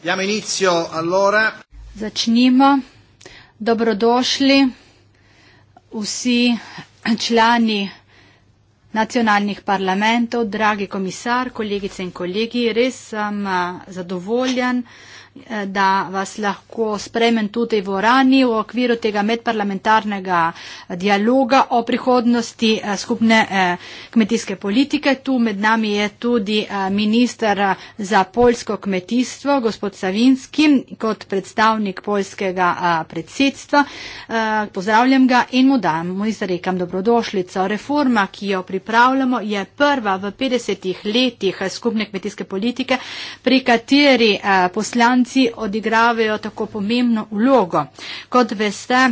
Diamo inizio allora. Začnimo. Dobrodošli vsi člani nacionalnih parlamentov, dragi komisar, kolegice in kolegi. Res sem eh, zadovoljen, Eh, da vas lahko spremem tudi v Orani v okviru tega medparlamentarnega dialoga o prihodnosti eh, skupne eh, kmetijske politike. Tu med nami je tudi minister za polsko kmetijstvo, gospod Savinski, kot predstavnik polskega predsedstva. Pozdravljam ga in mu dam, mu izrekam dobrodošlico. Reforma, ki jo pripravljamo, je prva v 50 letih skupne kmetijske politike, pri kateri poslanci učenci odigravajo tako pomembno vlogo. Kot veste,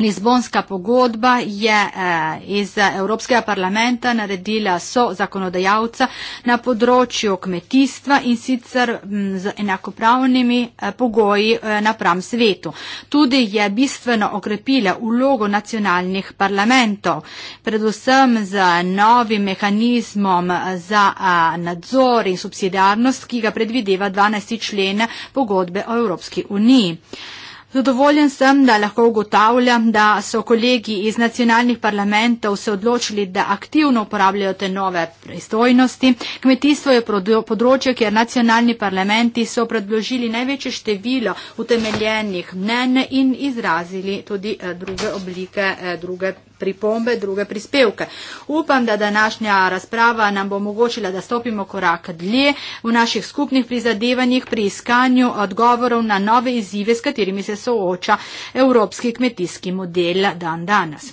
Lizbonska pogodba je eh, iz eh, Evropskega parlamenta naredila so zakonodajalca na področju kmetijstva in sicer z enakopravnimi eh, pogoji na pram svetu. Tudi je bistveno okrepila ulogo nacionalnih parlamentov, predvsem z novim mehanizmom za nadzor in subsidijarnost, ki ga predvideva 12. člen pogodbe o Evropski uniji. Zadovoljen sem, da lahko ugotavljam, da so kolegi iz nacionalnih parlamentov se odločili, da aktivno uporabljajo te nove pristojnosti. Kmetijstvo je področje, kjer nacionalni parlamenti so predložili največje število utemeljenih mnen in izrazili tudi eh, druge oblike, eh, druge pripombe, druge prispevke. Upam, da današnja razprava nam bo omogočila, da stopimo korak dlje v naših skupnih prizadevanjih pri iskanju odgovorov na nove izzive, s katerimi se sooča evropski kmetijski model dan danes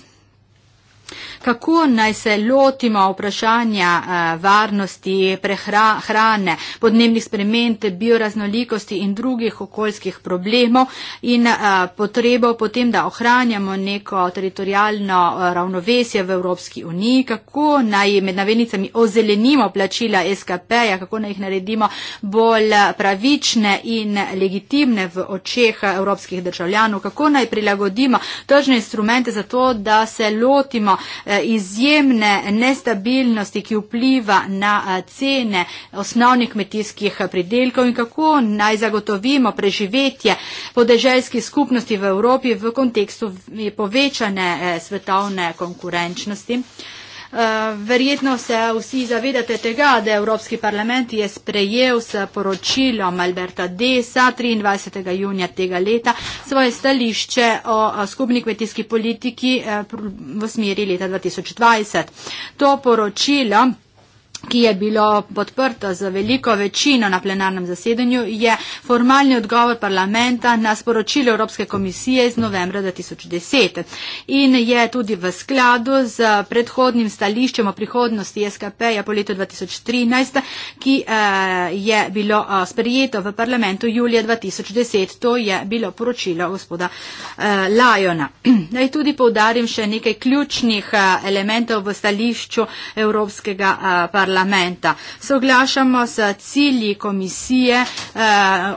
kako naj se lotimo vprašanja eh, varnosti, prehrane, podnebnih sprememb, bioraznolikosti in drugih okoljskih problemov in eh, potrebo potem, da ohranjamo neko teritorijalno eh, ravnovesje v Evropski uniji, kako naj med navednicami ozelenimo plačila SKP-ja, kako naj jih naredimo bolj pravične in legitimne v očeh evropskih državljanov, kako naj prilagodimo tržne instrumente za to, da se lotimo Eh, izjemne nestabilnosti, ki vpliva na eh, cene osnovnih kmetijskih eh, pridelkov in kako naj zagotovimo preživetje podeželjskih skupnosti v Evropi v kontekstu povečane svetovne konkurenčnosti. Eh, verjetno se vsi zavedate tega, da Evropski parlament je sprejel s poročilom Alberta Desa 23. junija tega leta svoje stališče o eh, skupni kmetijski politiki eh, v smeri leta 2020. To poročilo ki je bilo podprto z veliko večino na plenarnem zasedanju, je formalni odgovor parlamenta na sporočilo Evropske komisije iz novembra 2010 in je tudi v skladu z predhodnim stališčem o prihodnosti SKP-ja po letu 2013, ki eh, je bilo eh, sprejeto v parlamentu julija 2010. To je bilo poročilo gospoda eh, Lajona. Naj tudi poudarim še nekaj ključnih elementov v stališču Evropskega parlamenta parlamenta. Soglašamo s cilji komisije eh,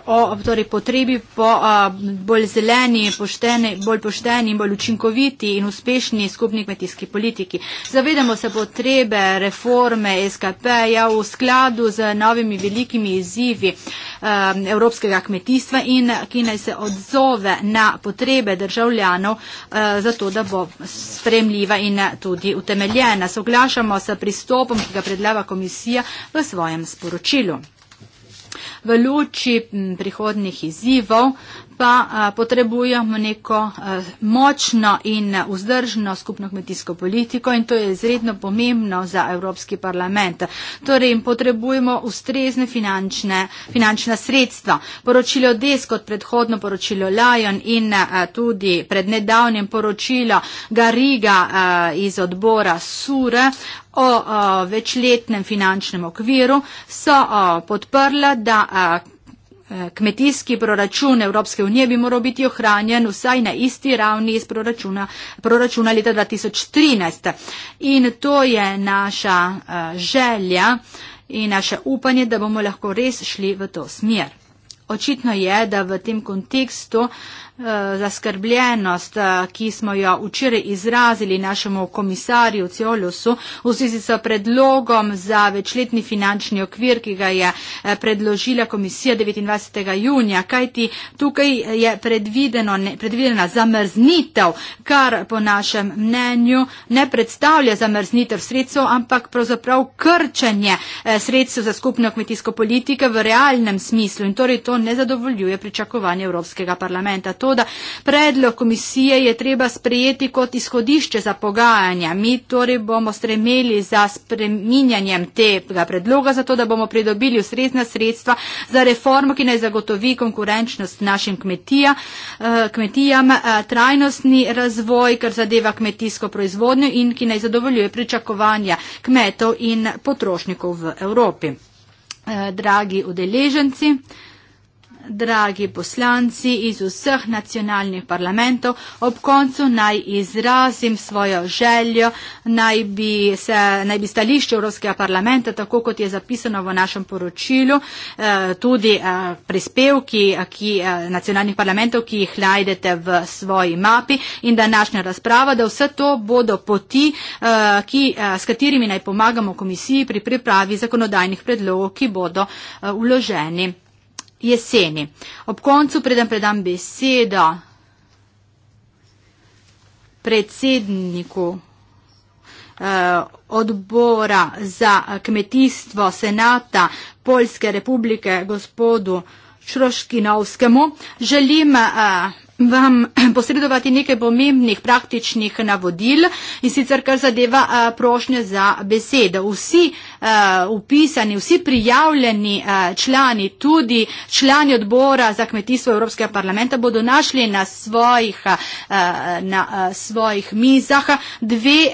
o torej, potrebi po eh, bolj zeleni, pošteni, bolj pošteni in bolj učinkoviti in uspešni skupni kmetijski politiki. Zavedamo se potrebe reforme SKP-ja v skladu z novimi velikimi izzivi eh, evropskega kmetijstva in ki naj se odzove na potrebe državljanov, eh, zato da bo spremljiva in tudi utemeljena. Soglašamo s pristopom, ki ga predlava Evropska komisija v svojem sporočilu. V luči prihodnih izzivov pa eh, potrebujemo neko eh, močno in vzdržno skupno kmetijsko politiko in to je izredno pomembno za Evropski parlament. Torej jim potrebujemo ustrezne finančne, finančna sredstva. Poročilo DES kot predhodno poročilo Lion in eh, tudi prednedavnem poročilo Gariga iz odbora Sure o, o večletnem finančnem okviru so o, podprla, da o, Eh, kmetijski proračun Evropske unije bi moral biti ohranjen vsaj na isti ravni iz proračuna, proračuna leta 2013. In to je naša eh, želja in naše upanje, da bomo lahko res šli v to smer. Očitno je, da v tem kontekstu uh, Eh, zaskrbljenost, eh, ki smo jo včeraj izrazili našemu komisarju Ciolusu v zvezi s predlogom za večletni finančni okvir, ki ga je eh, predložila komisija 29. junija, kajti tukaj je predvidena zamrznitev, kar po našem mnenju ne predstavlja zamrznitev sredstev, ampak pravzaprav krčanje sredstev za skupno kmetijsko politiko v realnem smislu in torej to ne zadovoljuje pričakovanje Evropskega parlamenta. To soda. Predlog komisije je treba sprejeti kot izhodišče za pogajanja. Mi torej bomo stremeli za spreminjanjem tega predloga, zato da bomo pridobili ustrezna sredstva za reformo, ki naj zagotovi konkurenčnost našim kmetija, eh, kmetijam, eh, trajnostni razvoj, kar zadeva kmetijsko proizvodnjo in ki naj zadovoljuje pričakovanja kmetov in potrošnikov v Evropi. Eh, dragi udeleženci, Dragi poslanci iz vseh nacionalnih parlamentov, ob koncu naj izrazim svojo željo, naj bi, se, naj bi stališče Evropskega parlamenta, tako kot je zapisano v našem poročilu, eh, tudi eh, prispevki eh, ki, nacionalnih parlamentov, ki jih najdete v svoji mapi in današnja razprava, da vse to bodo poti, ki, s katerimi naj pomagamo komisiji pri pripravi zakonodajnih predlogov, ki bodo vloženi jeseni. Ob koncu predam predam besedo predsedniku eh, odbora za kmetijstvo Senata Poljske republike gospodu Šroškinovskemu. Želim eh, vam posredovati nekaj pomembnih praktičnih navodil in sicer kar zadeva prošnje za besedo. Vsi upisani, vsi prijavljeni člani, tudi člani odbora za kmetijstvo Evropskega parlamenta bodo našli na svojih, na svojih mizah dve,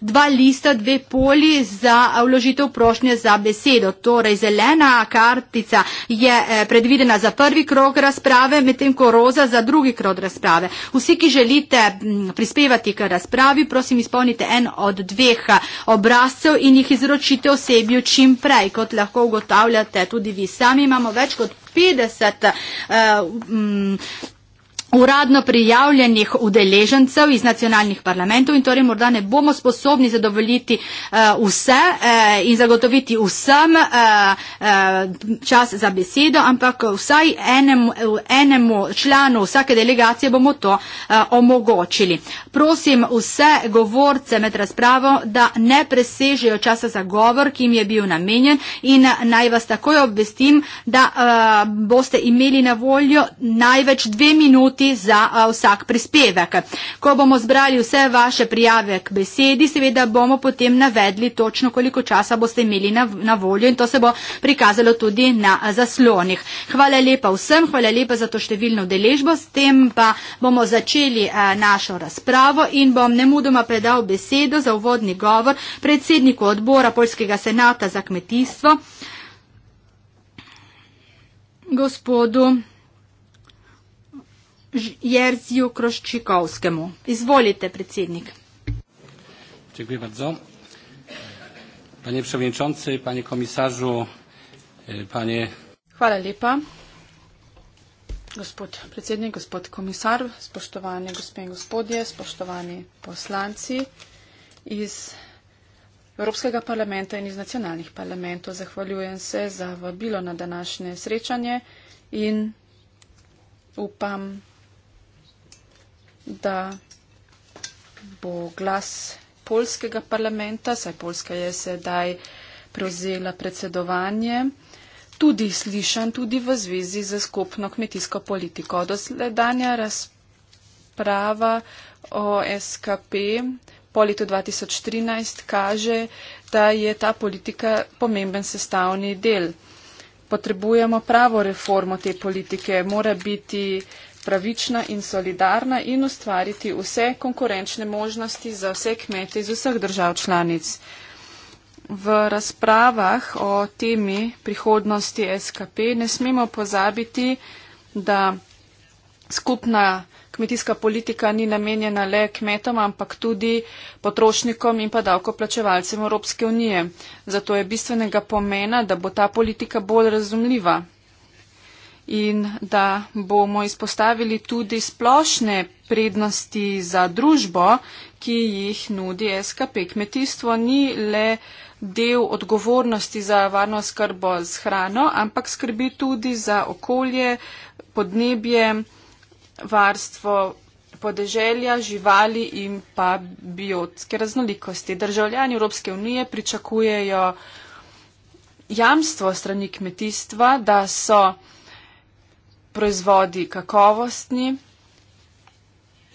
dva lista, dve poli za vložitev prošnje za besedo. Torej, zelena kartica je predvidena za prvi krok razprave, medtem ko roza za drugi k razprave. Vsi, ki želite prispevati k razpravi, prosim izpolnite en od dveh obrazcev in jih izročite osebi čim prej, kot lahko ugotavljate tudi vi sami. Imamo več kot 50 uh, um, uradno prijavljenih udeležencev iz nacionalnih parlamentov in torej morda ne bomo sposobni zadovoljiti uh, vse uh, in zagotoviti vsem uh, uh, čas za besedo, ampak vsaj enemu, enemu članu vsake delegacije bomo to uh, omogočili. Prosim vse govorce med razpravo, da ne presežejo časa za govor, ki jim je bil namenjen in naj vas takoj obvestim, da uh, boste imeli na voljo največ dve minuti tudi za vsak prispevek. Ko bomo zbrali vse vaše prijave k besedi, seveda bomo potem navedli točno, koliko časa boste imeli na, na voljo in to se bo prikazalo tudi na zaslonih. Hvala lepa vsem, hvala lepa za to številno deležbo, s tem pa bomo začeli našo razpravo in bom nemudoma predal besedo za uvodni govor predsedniku odbora Polskega senata za kmetijstvo. Gospodu Jerziju Kroščikovskemu. Izvolite, predsednik. Dziękuję bardzo. Panie przewodniczący, panie komisarzu, e, panie... Hvala lepa, gospod predsednik, gospod komisar, spoštovane gospe in gospodje, spoštovani poslanci iz Evropskega parlamenta in iz nacionalnih parlamentov. Zahvaljujem se za vabilo na današnje srečanje in upam, da da bo glas polskega parlamenta, saj Polska je sedaj prevzela predsedovanje, tudi slišan tudi v zvezi z skupno kmetijsko politiko. Dosledanja razprava o SKP po letu 2013 kaže, da je ta politika pomemben sestavni del. Potrebujemo pravo reformo te politike, mora biti pravična in solidarna in ustvariti vse konkurenčne možnosti za vse kmete iz vseh držav članic. V razpravah o temi prihodnosti SKP ne smemo pozabiti, da skupna kmetijska politika ni namenjena le kmetom, ampak tudi potrošnikom in pa davkoplačevalcem Evropske unije. Zato je bistvenega pomena, da bo ta politika bolj razumljiva in da bomo izpostavili tudi splošne prednosti za družbo, ki jih nudi SKP. Kmetijstvo ni le del odgovornosti za varno skrbo z hrano, ampak skrbi tudi za okolje, podnebje, varstvo podeželja, živali in pa biotske raznolikosti. Državljani Evropske unije pričakujejo jamstvo strani kmetijstva, da so proizvodi kakovostni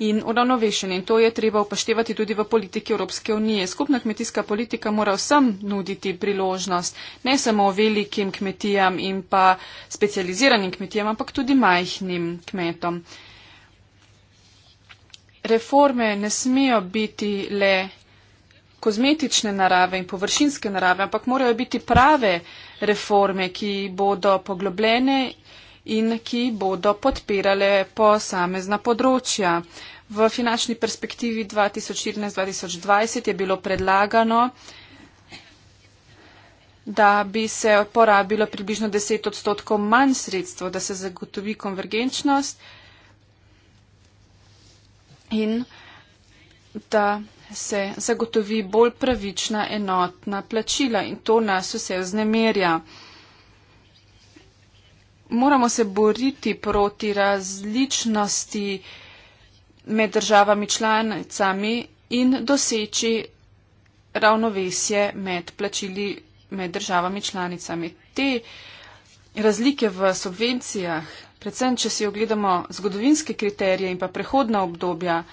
in uravnovešeni. In to je treba upoštevati tudi v politiki Evropske unije. Skupna kmetijska politika mora vsem nuditi priložnost, ne samo velikim kmetijam in pa specializiranim kmetijam, ampak tudi majhnim kmetom. Reforme ne smejo biti le kozmetične narave in površinske narave, ampak morajo biti prave reforme, ki bodo poglobljene in ki bodo podpirale posamezna področja. V finančni perspektivi 2014-2020 je bilo predlagano, da bi se porabilo približno 10 odstotkov manj sredstvo, da se zagotovi konvergenčnost in da se zagotovi bolj pravična enotna plačila in to nas vse vznemerja moramo se boriti proti različnosti med državami članicami in doseči ravnovesje med plačili med državami članicami. Te razlike v subvencijah, predvsem če si ogledamo zgodovinske kriterije in pa prehodna obdobja,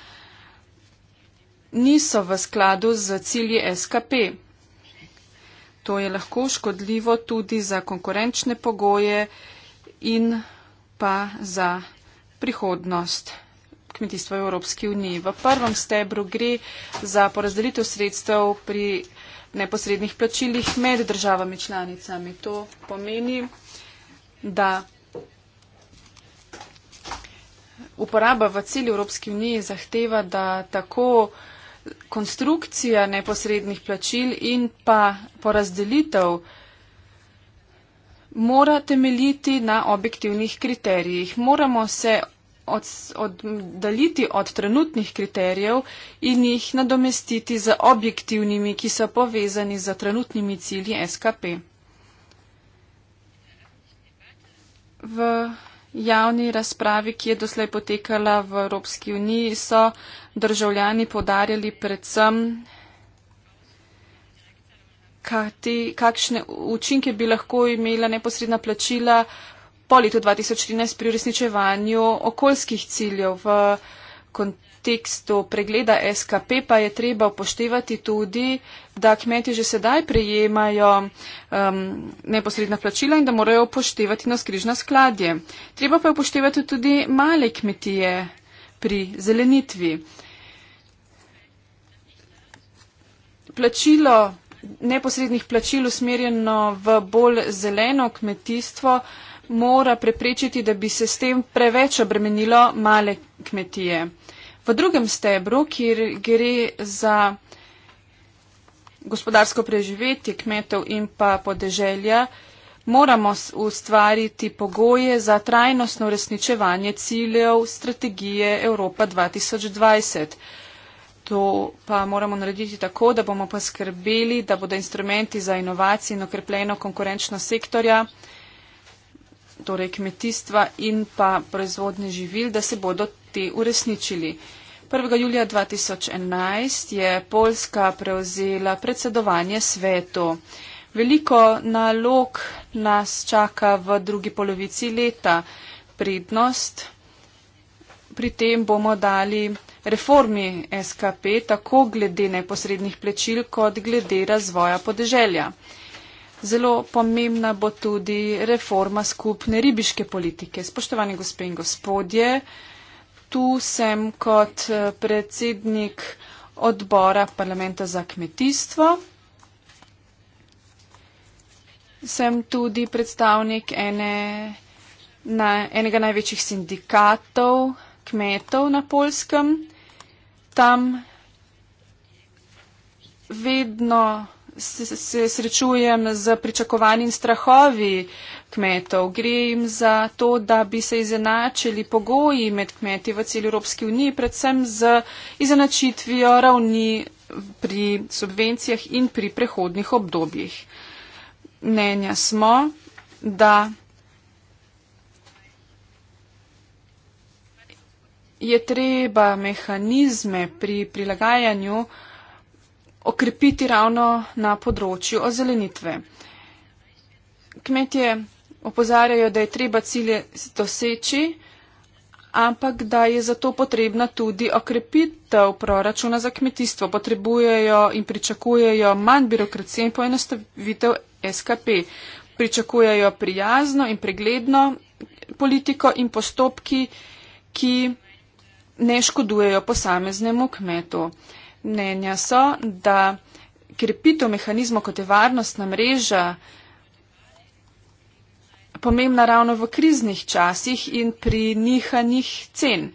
niso v skladu z cilji SKP. To je lahko škodljivo tudi za konkurenčne pogoje, in pa za prihodnost kmetijstva v Evropski uniji. V prvem stebru gre za porazdelitev sredstev pri neposrednih plačilih med državami članicami. To pomeni, da uporaba v celi Evropski uniji zahteva, da tako konstrukcija neposrednih plačil in pa porazdelitev mora temeljiti na objektivnih kriterijih. Moramo se oddaljiti od trenutnih kriterijev in jih nadomestiti z objektivnimi, ki so povezani z trenutnimi cilji SKP. V javni razpravi, ki je doslej potekala v Evropski uniji, so državljani podarjali predvsem kati, kakšne učinke bi lahko imela neposredna plačila po letu 2013 pri uresničevanju okoljskih ciljev. V kontekstu pregleda SKP pa je treba upoštevati tudi, da kmeti že sedaj prejemajo um, neposredna plačila in da morajo upoštevati naskrižna skladje. Treba pa je upoštevati tudi male kmetije pri zelenitvi. Plačilo neposrednih plačil usmerjeno v bolj zeleno kmetijstvo, mora preprečiti, da bi se s tem preveč obremenilo male kmetije. V drugem stebru, kjer gre za gospodarsko preživetje kmetov in pa podeželja, moramo ustvariti pogoje za trajnostno uresničevanje ciljev strategije Evropa 2020 to pa moramo narediti tako, da bomo poskrbeli, da bodo instrumenti za inovacije in okrepljeno konkurenčno sektorja, torej kmetijstva in pa proizvodni živil, da se bodo te uresničili. 1. julija 2011 je Poljska prevzela predsedovanje svetu. Veliko nalog nas čaka v drugi polovici leta. Prednost pri tem bomo dali reformi SKP tako glede neposrednih plečil kot glede razvoja podeželja. Zelo pomembna bo tudi reforma skupne ribiške politike. Spoštovani gospe in gospodje, tu sem kot eh, predsednik odbora parlamenta za kmetijstvo. Sem tudi predstavnik ene, na, enega največjih sindikatov kmetov na polskem tam vedno se, se srečujem z pričakovanji in strahovi kmetov. Gre jim za to, da bi se izenačili pogoji med kmeti v celi Evropski uniji, predvsem z izenačitvijo ravni pri subvencijah in pri prehodnih obdobjih. Mnenja smo, da je treba mehanizme pri prilagajanju okrepiti ravno na področju ozelenitve. Kmetje opozarjajo, da je treba cilje doseči, ampak da je zato potrebna tudi okrepitev proračuna za kmetijstvo. Potrebujejo in pričakujejo manj birokracije in poenostavitev SKP. Pričakujejo prijazno in pregledno politiko in postopki, ki ne škodujejo posameznemu kmetu. Mnenja so, da krepito mehanizmo kot je varnostna mreža pomembna ravno v kriznih časih in pri nihanjih cen.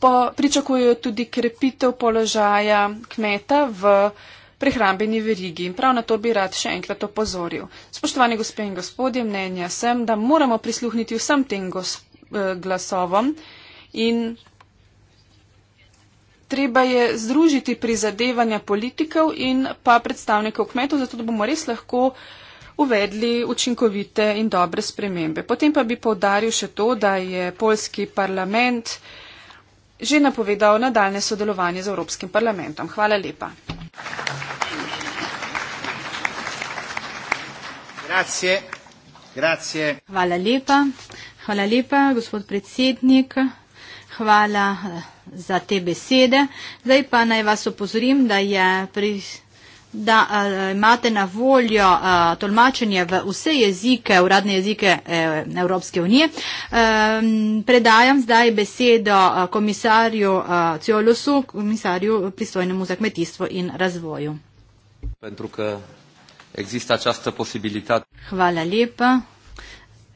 Po, pričakujejo tudi krepitev položaja kmeta v prehrambeni verigi in prav na to bi rad še enkrat opozoril. Spoštovani gospe in gospodje, mnenja sem, da moramo prisluhniti vsem tem gospodom Eh, glasovom. In treba je združiti prizadevanja politikov in pa predstavnikov kmetov, zato da bomo res lahko uvedli učinkovite in dobre spremembe. Potem pa bi povdaril še to, da je polski parlament že napovedal nadaljne sodelovanje z Evropskim parlamentom. Hvala lepa. Grazie. Grazie. Hvala lepa. Hvala lepa, gospod predsednik. Hvala eh, za te besede. Zdaj pa naj vas opozorim, da, pri, da uh, imate na voljo uh, tolmačenje v vse jezike, uradne jezike uh, Evropske unije. Um, predajam zdaj besedo uh, komisarju uh, Ciolosu, komisarju pristojnemu za kmetijstvo in razvoju. Hvala lepa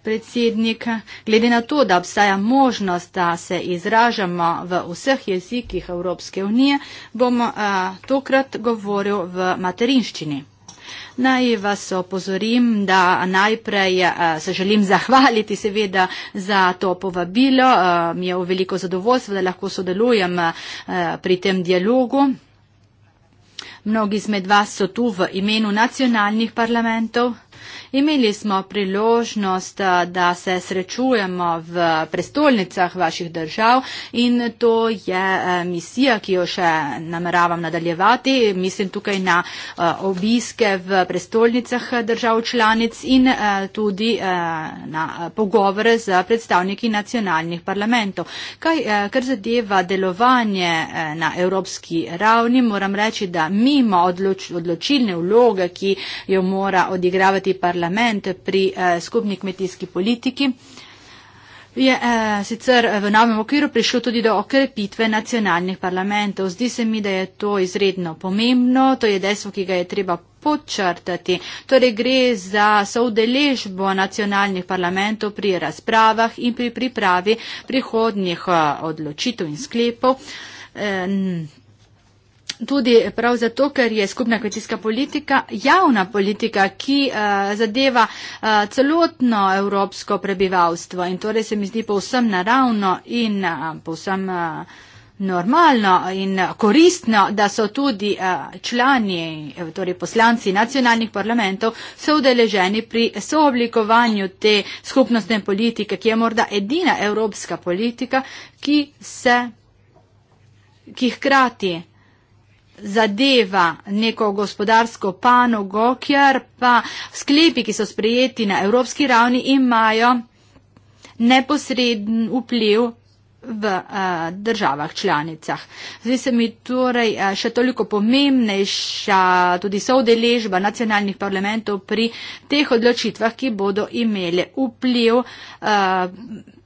predsednik, glede na to, da obstaja možnost, da se izražamo v vseh jezikih Evropske unije, bom a, eh, tokrat govoril v materinščini. Naj vas opozorim, da najprej eh, se želim zahvaliti seveda za to povabilo. Eh, mi je v veliko zadovoljstvo, da lahko sodelujem pri tem dialogu. Mnogi izmed vas so tu v imenu nacionalnih parlamentov. Imeli smo priložnost, eh, da se srečujemo v prestolnicah vaših držav in to je eh, misija, ki jo še nameravam nadaljevati. Mislim tukaj na eh, obiske v prestolnicah držav članic in tudi na pogovore z predstavniki nacionalnih parlamentov. Kaj, kar zadeva delovanje na evropski ravni, moram reči, da mimo odloč, odločilne vloge, ki jo mora odigravati parlament, parlament pri eh, skupni kmetijski politiki. Je eh, sicer eh, v novem okviru prišlo tudi do okrepitve nacionalnih parlamentov. Zdi se mi, da je to izredno pomembno. To je dejstvo, ki ga je treba počrtati. Torej gre za soudeležbo nacionalnih parlamentov pri razpravah in pri pripravi prihodnjih eh, odločitev in sklepov. Eh, tudi prav zato, ker je skupna kvecijska politika javna politika, ki uh, zadeva uh, celotno evropsko prebivalstvo in torej se mi zdi povsem naravno in uh, povsem. Uh, Normalno in koristno, da so tudi člani, torej poslanci nacionalnih parlamentov, so udeleženi pri sooblikovanju te skupnostne politike, ki je morda edina evropska politika, ki se, ki hkrati zadeva neko gospodarsko panogo, kjer pa sklepi, ki so sprejeti na evropski ravni, imajo neposreden vpliv v a, eh, državah članicah. Zdi se mi torej a, eh, še toliko pomembnejša tudi soudeležba nacionalnih parlamentov pri teh odločitvah, ki bodo imele vpliv. A, eh,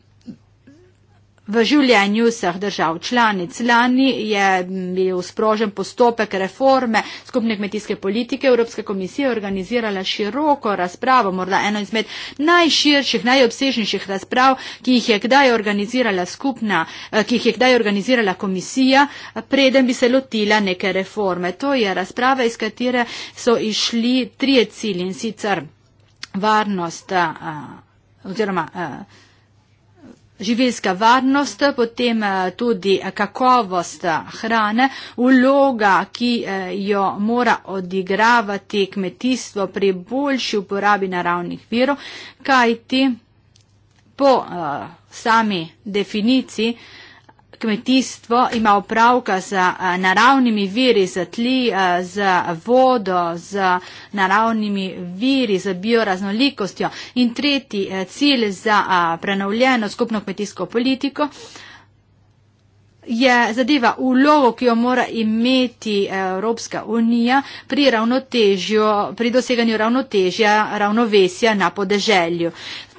v življenju vseh držav članic. Lani je bil sprožen postopek reforme skupne kmetijske politike. Evropska komisija je organizirala široko razpravo, morda eno izmed najširših, najobsežnejših razprav, ki jih je kdaj organizirala skupna, eh, ki jih je kdaj organizirala komisija, preden bi se lotila neke reforme. To je razprava, iz katere so išli trije cilji in sicer varnost a, eh, oziroma a, eh, Življenska varnost, potem eh, tudi eh, kakovost eh, hrane, vloga, ki jo mora odigravati kmetijstvo pri boljši uporabi naravnih virov, kajti po sami definiciji kmetijstvo ima opravka z eh, naravnimi viri, z tli, eh, z vodo, z naravnimi viri, z bioraznolikostjo. In tretji eh, cilj za prenovljeno skupno kmetijsko politiko je zadeva ulogo, ki jo mora imeti Evropska unija pri, pri doseganju ravnotežja, ravnovesja na podeželju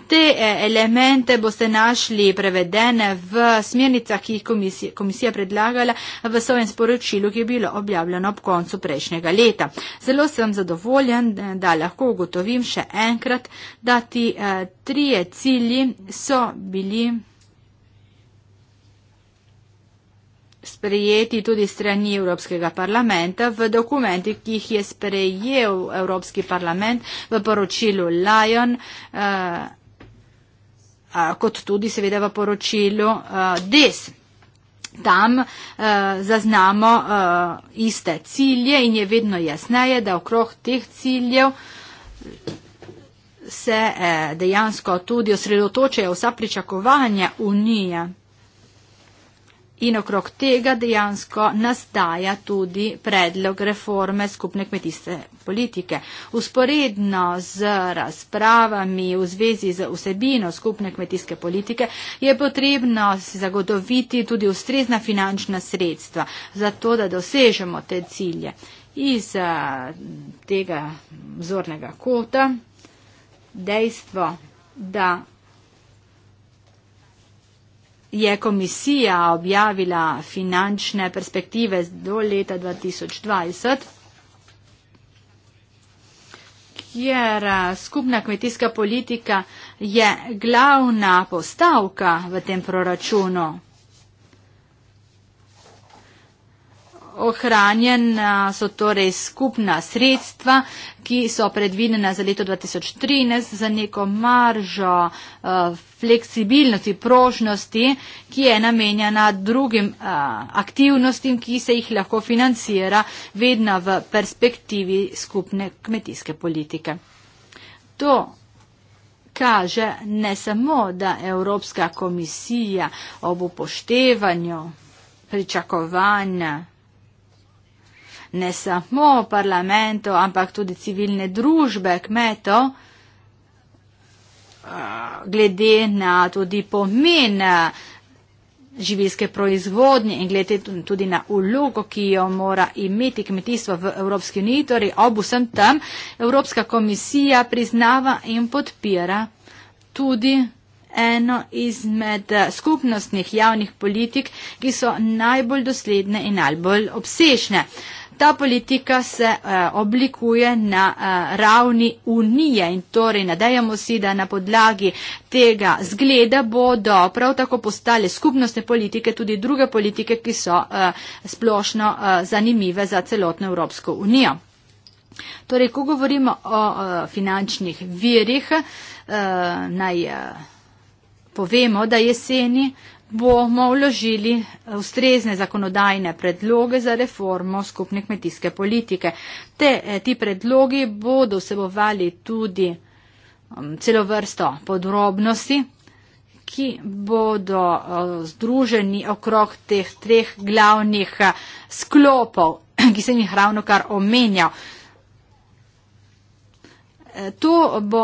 te eh, elemente boste našli prevedene v smernicah, ki jih komisija, komisija predlagala v svojem sporočilu, ki je bilo objavljeno ob koncu prejšnjega leta. Zelo sem zadovoljen, da lahko ugotovim še enkrat, da ti eh, trije cilji so bili sprejeti tudi strani Evropskega parlamenta v dokumentih, ki jih je sprejel Evropski parlament v poročilu Lion. Uh kot tudi seveda v poročilu DES. Tam zaznamo iste cilje in je vedno jasneje, da okrog teh ciljev se e, dejansko tudi osredotočajo vsa pričakovanja Unije in okrog tega dejansko nastaja tudi predlog reforme skupne kmetijske politike. Usporedno z razpravami v zvezi z vsebino skupne kmetijske politike je potrebno zagotoviti tudi ustrezna finančna sredstva za to, da dosežemo te cilje. Iz eh, tega vzornega kota dejstvo, da je komisija objavila finančne perspektive do leta 2020, kjer eh, skupna kmetijska politika je glavna postavka v tem proračunu. ohranjena so torej skupna sredstva, ki so predvidena za leto 2013 za neko maržo uh, fleksibilnosti, prožnosti, ki je namenjena drugim uh, aktivnostim, ki se jih lahko financira vedno v perspektivi skupne kmetijske politike. To kaže ne samo, da Evropska komisija ob upoštevanju pričakovanja ne samo parlamentov, ampak tudi civilne družbe, kmetov, eh, glede na tudi pomen eh, živilske proizvodnje in glede tudi na ulogo, ki jo mora imeti kmetijstvo v Evropski uniji, torej ob vsem tam Evropska komisija priznava in podpira tudi eno izmed eh, skupnostnih javnih politik, ki so najbolj dosledne in najbolj obsežne. Ta politika se eh, oblikuje na eh, ravni unije in torej nadejamo si, da na podlagi tega zgleda bodo prav tako postale skupnostne politike tudi druge politike, ki so eh, splošno eh, zanimive za celotno Evropsko unijo. Torej, ko govorimo o, o eh, finančnih virih, eh, naj eh, povemo, da jeseni eh, bomo vložili ustrezne zakonodajne predloge za reformo skupne kmetijske politike. Te, eh, ti predlogi bodo vsebovali tudi um, celo vrsto podrobnosti, ki bodo eh, združeni okrog teh treh glavnih eh, sklopov, ki sem jih ravno kar omenjal. To bo,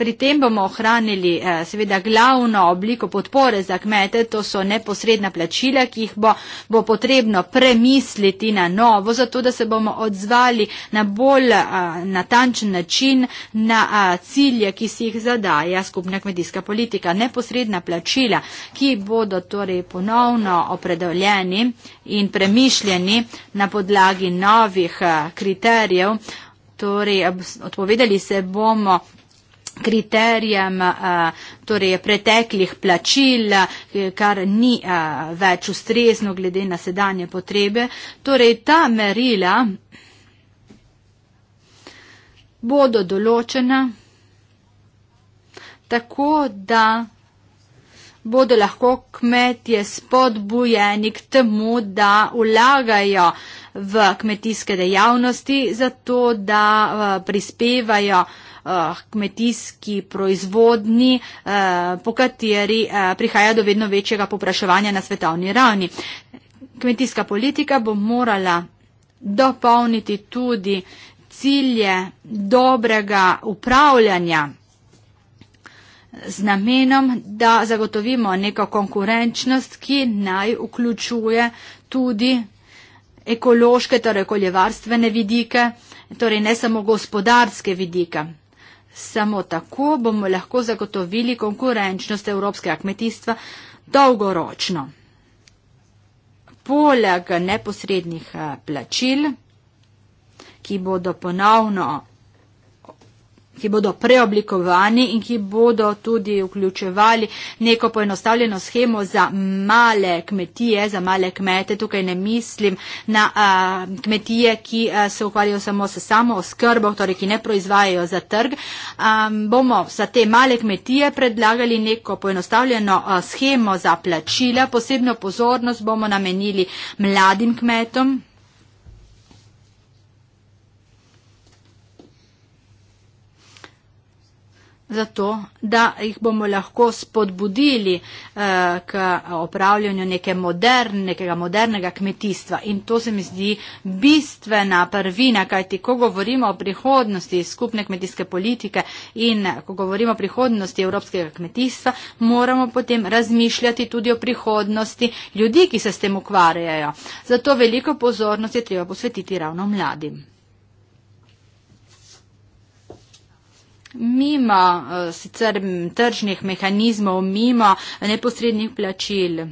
pri tem bomo ohranili eh, seveda glavno obliko podpore za kmete, to so neposredna plačila, ki jih bo, bo potrebno premisliti na novo, zato da se bomo odzvali na bolj eh, natančen način na eh, cilje, ki si jih zadaja skupna kmetijska politika. Neposredna plačila, ki bodo torej ponovno opredeljeni in premišljeni na podlagi novih kriterijev, torej odpovedali se bomo kriterijem eh, torej preteklih plačil, eh, kar ni eh, več ustrezno glede na sedanje potrebe. Torej ta merila bodo določena tako, da bodo lahko kmetje spodbujeni k temu, da vlagajo uh, v kmetijske dejavnosti, zato da eh, prispevajo eh, kmetijski proizvodni, eh, po kateri prihaja do vedno večjega popraševanja na svetovni ravni. Kmetijska politika bo morala dopolniti tudi cilje dobrega upravljanja z namenom, da zagotovimo neko konkurenčnost, ki naj vključuje tudi ekološke, torej okoljevarstvene vidike, torej ne samo gospodarske vidike. Samo tako bomo lahko zagotovili konkurenčnost evropskega kmetijstva dolgoročno. Poleg neposrednih eh, plačil, ki bodo ponovno ki bodo preoblikovani in ki bodo tudi vključevali neko poenostavljeno schemo za male kmetije, za male kmete. Tukaj ne mislim na a, kmetije, ki a, se ukvarjajo samo s samo oskrbo, torej ki ne proizvajajo za trg. A, bomo za te male kmetije predlagali neko poenostavljeno a, schemo za plačila. Posebno pozornost bomo namenili mladim kmetom. zato, da jih bomo lahko spodbudili eh, k opravljanju neke moderne, nekega modernega kmetijstva. In to se mi zdi bistvena prvina, kajti ko govorimo o prihodnosti skupne kmetijske politike in eh, ko govorimo o prihodnosti evropskega kmetijstva, moramo potem razmišljati tudi o prihodnosti ljudi, ki se s tem ukvarjajo. Zato veliko pozornosti je treba posvetiti ravno mladim. mimo eh, sicer tržnih mehanizmov, mimo neposrednih plačil,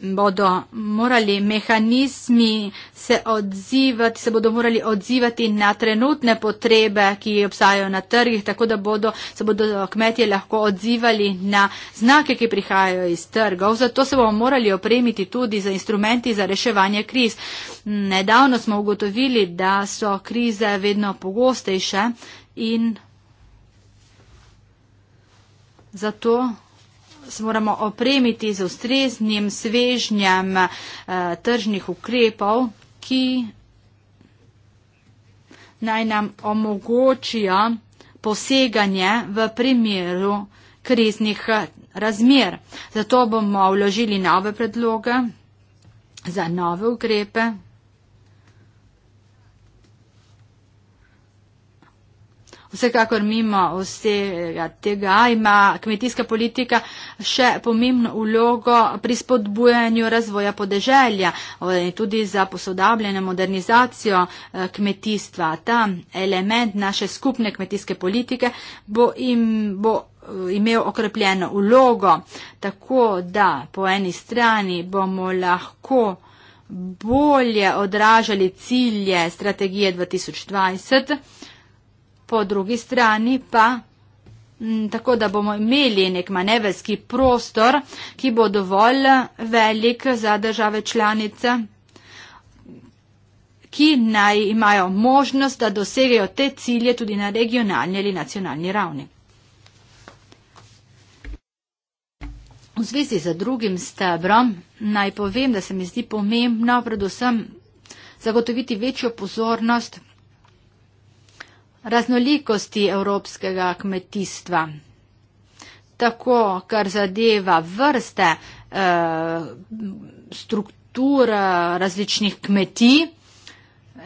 bodo morali mehanizmi se odzivati, se bodo morali odzivati na trenutne potrebe, ki obstajajo na trgih, tako da bodo, se bodo kmetje lahko odzivali na znake, ki prihajajo iz trgov. Zato se bomo morali opremiti tudi za instrumenti za reševanje kriz. Nedavno smo ugotovili, da so krize vedno pogostejše in zato se moramo opremiti z ustreznim svežnjem eh, tržnih ukrepov, ki naj nam omogočijo poseganje v primeru kriznih eh, razmer. Zato bomo vložili nove predloge za nove ukrepe, Vsekakor mimo vsega tega ima kmetijska politika še pomembno ulogo pri spodbujanju razvoja podeželja in eh, tudi za posodabljanje modernizacijo eh, kmetijstva. Ta element naše skupne kmetijske politike bo jim bo eh, imel okrepljeno ulogo, tako da po eni strani bomo lahko bolje odražali cilje strategije 2020 po drugi strani pa tako da bomo imeli nek manevrski prostor, ki bo dovolj velik za države članice, ki naj imajo možnost, da dosegajo te cilje tudi na regionalni ali nacionalni ravni. V zvezi z drugim stebrom naj povem, da se mi zdi pomembno predvsem zagotoviti večjo pozornost raznolikosti evropskega kmetijstva. Tako, kar zadeva vrste eh, struktur eh, različnih kmetij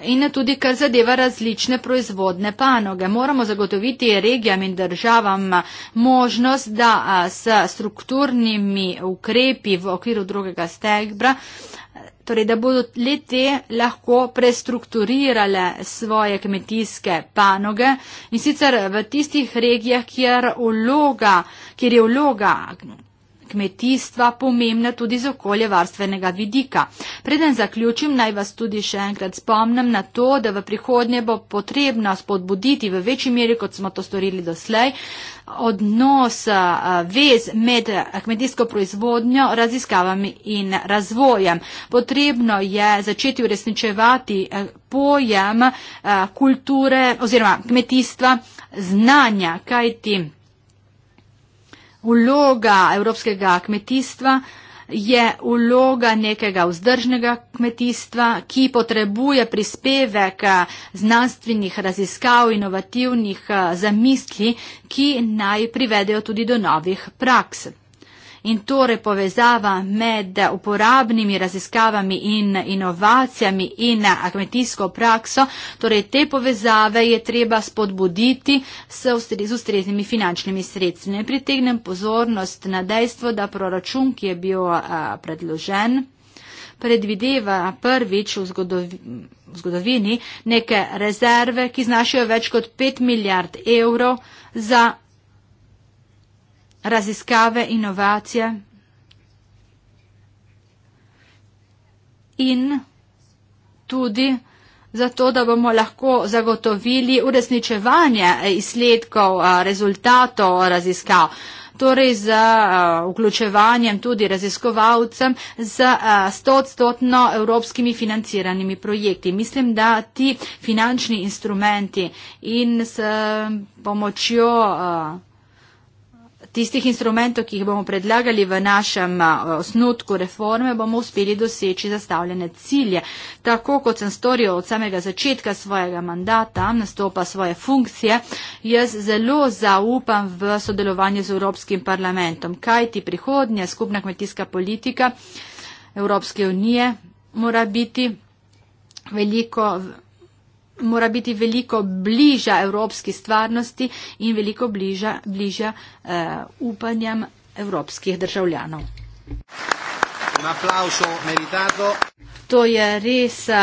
in tudi, kar zadeva različne proizvodne panoge. Moramo zagotoviti regijam in državam možnost, da eh, s strukturnimi ukrepi v okviru drugega stegbra torej da bodo le te lahko prestrukturirale svoje kmetijske panoge in sicer v tistih regijah, kjer, vloga, kjer je vloga kmetijstva pomembna tudi z okoljevarstvenega vidika. Preden zaključim, naj vas tudi še enkrat spomnim na to, da v prihodnje bo potrebno spodbuditi v večji meri, kot smo to storili doslej, odnos vez med kmetijsko proizvodnjo, raziskavami in razvojem. Potrebno je začeti uresničevati pojem kulture oziroma kmetijstva znanja, kajti vloga evropskega kmetijstva je vloga nekega vzdržnega kmetijstva, ki potrebuje prispevek eh, znanstvenih raziskav, inovativnih eh, zamisli, ki naj privedejo tudi do novih praks in torej povezava med uporabnimi raziskavami in inovacijami in kmetijsko prakso, torej te povezave je treba spodbuditi z ustreznimi finančnimi sredstvi. Ne pritegnem pozornost na dejstvo, da proračun, ki je bil a, predložen, predvideva prvič v zgodovini, v zgodovini neke rezerve, ki znašajo več kot 5 milijard evrov za raziskave, inovacije in tudi zato, da bomo lahko zagotovili uresničevanje izsledkov, rezultatov raziskav. Torej z vključevanjem tudi raziskovalcem z stotstotno evropskimi financiranimi projekti. Mislim, da ti finančni instrumenti in s pomočjo tistih instrumentov, ki jih bomo predlagali v našem osnutku reforme, bomo uspeli doseči zastavljene cilje. Tako kot sem storil od samega začetka svojega mandata, nastopa svoje funkcije, jaz zelo zaupam v sodelovanje z Evropskim parlamentom, kaj ti prihodnja skupna kmetijska politika Evropske unije mora biti veliko mora biti veliko bliža evropski stvarnosti in veliko bliža, bliža uh, eh, upanjem evropskih državljanov. To je res. Uh,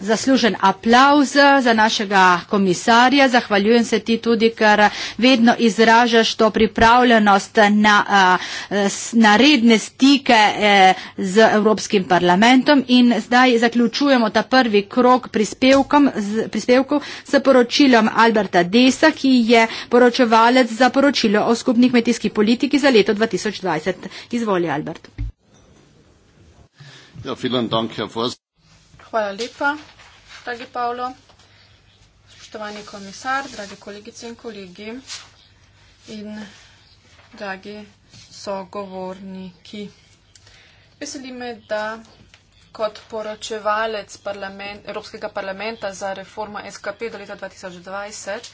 zaslužen aplauz za našega komisarja. Zahvaljujem se ti tudi, ker vedno izražaš to pripravljenost na, eh, na redne stike eh, z Evropskim parlamentom. In zdaj zaključujemo ta prvi krok prispevkov s poročilom Alberta Desa, ki je poročevalec za poročilo o skupni kmetijski politiki za leto 2020. Izvoli, Albert. Ja, Hvala lepa, dragi Pavlo. Spoštovani komisar, dragi kolegice in kolegi in dragi sogovorniki. Veseli me, da kot poročevalec parlament, Evropskega parlamenta za reformo SKP do leta 2020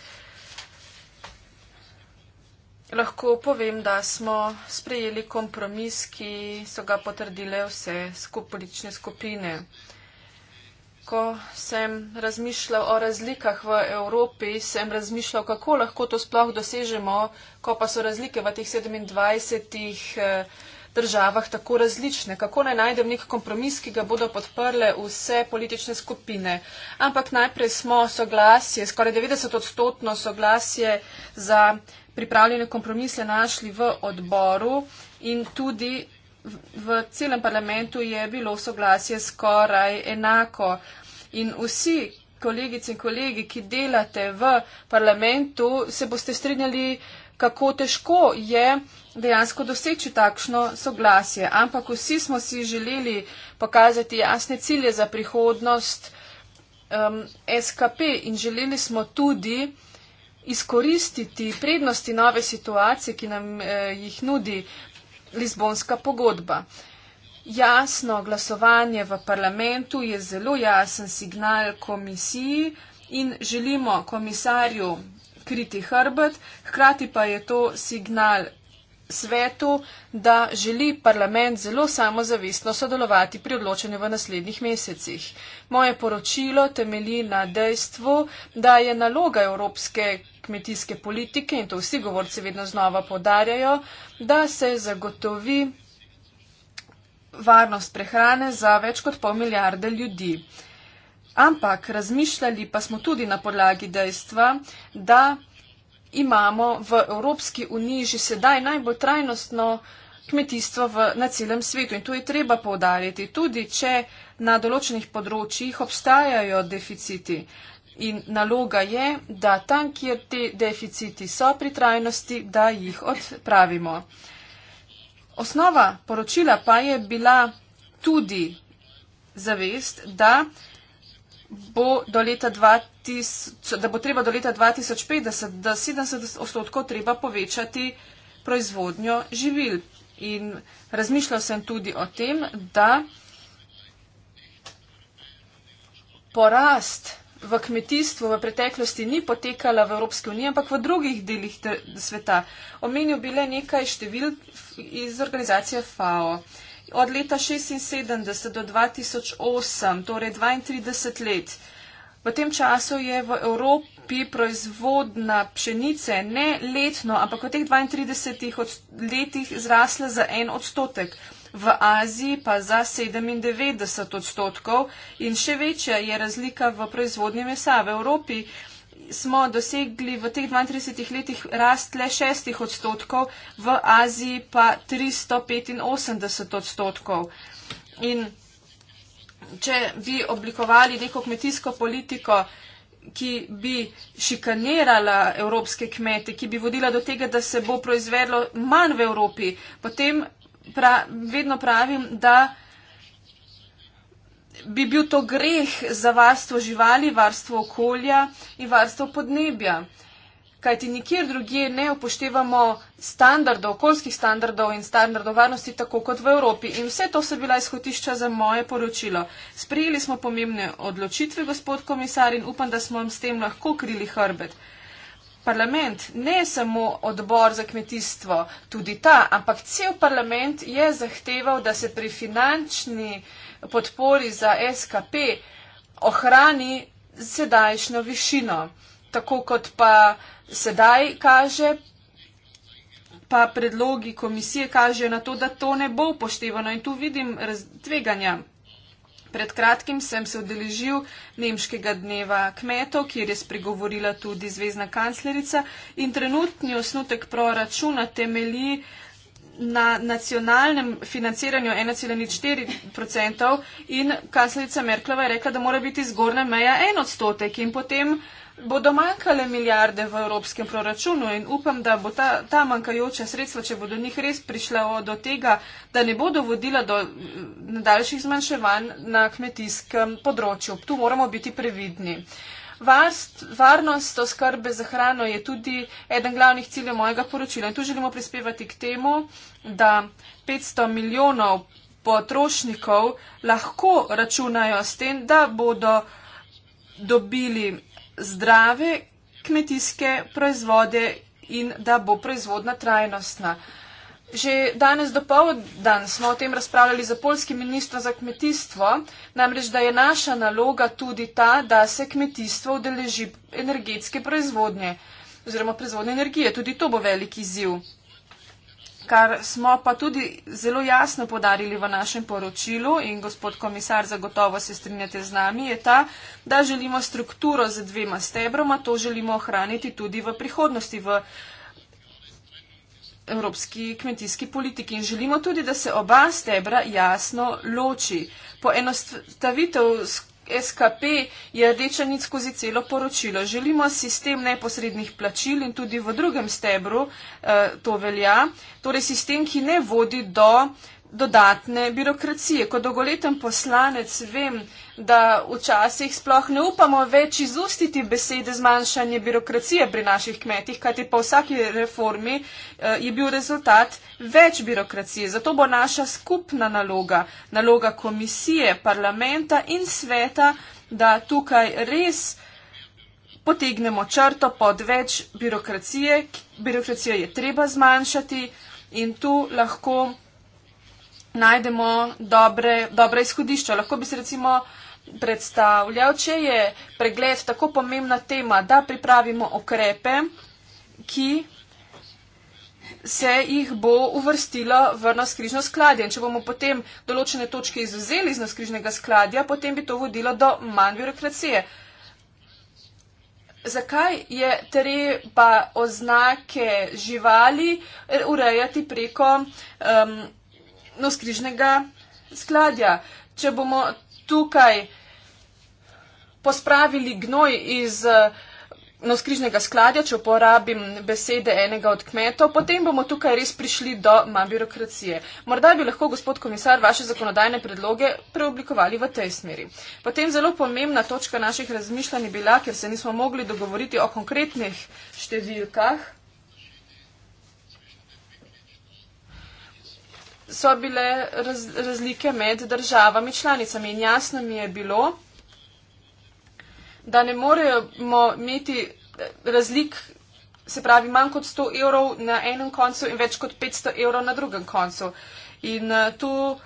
lahko povem, da smo sprejeli kompromis, ki so ga potrdile vse skup politične skupine ko sem razmišljal o razlikah v Evropi, sem razmišljal, kako lahko to sploh dosežemo, ko pa so razlike v teh 27 eh, državah tako različne. Kako naj najdem nek kompromis, ki ga bodo podprle vse politične skupine. Ampak najprej smo soglasje, skoraj 90 odstotno soglasje za pripravljene kompromise našli v odboru in tudi v celem parlamentu je bilo soglasje skoraj enako. In vsi kolegice in kolegi, ki delate v parlamentu, se boste strinjali, kako težko je dejansko doseči takšno soglasje. Ampak vsi smo si želeli pokazati jasne cilje za prihodnost um, SKP in želeli smo tudi izkoristiti prednosti nove situacije, ki nam eh, jih nudi Lizbonska pogodba. Jasno glasovanje v parlamentu je zelo jasen signal komisiji in želimo komisarju kriti hrbet, hkrati pa je to signal svetu, da želi parlament zelo samozavestno sodelovati pri odločanju v naslednjih mesecih. Moje poročilo temelji na dejstvu, da je naloga Evropske komisije kmetijske politike in to vsi govorci vedno znova podarjajo, da se zagotovi varnost prehrane za več kot pol milijarde ljudi. Ampak razmišljali pa smo tudi na podlagi dejstva, da imamo v Evropski uniji že sedaj najbolj trajnostno kmetijstvo v, na celem svetu. In to je treba povdariti, tudi če na določenih področjih obstajajo deficiti. In naloga je, da tam, kjer te deficiti so pri trajnosti, da jih odpravimo. Osnova poročila pa je bila tudi zavest, da bo, do 2000, da bo treba do leta 2050, da 70 odstotkov treba povečati proizvodnjo živil. In razmišljal sem tudi o tem, da porast v kmetijstvu v preteklosti ni potekala v Evropski uniji, ampak v drugih delih sveta. Omenil bile nekaj števil iz organizacije FAO. Od leta 1976 do 2008, torej 32 let, v tem času je v Evropi proizvodna pšenice ne letno, ampak v teh 32 letih zrasla za en odstotek v Aziji pa za 97 odstotkov in še večja je razlika v proizvodnji mesa. V Evropi smo dosegli v teh 32 letih rast le 6 odstotkov, v Aziji pa 385 odstotkov. In če bi oblikovali neko kmetijsko politiko, ki bi šikanirala evropske kmete, ki bi vodila do tega, da se bo proizvedlo manj v Evropi, potem pra, vedno pravim, da bi bil to greh za varstvo živali, varstvo okolja in varstvo podnebja. Kajti nikjer drugje ne upoštevamo standardov, okoljskih standardov in standardov varnosti, tako kot v Evropi. In vse to so bila izhodišča za moje poročilo. Sprijeli smo pomembne odločitve, gospod komisar, in upam, da smo vam s tem lahko krili hrbet parlament, ne samo odbor za kmetijstvo, tudi ta, ampak cel parlament je zahteval, da se pri finančni podpori za SKP ohrani sedajšno višino. Tako kot pa sedaj kaže, pa predlogi komisije kažejo na to, da to ne bo upoštevano in tu vidim tveganja. Pred kratkim sem se odeležil Nemškega dneva kmetov, kjer je spregovorila tudi zvezdna kanclerica in trenutni osnutek proračuna temelji na nacionalnem financiranju 1,4% in kanclerica Merklova je rekla, da mora biti zgornja meja 1 odstotek in potem bodo manjkale milijarde v evropskem proračunu in upam, da bo ta, ta manjkajoča sredstva, če bodo njih res prišla do tega, da ne bodo vodila do nadaljših mm, zmanjševanj na kmetijskem področju. Tu moramo biti previdni. Varst, varnost oskrbe za hrano je tudi eden glavnih ciljev mojega poročila in tu želimo prispevati k temu, da 500 milijonov potrošnikov lahko računajo s tem, da bodo dobili zdrave kmetijske proizvode in da bo proizvodna trajnostna. Že danes do povdan smo o tem razpravljali za polski ministro za kmetijstvo, namreč da je naša naloga tudi ta, da se kmetijstvo udeleži energetske proizvodnje oziroma proizvodnje energije. Tudi to bo veliki ziv. Kar smo pa tudi zelo jasno podarili v našem poročilu in gospod komisar zagotovo se strinjate z nami, je ta, da želimo strukturo z dvema stebroma, to želimo ohraniti tudi v prihodnosti v evropski kmetijski politiki in želimo tudi, da se oba stebra jasno loči. Poenostavitev skupaj. SKP je rdeča nit skozi celo poročilo. Želimo sistem neposrednih plačil in tudi v drugem stebru eh, to velja, torej sistem, ki ne vodi do eh, dodatne birokracije. Kot dolgoleten poslanec vem, da včasih sploh ne upamo več izustiti besede zmanjšanje birokracije pri naših kmetih, kajti po vsaki reformi eh, je bil rezultat več birokracije. Zato bo naša skupna naloga, naloga komisije, parlamenta in sveta, da tukaj res potegnemo črto pod več birokracije. Birokracijo je treba zmanjšati in tu lahko najdemo dobre, dobra izhodišča. Lahko bi se recimo predstavljal, če je pregled tako pomembna tema, da pripravimo okrepe, ki se jih bo uvrstilo v naskrižno skladje. In če bomo potem določene točke izuzeli iz naskrižnega skladja, potem bi to vodilo do manj birokracije. Zakaj je treba oznake živali urejati preko um, navskrižnega no, skladja. Če bomo tukaj pospravili gnoj iz eh, navskrižnega no, skladja, če uporabim besede enega od kmetov, potem bomo tukaj res prišli do manj birokracije. Morda bi lahko, gospod komisar, vaše zakonodajne predloge preoblikovali v tej smeri. Potem zelo pomembna točka naših razmišljanj je bila, ker se nismo mogli dogovoriti o konkretnih številkah. so bile raz, razlike med državami članicami. In jasno mi je bilo, da ne moremo imeti eh, razlik, se pravi, manj kot 100 evrov na enem koncu in več kot 500 evrov na drugem koncu. In eh, tu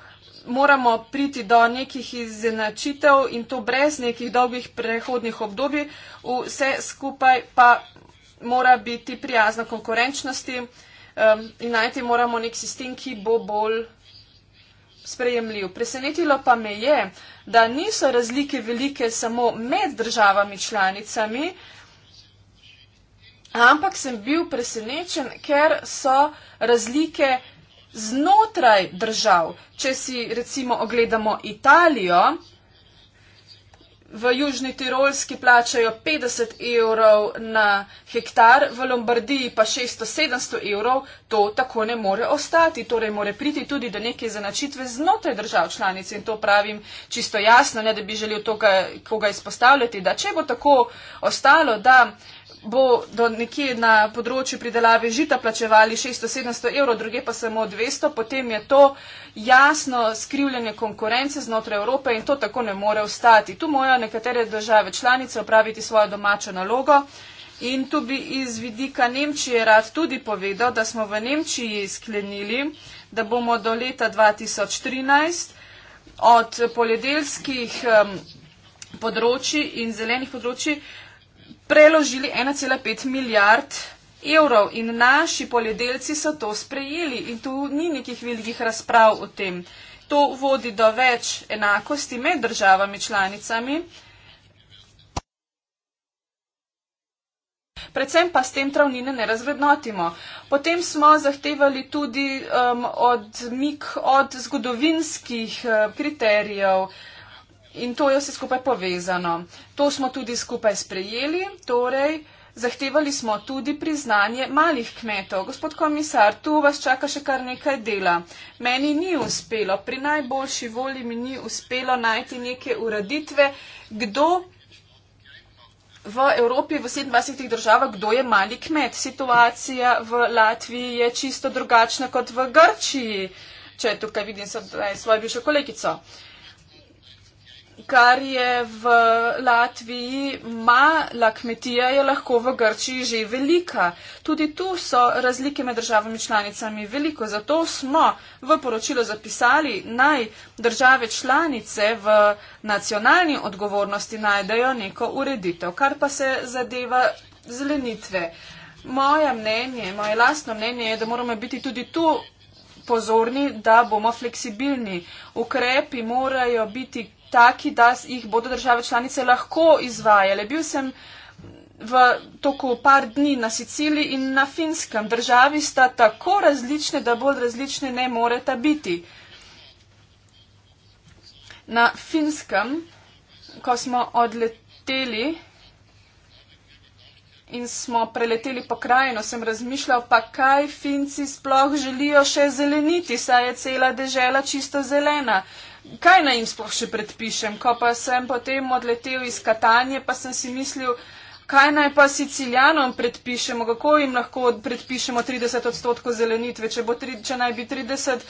moramo priti do nekih izenačitev in to brez nekih dolgih prehodnih obdobij, vse skupaj pa mora biti prijazno konkurenčnosti um, in najti moramo nek sistem, ki bo bolj sprejemljiv. Presenetilo pa me je, da niso razlike velike samo med državami članicami, ampak sem bil presenečen, ker so razlike znotraj držav. Če si recimo ogledamo Italijo, v Južni Tirolski plačajo 50 evrov na hektar, v Lombardiji pa 600-700 evrov, to tako ne more ostati. Torej more priti tudi do neke zanačitve znotraj držav članic in to pravim čisto jasno, ne da bi želel to, koga izpostavljati, da če bo tako ostalo, da bo do nekje na področju pridelave žita plačevali 600-700 evrov, druge pa samo 200, potem je to jasno skrivljanje konkurence znotraj Evrope in to tako ne more ostati. Tu morajo nekatere države članice opraviti svojo domačo nalogo. In tu bi iz vidika Nemčije rad tudi povedal, da smo v Nemčiji sklenili, da bomo do leta 2013 od poljedelskih um, področji in zelenih področji uh, preložili 1,5 milijard evrov in naši poljedelci so to sprejeli in tu ni nekih velikih razprav o tem. To vodi do več enakosti med državami članicami. Predvsem pa s tem travnine ne razvrednotimo. Potem smo zahtevali tudi um, odmik od zgodovinskih uh, kriterijev. Uh, in to je vse skupaj povezano. To smo tudi skupaj sprejeli, torej zahtevali smo tudi priznanje malih kmetov. Gospod komisar, tu vas čaka še kar nekaj dela. Meni ni uspelo, pri najboljši volji mi ni uspelo najti neke ureditve, kdo v Evropi, v 27 državah, kdo je mali kmet. Situacija v Latviji je čisto drugačna kot v Grčiji. Če tukaj vidim svojo bivšo kolegico. Uh, kar je v Latviji mala kmetija, je lahko v Grčiji že velika. Tudi tu so razlike med državami članicami veliko. Zato smo v poročilo zapisali, naj države članice v nacionalni odgovornosti najdejo neko ureditev, kar pa se zadeva zelenitve. Moje mnenje, moje lastno mnenje je, da moramo biti tudi tu pozorni, da bomo fleksibilni. Ukrepi morajo biti taki, da jih bodo države članice lahko izvajale. Bil sem v toku par dni na Siciliji in na Finskem. Državi sta tako različne, da bolj različne ne moreta biti. Na Finskem, ko smo odleteli in smo preleteli pokrajino, sem razmišljal, pa kaj Finci sploh želijo še zeleniti, saj je cela dežela čisto zelena kaj naj jim sploh še predpišem. Ko pa sem potem odletel iz Katanje, pa sem si mislil, kaj naj pa Sicilijanom predpišemo, kako jim lahko predpišemo 30 odstotkov zelenitve, če, tri, če naj bi 30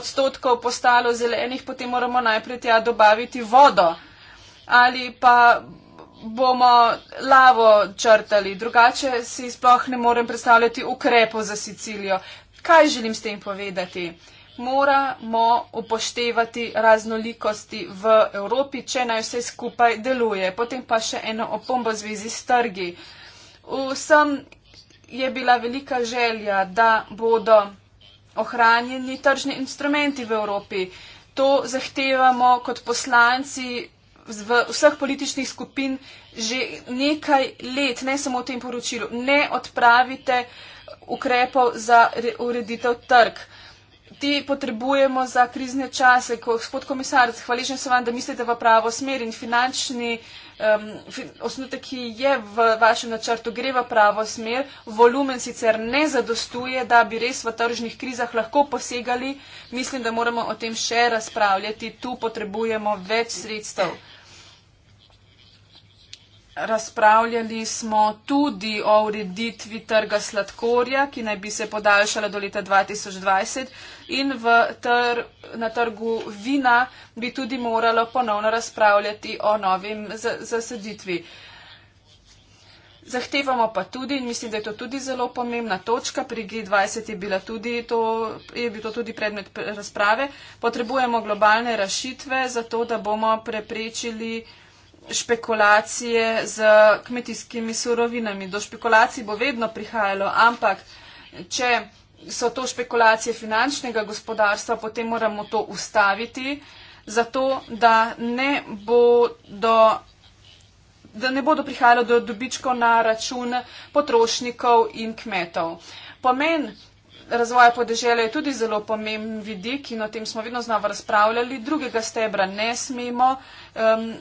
odstotkov postalo zelenih, potem moramo najprej tja dobaviti vodo. Ali pa bomo lavo črtali, drugače si sploh ne morem predstavljati ukrepov za Sicilijo. Kaj želim s tem povedati? Uh, moramo upoštevati raznolikosti v Evropi, če naj vse skupaj deluje. Potem pa še eno opombo v zvezi s trgi. Vsem je bila velika želja, da bodo ohranjeni tržni instrumenti v Evropi. To zahtevamo kot poslanci v vseh političnih skupin že nekaj let, ne samo v tem poročilu. Ne odpravite ukrepov za ureditev trga ljudi potrebujemo za krizne čase. Gospod komisar, hvaležen sem vam, da mislite v pravo smer in finančni um, fin osnutek, ki je v vašem načrtu, gre v pravo smer. Volumen sicer ne zadostuje, da bi res v tržnih krizah lahko posegali. Mislim, da moramo o tem še razpravljati. Tu potrebujemo več sredstev. Razpravljali smo tudi o ureditvi trga sladkorja, ki naj bi se podaljšala do leta 2020 in tr na trgu vina bi tudi moralo ponovno razpravljati o novem zasaditvi. Zahtevamo pa tudi, in mislim, da je to tudi zelo pomembna točka, pri G20 je bilo tudi, bil tudi predmet razprave, potrebujemo globalne rašitve za to, da bomo preprečili špekulacije z kmetijskimi surovinami. Do špekulacij bo vedno prihajalo, ampak če so to špekulacije finančnega gospodarstva, potem moramo to ustaviti, zato da ne bo do da ne bodo prihajalo do dobičkov na račun potrošnikov in kmetov. Pomen razvoja podeželja je tudi zelo pomemben vidik in o tem smo vedno znova razpravljali. Drugega stebra ne smemo um,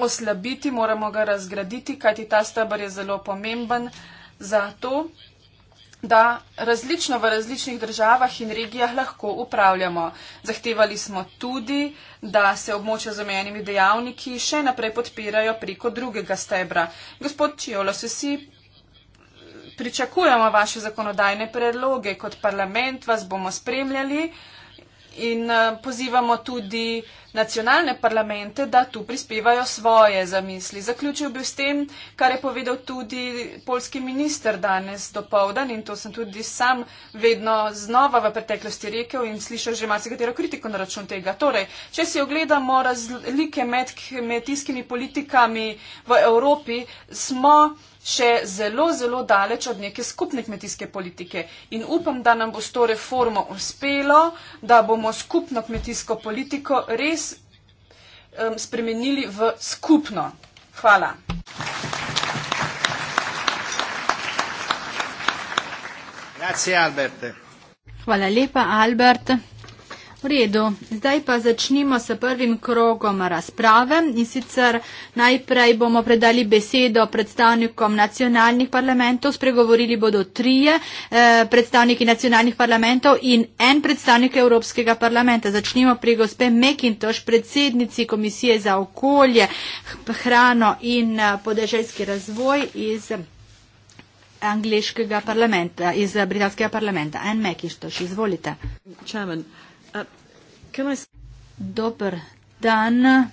oslabiti, moramo ga razgraditi, kajti ta stebr je zelo pomemben za to, da različno v različnih državah in regijah lahko upravljamo. Zahtevali smo tudi, da se območja z omenjenimi dejavniki še naprej podpirajo preko drugega stebra. Gospod Čiolo, se si. Pričakujemo vaše zakonodajne predloge. Kot parlament vas bomo spremljali in eh, pozivamo tudi uh, nacionalne parlamente, da tu prispevajo svoje zamisli. Zaključil bi s tem, kar je povedal tudi polski minister danes do povdan in to sem tudi sam vedno znova v preteklosti rekel in slišal že marsikatero kritiko na račun tega. Torej, če si ogledamo razlike med kmetijskimi politikami v Evropi, smo še zelo, zelo daleč od neke skupne kmetijske politike. In upam, da nam bo s to reformo uspelo, da bomo skupno kmetijsko politiko res um, spremenili v skupno. Hvala. Grazie, Hvala lepa, Albert. V redu, zdaj pa začnimo s prvim krogom razprave in sicer najprej bomo predali besedo predstavnikom nacionalnih parlamentov, spregovorili bodo trije eh, predstavniki nacionalnih parlamentov in en predstavnik Evropskega parlamenta. Začnimo pri gospe Mekintoš, predsednici Komisije za okolje, hrano in eh, podeželjski razvoj iz angliškega parlamenta, iz britanskega parlamenta. En Mekintoš, izvolite. Chairman. Can I... Dober dan.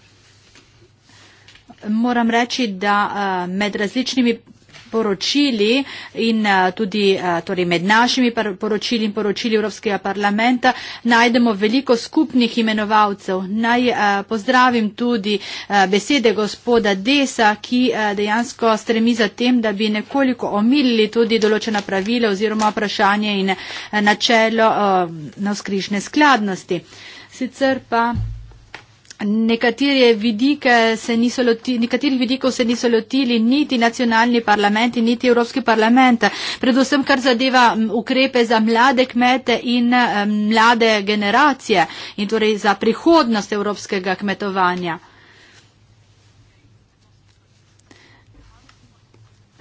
Moram reči, da eh, med različnimi poročili in eh, tudi eh, torej med našimi poročili in poročili Evropskega parlamenta najdemo veliko skupnih imenovalcev. Naj pozdravim tudi besede gospoda Desa, ki dejansko stremi za tem, da bi nekoliko omilili tudi določena pravila oziroma vprašanje in načelo navskrižne skladnosti. Sicer pa nekaterih vidikov se niso lotili niti nacionalni parlamenti, niti Evropski parlament. Predvsem, kar zadeva ukrepe za mlade kmete in mlade generacije in torej za prihodnost evropskega kmetovanja.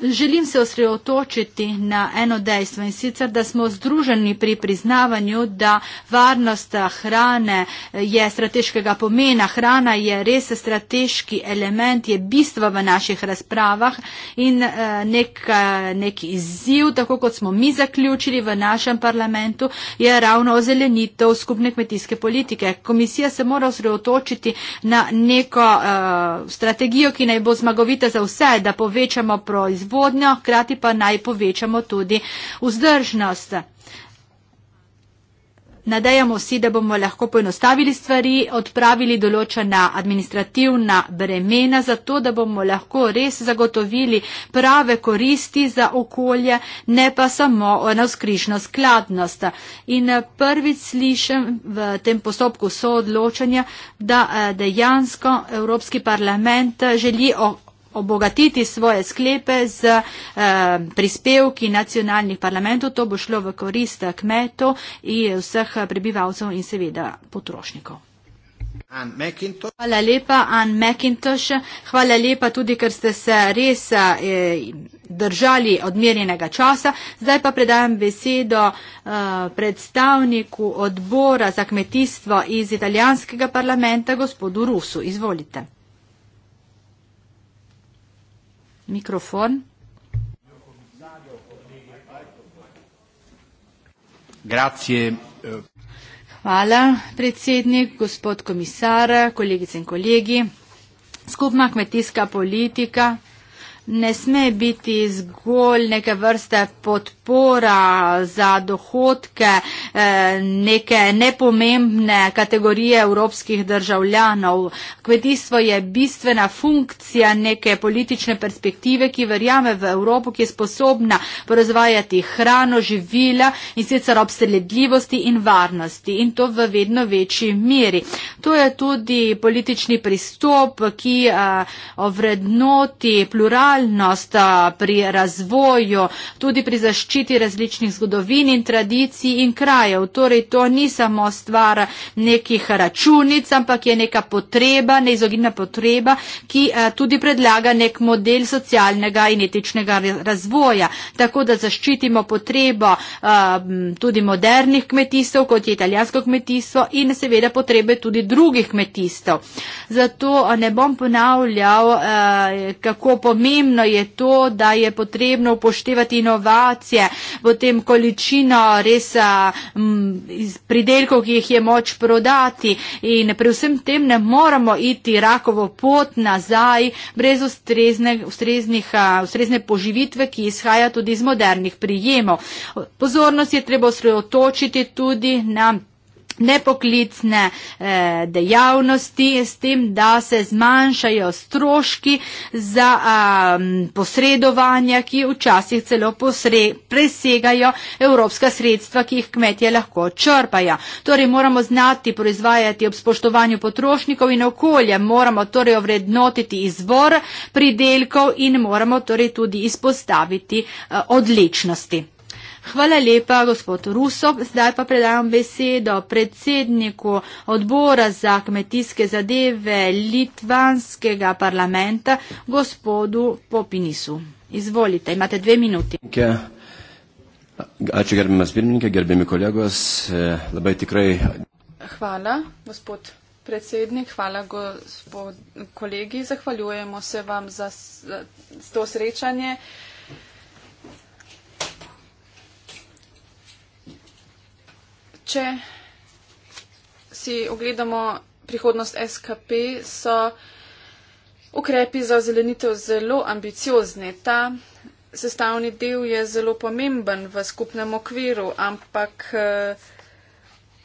Želim se osredotočiti na eno dejstvo in sicer, da smo združeni pri priznavanju, da varnost hrane je strateškega pomena. Hrana je res strateški element, je bistvo v naših razpravah in eh, nek, eh, nek izziv, tako kot smo mi zaključili v našem parlamentu, je ravno ozelenitev skupne kmetijske politike. Komisija se mora osredotočiti na neko uh, strategijo, ki naj bo zmagovita za vse, da povečamo proizvodnost proizvodnjo, hkrati pa naj povečamo tudi vzdržnost. Nadejamo si, da bomo lahko poenostavili stvari, odpravili določena administrativna bremena, zato da bomo lahko res zagotovili prave koristi za okolje, ne pa samo ona skrižna skladnost. In eh, prvič slišim v tem postopku soodločanja, da eh, dejansko Evropski parlament eh, želi obogatiti svoje sklepe z eh, prispevki nacionalnih parlamentov. To bo šlo v korist kmetov in vseh prebivalcev in seveda potrošnikov. Hvala lepa, Ann McIntosh. Hvala lepa tudi, ker ste se res eh, držali odmerjenega časa. Zdaj pa predajam besedo eh, predstavniku odbora za kmetijstvo iz italijanskega parlamenta, gospodu Rusu. Izvolite. mikrofon. Eh. Hvala, predsednik, gospod komisar, kolegice in kolegi. Skupna kmetijska politika ne sme biti zgolj neke vrste podpora za dohodke eh, neke nepomembne kategorije evropskih državljanov. Kmetijstvo je bistvena funkcija neke politične perspektive, ki verjame v Evropo, ki je sposobna porazvajati hrano, živila in sicer obsledljivosti in varnosti in to v vedno večji meri. To je tudi politični pristop, ki eh, ovrednoti plural lokalnost pri razvoju, tudi pri zaščiti različnih zgodovin in tradicij in krajev. Torej, to ni samo stvar nekih računic, ampak je neka potreba, neizogibna potreba, ki tudi predlaga nek model socialnega in etičnega razvoja. Tako da zaščitimo potrebo tudi modernih kmetijstev, kot je italijansko kmetijstvo in seveda potrebe tudi drugih kmetijstev. Zato ne bom ponavljal, kako pomembno pomembno je to, da je potrebno upoštevati inovacije, potem količino res m, pridelkov, ki jih je moč prodati in pri vsem tem ne moramo iti rakovo pot nazaj brez ustrezne poživitve, ki izhaja tudi iz modernih prijemov. Pozornost je treba osredotočiti tudi na nepoklicne eh, dejavnosti, s tem, da se zmanjšajo stroški za eh, posredovanja, ki včasih celo posre, presegajo evropska sredstva, ki jih kmetje lahko črpajo. Torej moramo znati proizvajati ob spoštovanju potrošnikov in okolja, moramo torej ovrednotiti izvor pridelkov in moramo torej tudi izpostaviti eh, odličnosti. Hvala lepa, gospod Ruso. Zdaj pa predajam besedo predsedniku odbora za kmetijske zadeve litvanskega parlamenta, gospodu Popinisu. Izvolite, imate dve minuti. Ačiū gerbimas pirmininkė, gerbimi kolegos, labai tikrai. Hvala, gospod predsednik, hvala, gospod kolegi, zahvaljujemo se vam za to srečanje. če si ogledamo prihodnost SKP, so ukrepi za zelenitev zelo ambiciozni. Ta sestavni del je zelo pomemben v skupnem okviru, ampak eh,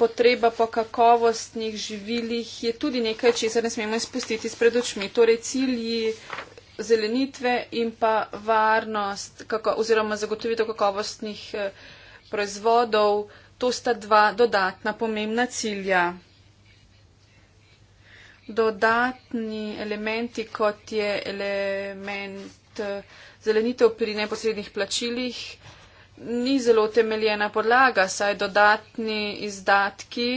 potreba po kakovostnih živilih je tudi nekaj, česar ne smemo izpustiti s predočmi. Torej cilji zelenitve in pa varnost kako, oziroma zagotovitev kakovostnih eh, proizvodov. To sta dva dodatna pomembna cilja. Dodatni elementi, kot je element eh, zelenitev pri neposrednih plačilih, ni zelo temeljena podlaga, saj dodatni izdatki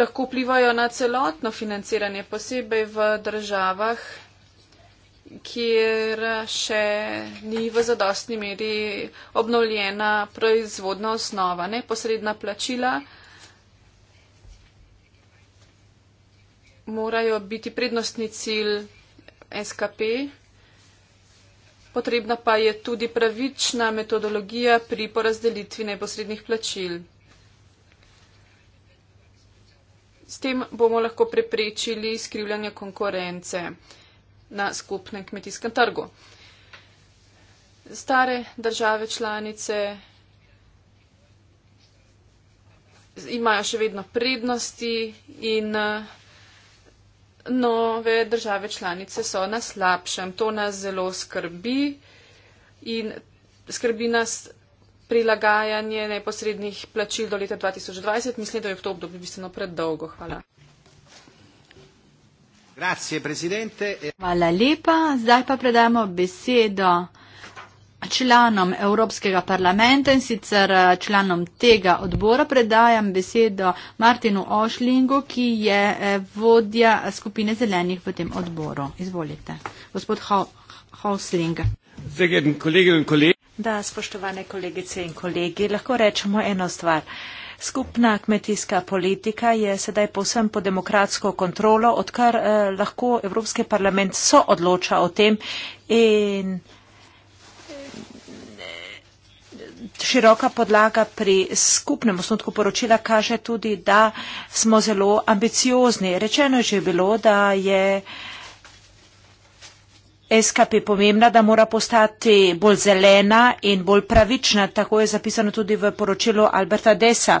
lahko vplivajo na celotno financiranje, posebej v državah, kjer še ni v zadostni meri obnovljena proizvodna osnova, neposredna plačila. Morajo biti prednostni cilj SKP, potrebna pa je tudi pravična metodologija pri porazdelitvi neposrednih plačil. S tem bomo lahko preprečili skrivljanje konkurence na skupnem kmetijskem trgu. Stare države članice imajo še vedno prednosti in eh, nove države članice so na slabšem. To nas zelo skrbi in skrbi nas prilagajanje neposrednih plačil do leta 2020. Mislim, da je v to obdobje bistveno predolgo. Hvala. Grazie, presidente. Hvala lepa. Zdaj pa predajamo besedo članom Evropskega parlamenta in sicer eh, članom tega odbora. Predajam besedo Martinu Ošlingu, ki je eh, vodja skupine zelenih v tem odboru. Izvolite. Gospod Hosling. Da, spoštovane kolegice in kolegi, lahko rečemo eno stvar. Skupna kmetijska politika je sedaj posem pod demokratsko kontrolo, odkar eh, lahko Evropski parlament so odloča o tem in eh, Široka podlaga pri skupnem osnutku poročila kaže tudi, da smo zelo ambiciozni. Rečeno je že bilo, da je eh, SKP pomembna, da mora postati bolj zelena in bolj pravična, tako je zapisano tudi v poročilu Alberta Desa.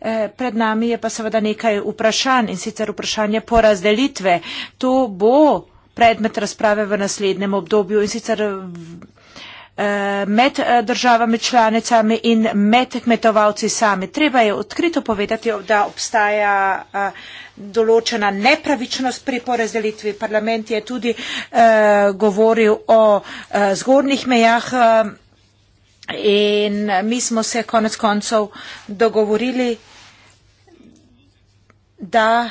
Eh, pred nami je pa seveda nekaj vprašanj in sicer vprašanje porazdelitve. To bo predmet razprave v naslednjem obdobju in sicer Eh, med eh, državami članicami in med kmetovalci sami. Treba je odkrito povedati, da obstaja eh, določena nepravičnost pri porazdelitvi. Parlament je tudi govoril o zgornjih mejah in mi smo se konec koncev dogovorili, da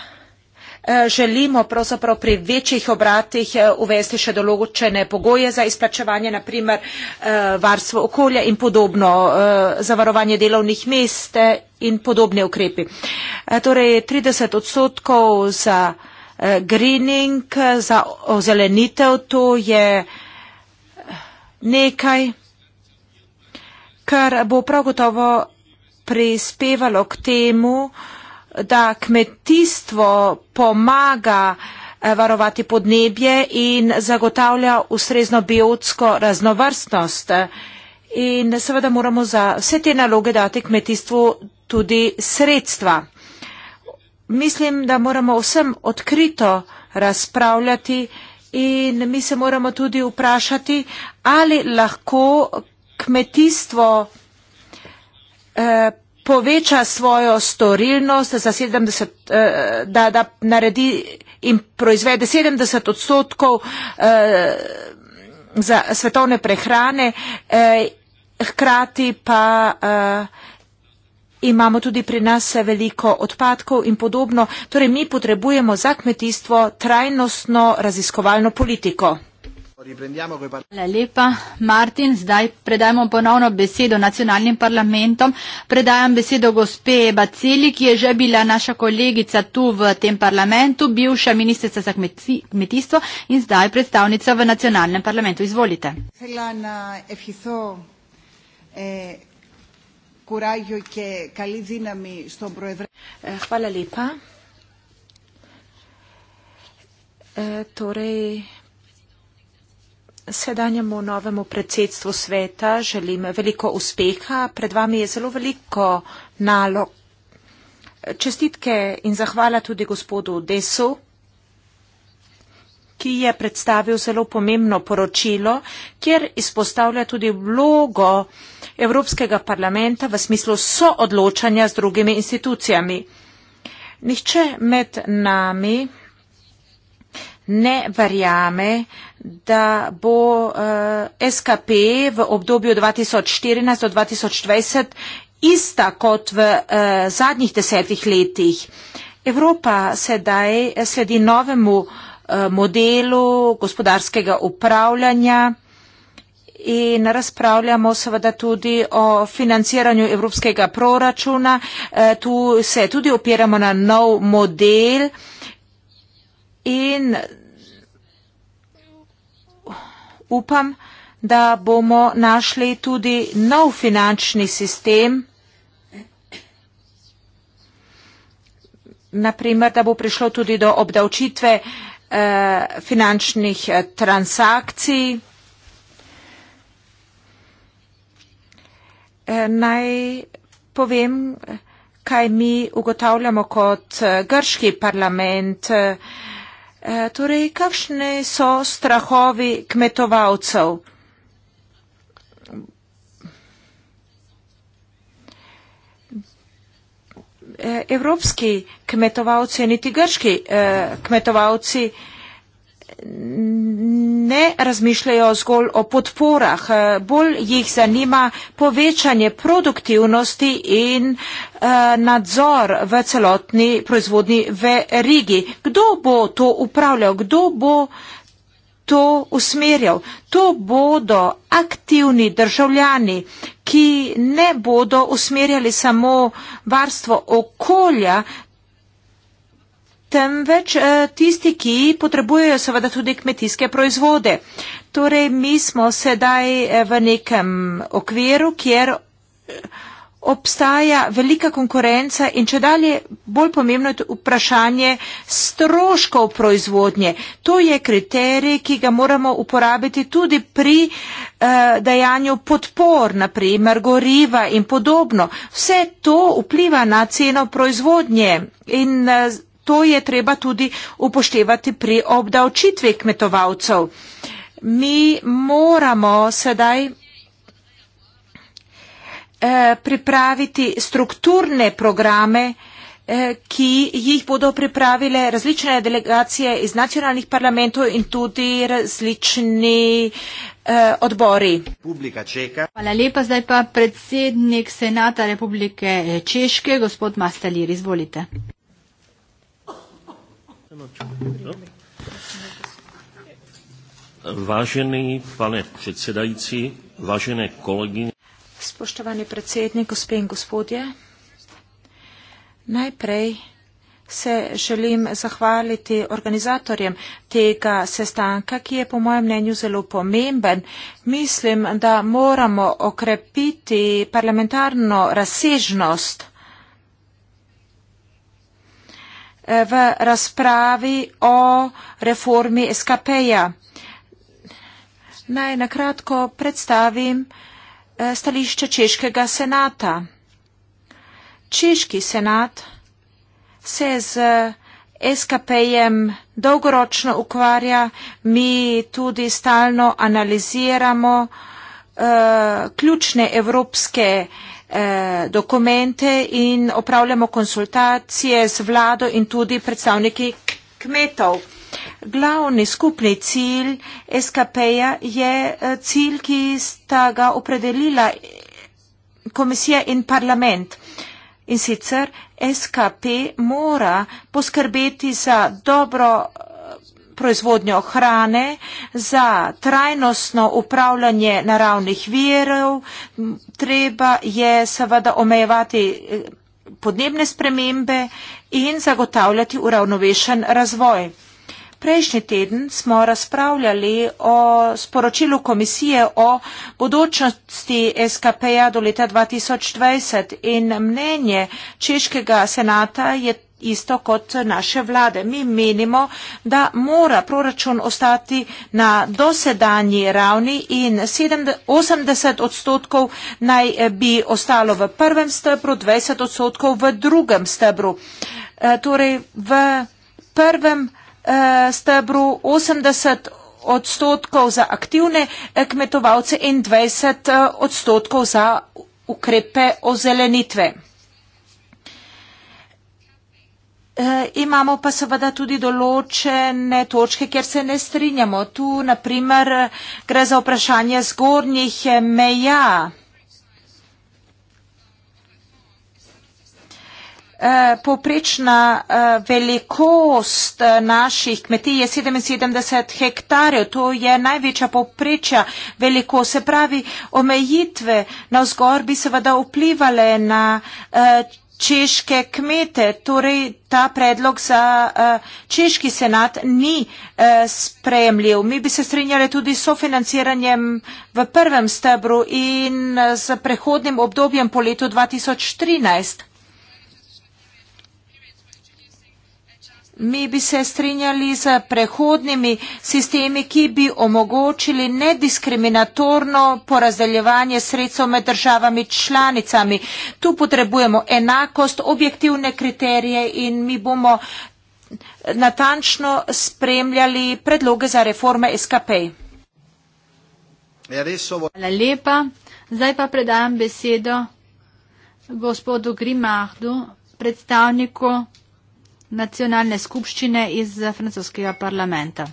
Eh, želimo pravzaprav pri večjih obratih eh, uvesti še določene pogoje za izplačevanje, naprimer eh, varstvo okolja in podobno, zavarovanje delovnih mest in podobne ukrepi. Torej 30 odstotkov za greening, za ozelenitev, to je nekaj, kar bo prav gotovo prispevalo k temu, da kmetijstvo pomaga eh, varovati podnebje in zagotavlja ustrezno biotsko raznovrstnost. In seveda moramo za vse te naloge dati kmetijstvu tudi sredstva. Mislim, da moramo vsem odkrito razpravljati in mi se moramo tudi vprašati, ali lahko kmetijstvo eh, poveča svojo storilnost za 70, eh, da, da naredi in proizvede 70 odstotkov eh, za svetovne prehrane, eh, hkrati pa imamo tudi pri nas veliko odpadkov in podobno. Torej, mi potrebujemo za kmetijstvo trajnostno raziskovalno politiko. Riprendiamo coi parlamenti. Hvala lepa, Martin. Zdaj predajmo ponovno besedo nacionalnim parlamentom. Predajam besedo gospe Baceli, ki je že bila naša kolegica tu v tem parlamentu, bivša ministrica za kmetijstvo in zdaj predstavnica v nacionalnem parlamentu. Izvolite. Eh, eh, hvala lepa. Eh, torej, sedanjemu novemu predsedstvu sveta želim veliko uspeha. Pred vami je zelo veliko nalog. Čestitke in zahvala tudi gospodu Desu, ki je predstavil zelo pomembno poročilo, kjer izpostavlja tudi vlogo Evropskega parlamenta v smislu soodločanja z drugimi institucijami. Nihče med nami ne verjame, da bo uh, eh, SKP v obdobju 2014 do 2020 ista kot v uh, zadnjih desetih letih. Evropa sedaj sledi novemu uh, modelu gospodarskega upravljanja in razpravljamo seveda tudi o financiranju evropskega proračuna. Uh, tu se tudi opiramo na nov model. Uh, In upam, da bomo našli tudi nov finančni sistem, naprimer, da bo prišlo tudi do obdavčitve eh, finančnih eh, transakcij. Eh, naj povem, kaj mi ugotavljamo kot eh, grški parlament. Eh, Eh, torej, kakšne so strahovi kmetovalcev? Eh, evropski kmetovalci, niti grški eh, kmetovalci, ne razmišljajo zgolj o podporah, eh, bolj jih zanima povečanje produktivnosti in eh, nadzor v celotni proizvodni verigi. Kdo bo to upravljal, kdo bo to usmerjal? To bodo aktivni državljani, ki ne bodo usmerjali samo varstvo okolja, temveč eh, tisti, ki potrebujejo seveda tudi kmetijske proizvode. Torej, mi smo sedaj eh, v nekem okviru, kjer eh, obstaja velika konkurenca in če dalje bolj pomembno je vprašanje stroškov proizvodnje. To je kriterij, ki ga moramo uporabiti tudi pri eh, dajanju podpor, naprimer goriva in podobno. Vse to vpliva na ceno proizvodnje in eh, to je treba tudi upoštevati pri obdavčitvi kmetovalcev. Mi moramo sedaj eh, pripraviti strukturne programe, eh, ki jih bodo pripravile različne delegacije iz nacionalnih parlamentov in tudi različni eh, odbori. Hvala lepa, zdaj pa predsednik Senata Republike Češke, gospod Mastalir, izvolite. Vážený pane predsedajúci, vážené kolegyne. Spoštovani predsednik, gospe in gospodje, najprej se želim zahvaliti organizatorjem tega sestanka, ki je po mojem mnenju zelo pomemben. Mislim, da moramo okrepiti parlamentarno razsežnost v razpravi o reformi SKP-ja. Naj nakratko predstavim eh, stališče Češkega senata. Češki senat se z eh, SKP-jem dolgoročno ukvarja, mi tudi stalno analiziramo uh, ključne evropske uh, Eh, dokumente in opravljamo konsultacije z vlado in tudi predstavniki kmetov. Glavni skupni cilj SKP-ja je eh, cilj, ki sta ga opredelila komisija in parlament. In sicer SKP mora poskrbeti za dobro proizvodnjo hrane, za trajnostno upravljanje naravnih verov, treba je seveda omejevati eh, podnebne spremembe in zagotavljati uravnovešen razvoj. Prejšnji teden smo razpravljali o sporočilu komisije o bodočnosti SKP-ja do leta 2020 in mnenje Češkega senata je isto kot naše vlade. Mi menimo, da mora proračun ostati na dosedanji ravni in 80 odstotkov naj eh, bi ostalo v prvem stebru, 20 odstotkov v drugem stebru. Eh, torej v prvem eh, stebru 80 odstotkov za aktivne kmetovalce in 20 odstotkov za ukrepe ozelenitve. Eh, imamo pa seveda tudi določene točke, kjer se ne strinjamo. Tu, naprimer, gre za vprašanje zgornjih eh, meja. Eh, poprečna velikost naših kmetij je 77 hektarjev, to je največja poprečja velikost. Se pravi, omejitve na vzgor bi seveda vplivale na češke kmete. Torej, ta predlog za eh, češki senat ni eh, sprejemljiv. Mi bi se strinjali tudi s sofinanciranjem v prvem stebru in z eh, prehodnim obdobjem po letu 2013. mi bi se strinjali z prehodnimi sistemi, ki bi omogočili nediskriminatorno porazdeljevanje sredstev med državami članicami. Tu potrebujemo enakost, objektivne kriterije in mi bomo natančno spremljali predloge za reforme SKP. E Hvala lepa. Zdaj pa predajam besedo gospodu Grimahdu, predstavniku nacionalne skupščine iz francoskega parlamenta.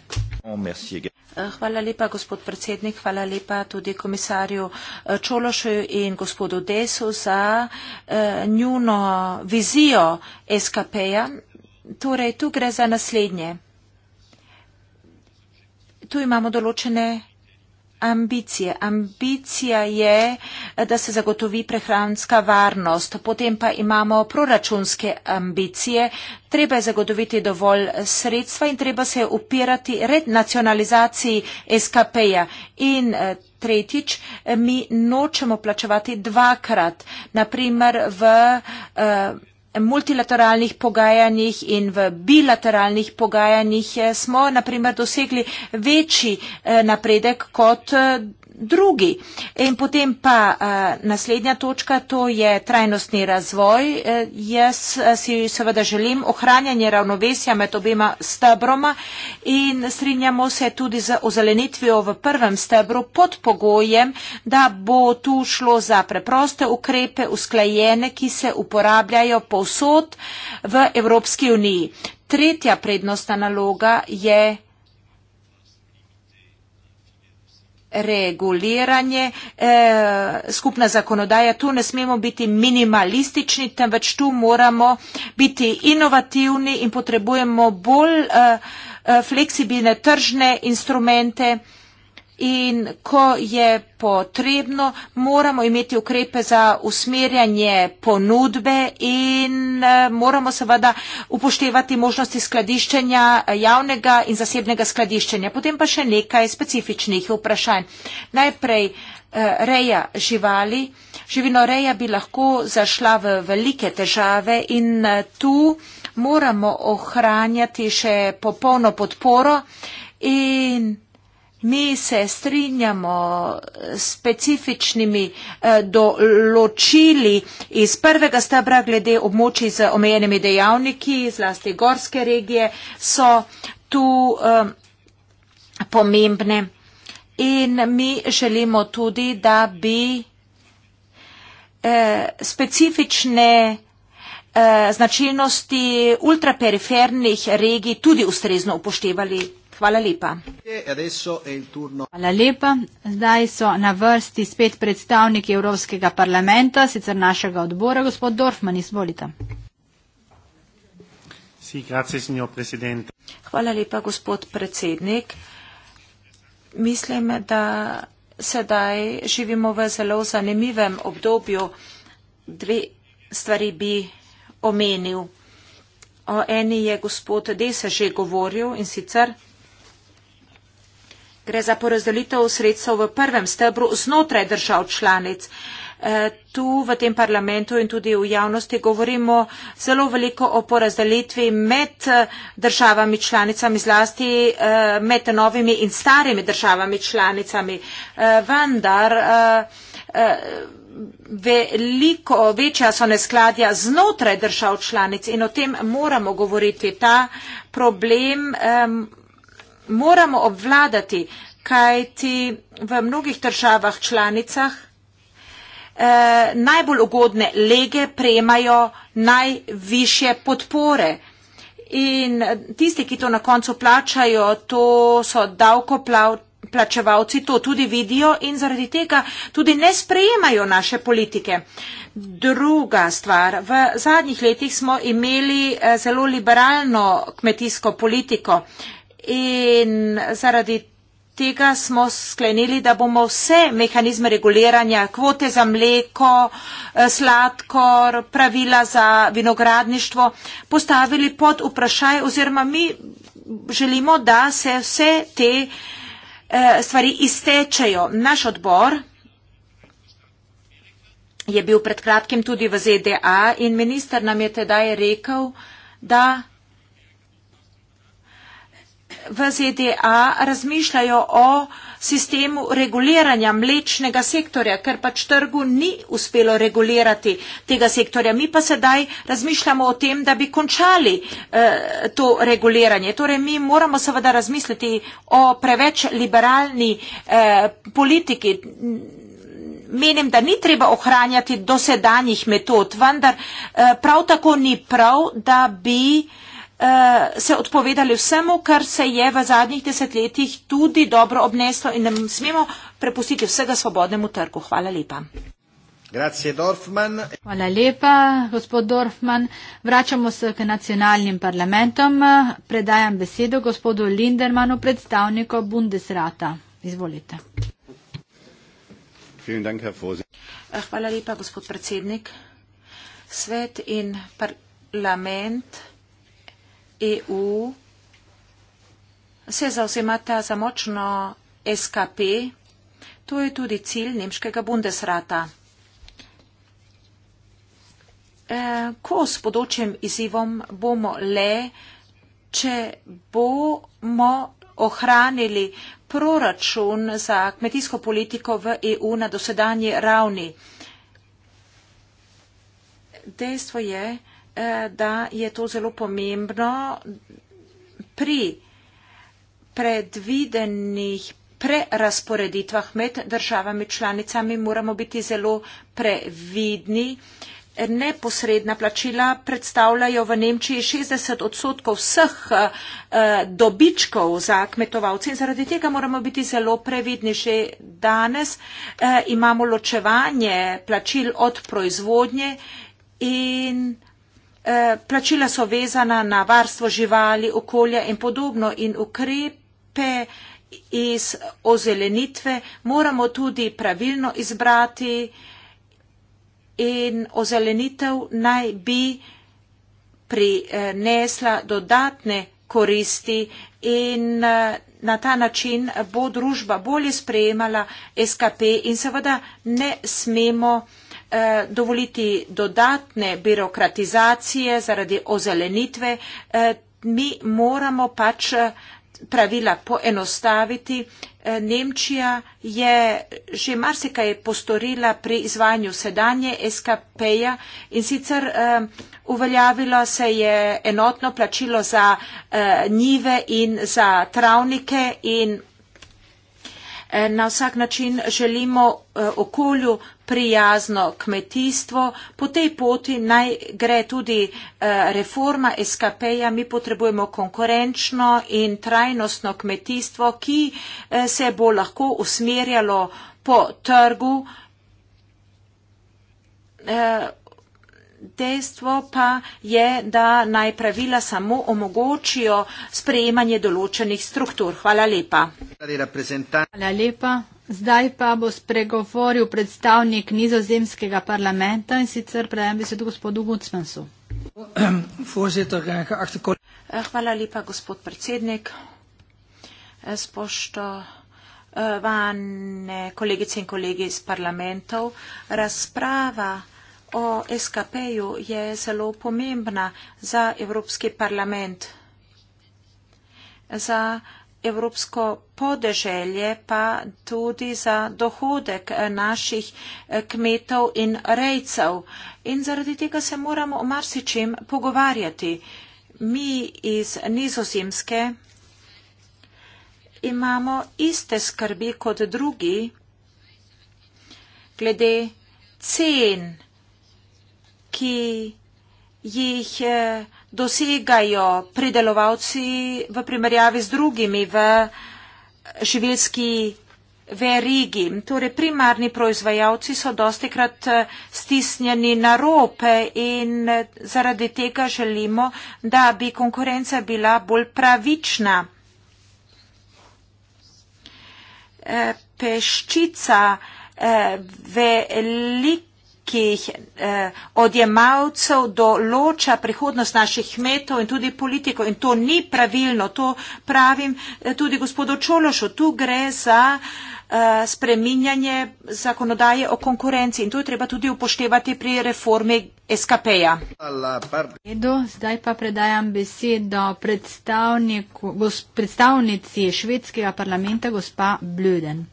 Oh, eh, hvala lepa, gospod predsednik, hvala lepa tudi komisarju eh, Čološu in gospodu Desu za eh, njuno vizijo SKP-ja. Torej, tu gre za naslednje. Tu imamo določene ambicije. Ambicija je, da se zagotovi prehranska varnost, potem pa imamo proračunske ambicije. Treba je zagotoviti dovolj sredstva in treba se upirati red nacionalizaciji SKP-ja. In eh, tretjič, mi nočemo plačevati dvakrat, naprimer v. Uh, multilateralnih pogajanjih in v bilateralnih pogajanjih eh, smo naprimer dosegli večji eh, napredek kot eh, drugi. In potem pa uh, naslednja točka, to je trajnostni razvoj. Uh, jaz eh, si seveda želim ohranjanje ravnovesja med obema stebroma in strinjamo se tudi z ozelenitvijo v prvem stebru pod pogojem, da bo tu šlo za preproste ukrepe, usklajene, ki se uporabljajo povsod v Evropski uniji. Tretja prednostna naloga je reguliranje, eh, skupna zakonodaja, tu ne smemo biti minimalistični, temveč tu moramo biti inovativni in potrebujemo bolj eh, eh, fleksibilne tržne instrumente, in ko je potrebno, moramo imeti ukrepe za usmerjanje ponudbe in eh, moramo seveda upoštevati možnosti skladiščenja eh, javnega in zasebnega skladiščenja. Potem pa še nekaj specifičnih vprašanj. Najprej eh, reja živali. Živinoreja bi lahko zašla v velike težave in tu moramo ohranjati še popolno podporo in Mi se strinjamo s specifičnimi eh, določili iz prvega stabra glede območij z omejenimi dejavniki, zlasti gorske regije so tu eh, pomembne in mi želimo tudi, da bi eh, specifične značilnosti ultraperifernih regij tudi ustrezno upoštevali. Hvala lepa. E Hvala lepa. Zdaj so na vrsti spet predstavniki Evropskega parlamenta, sicer našega odbora, gospod Dorfman, izvolite. Hvala lepa, gospod predsednik. Mislim, da sedaj živimo v zelo zanimivem obdobju. Dve stvari bi omenil. O eni je gospod Dese že govoril in sicer gre za porazdelitev sredstev v prvem stebru znotraj držav članic. E, tu v tem parlamentu in tudi v javnosti govorimo zelo veliko o porazdelitvi med e, državami članicami, zlasti e, med novimi in starimi državami članicami. Vendar veliko večja so neskladja znotraj držav članic in o tem moramo govoriti. Ta problem moramo obvladati, kaj ti v mnogih državah članicah eh, najbolj ugodne lege prejemajo najviše podpore. In eh, tisti, ki to na koncu plačajo, to so davkoplačevalci, to tudi vidijo in zaradi tega tudi ne sprejemajo naše politike. Druga stvar, v zadnjih letih smo imeli eh, zelo liberalno kmetijsko politiko. Eh, in zaradi tega smo sklenili, da bomo vse mehanizme reguliranja, kvote za mleko, eh, sladkor, pravila za vinogradništvo postavili pod vprašaj oziroma mi želimo, da se vse te eh, stvari iztečejo. Naš odbor je bil pred kratkim tudi v ZDA in minister nam je tedaj rekel, da v ZDA razmišljajo o sistemu reguliranja mlečnega sektorja, ker pač trgu ni uspelo regulirati tega sektorja. Mi pa sedaj razmišljamo o tem, da bi končali eh, to reguliranje. Torej, mi moramo seveda razmisliti o preveč liberalni eh, politiki. Menim, da ni treba ohranjati dosedanjih metod, vendar eh, prav tako ni prav, da bi eh, Eh, se odpovedali vsemu, kar se je v zadnjih desetletjih tudi dobro obneslo in ne smemo prepustiti vsega svobodnemu trgu. Hvala lepa. Hvala lepa, gospod Dorfman. Vračamo se k nacionalnim parlamentom. Predajam besedo gospodu Lindermanu, predstavniku Bundesrata. Izvolite. Eh, hvala lepa, gospod predsednik. Svet in parlament. EU se zauzemata za močno SKP. To je tudi cilj nemškega bundesrata. E, ko s področjem izzivom bomo le, če bomo ohranili proračun za kmetijsko politiko v EU na dosedanji ravni. Dejstvo je, Eh, da je to zelo pomembno pri predvidenih prerasporeditvah med državami članicami moramo biti zelo previdni. Neposredna plačila predstavljajo v Nemčiji 60 odstotkov vseh eh, dobičkov za kmetovalce in zaradi tega moramo biti zelo previdni. Že danes eh, imamo ločevanje plačil od proizvodnje in Eh, plačila so vezana na varstvo živali, okolja in podobno in ukrepe iz ozelenitve moramo tudi pravilno izbrati in ozelenitev naj bi prinesla dodatne koristi in eh, na ta način bo družba bolje sprejemala SKP in seveda ne smemo eh, dovoliti dodatne birokratizacije zaradi ozelenitve. Eh, mi moramo pač eh, pravila poenostaviti. Eh, Nemčija je že marsikaj postorila pri izvajanju sedanje SKP-ja in sicer uh, uveljavilo se je enotno plačilo za uh, njive in za travnike in uh, na vsak način želimo uh, okolju prijazno kmetijstvo. Po tej poti naj gre tudi eh, reforma SKP-ja. Mi potrebujemo konkurenčno in trajnostno kmetijstvo, ki eh, se bo lahko usmerjalo po trgu. Eh, dejstvo pa je, da naj pravila samo omogočijo sprejemanje določenih struktur. Hvala lepa. Hvala lepa. Zdaj pa bo spregovoril predstavnik nizozemskega parlamenta in sicer prejem besedo gospodu Gucmansu. Eh, eh, hvala lepa, gospod predsednik. Eh, Spošto vane kolegice in kolegi iz parlamentov, razprava o SKP-ju je zelo pomembna za Evropski parlament. Za evropsko podeželje, pa tudi za dohodek eh, naših eh, kmetov in rejcev. In zaradi tega se moramo o marsičem pogovarjati. Mi iz Nizozemske imamo iste skrbi kot drugi glede cen, ki jih eh, dosegajo pridelovalci v primerjavi z drugimi v živilski verigi. Torej, primarni proizvajalci so dosti krat eh, stisnjeni na rope in eh, zaradi tega želimo, da bi konkurenca bila bolj pravična. Eh, peščica velik velikih eh, odjemalcev določa prihodnost naših kmetov in tudi politiko. In to ni pravilno. To pravim eh, tudi gospodu Čološu. Tu gre za eh, spreminjanje zakonodaje o konkurenci in to je treba tudi upoštevati pri reformi SKP-ja. Zdaj pa predajam besedo predstavnici švedskega parlamenta, gospa Blüden.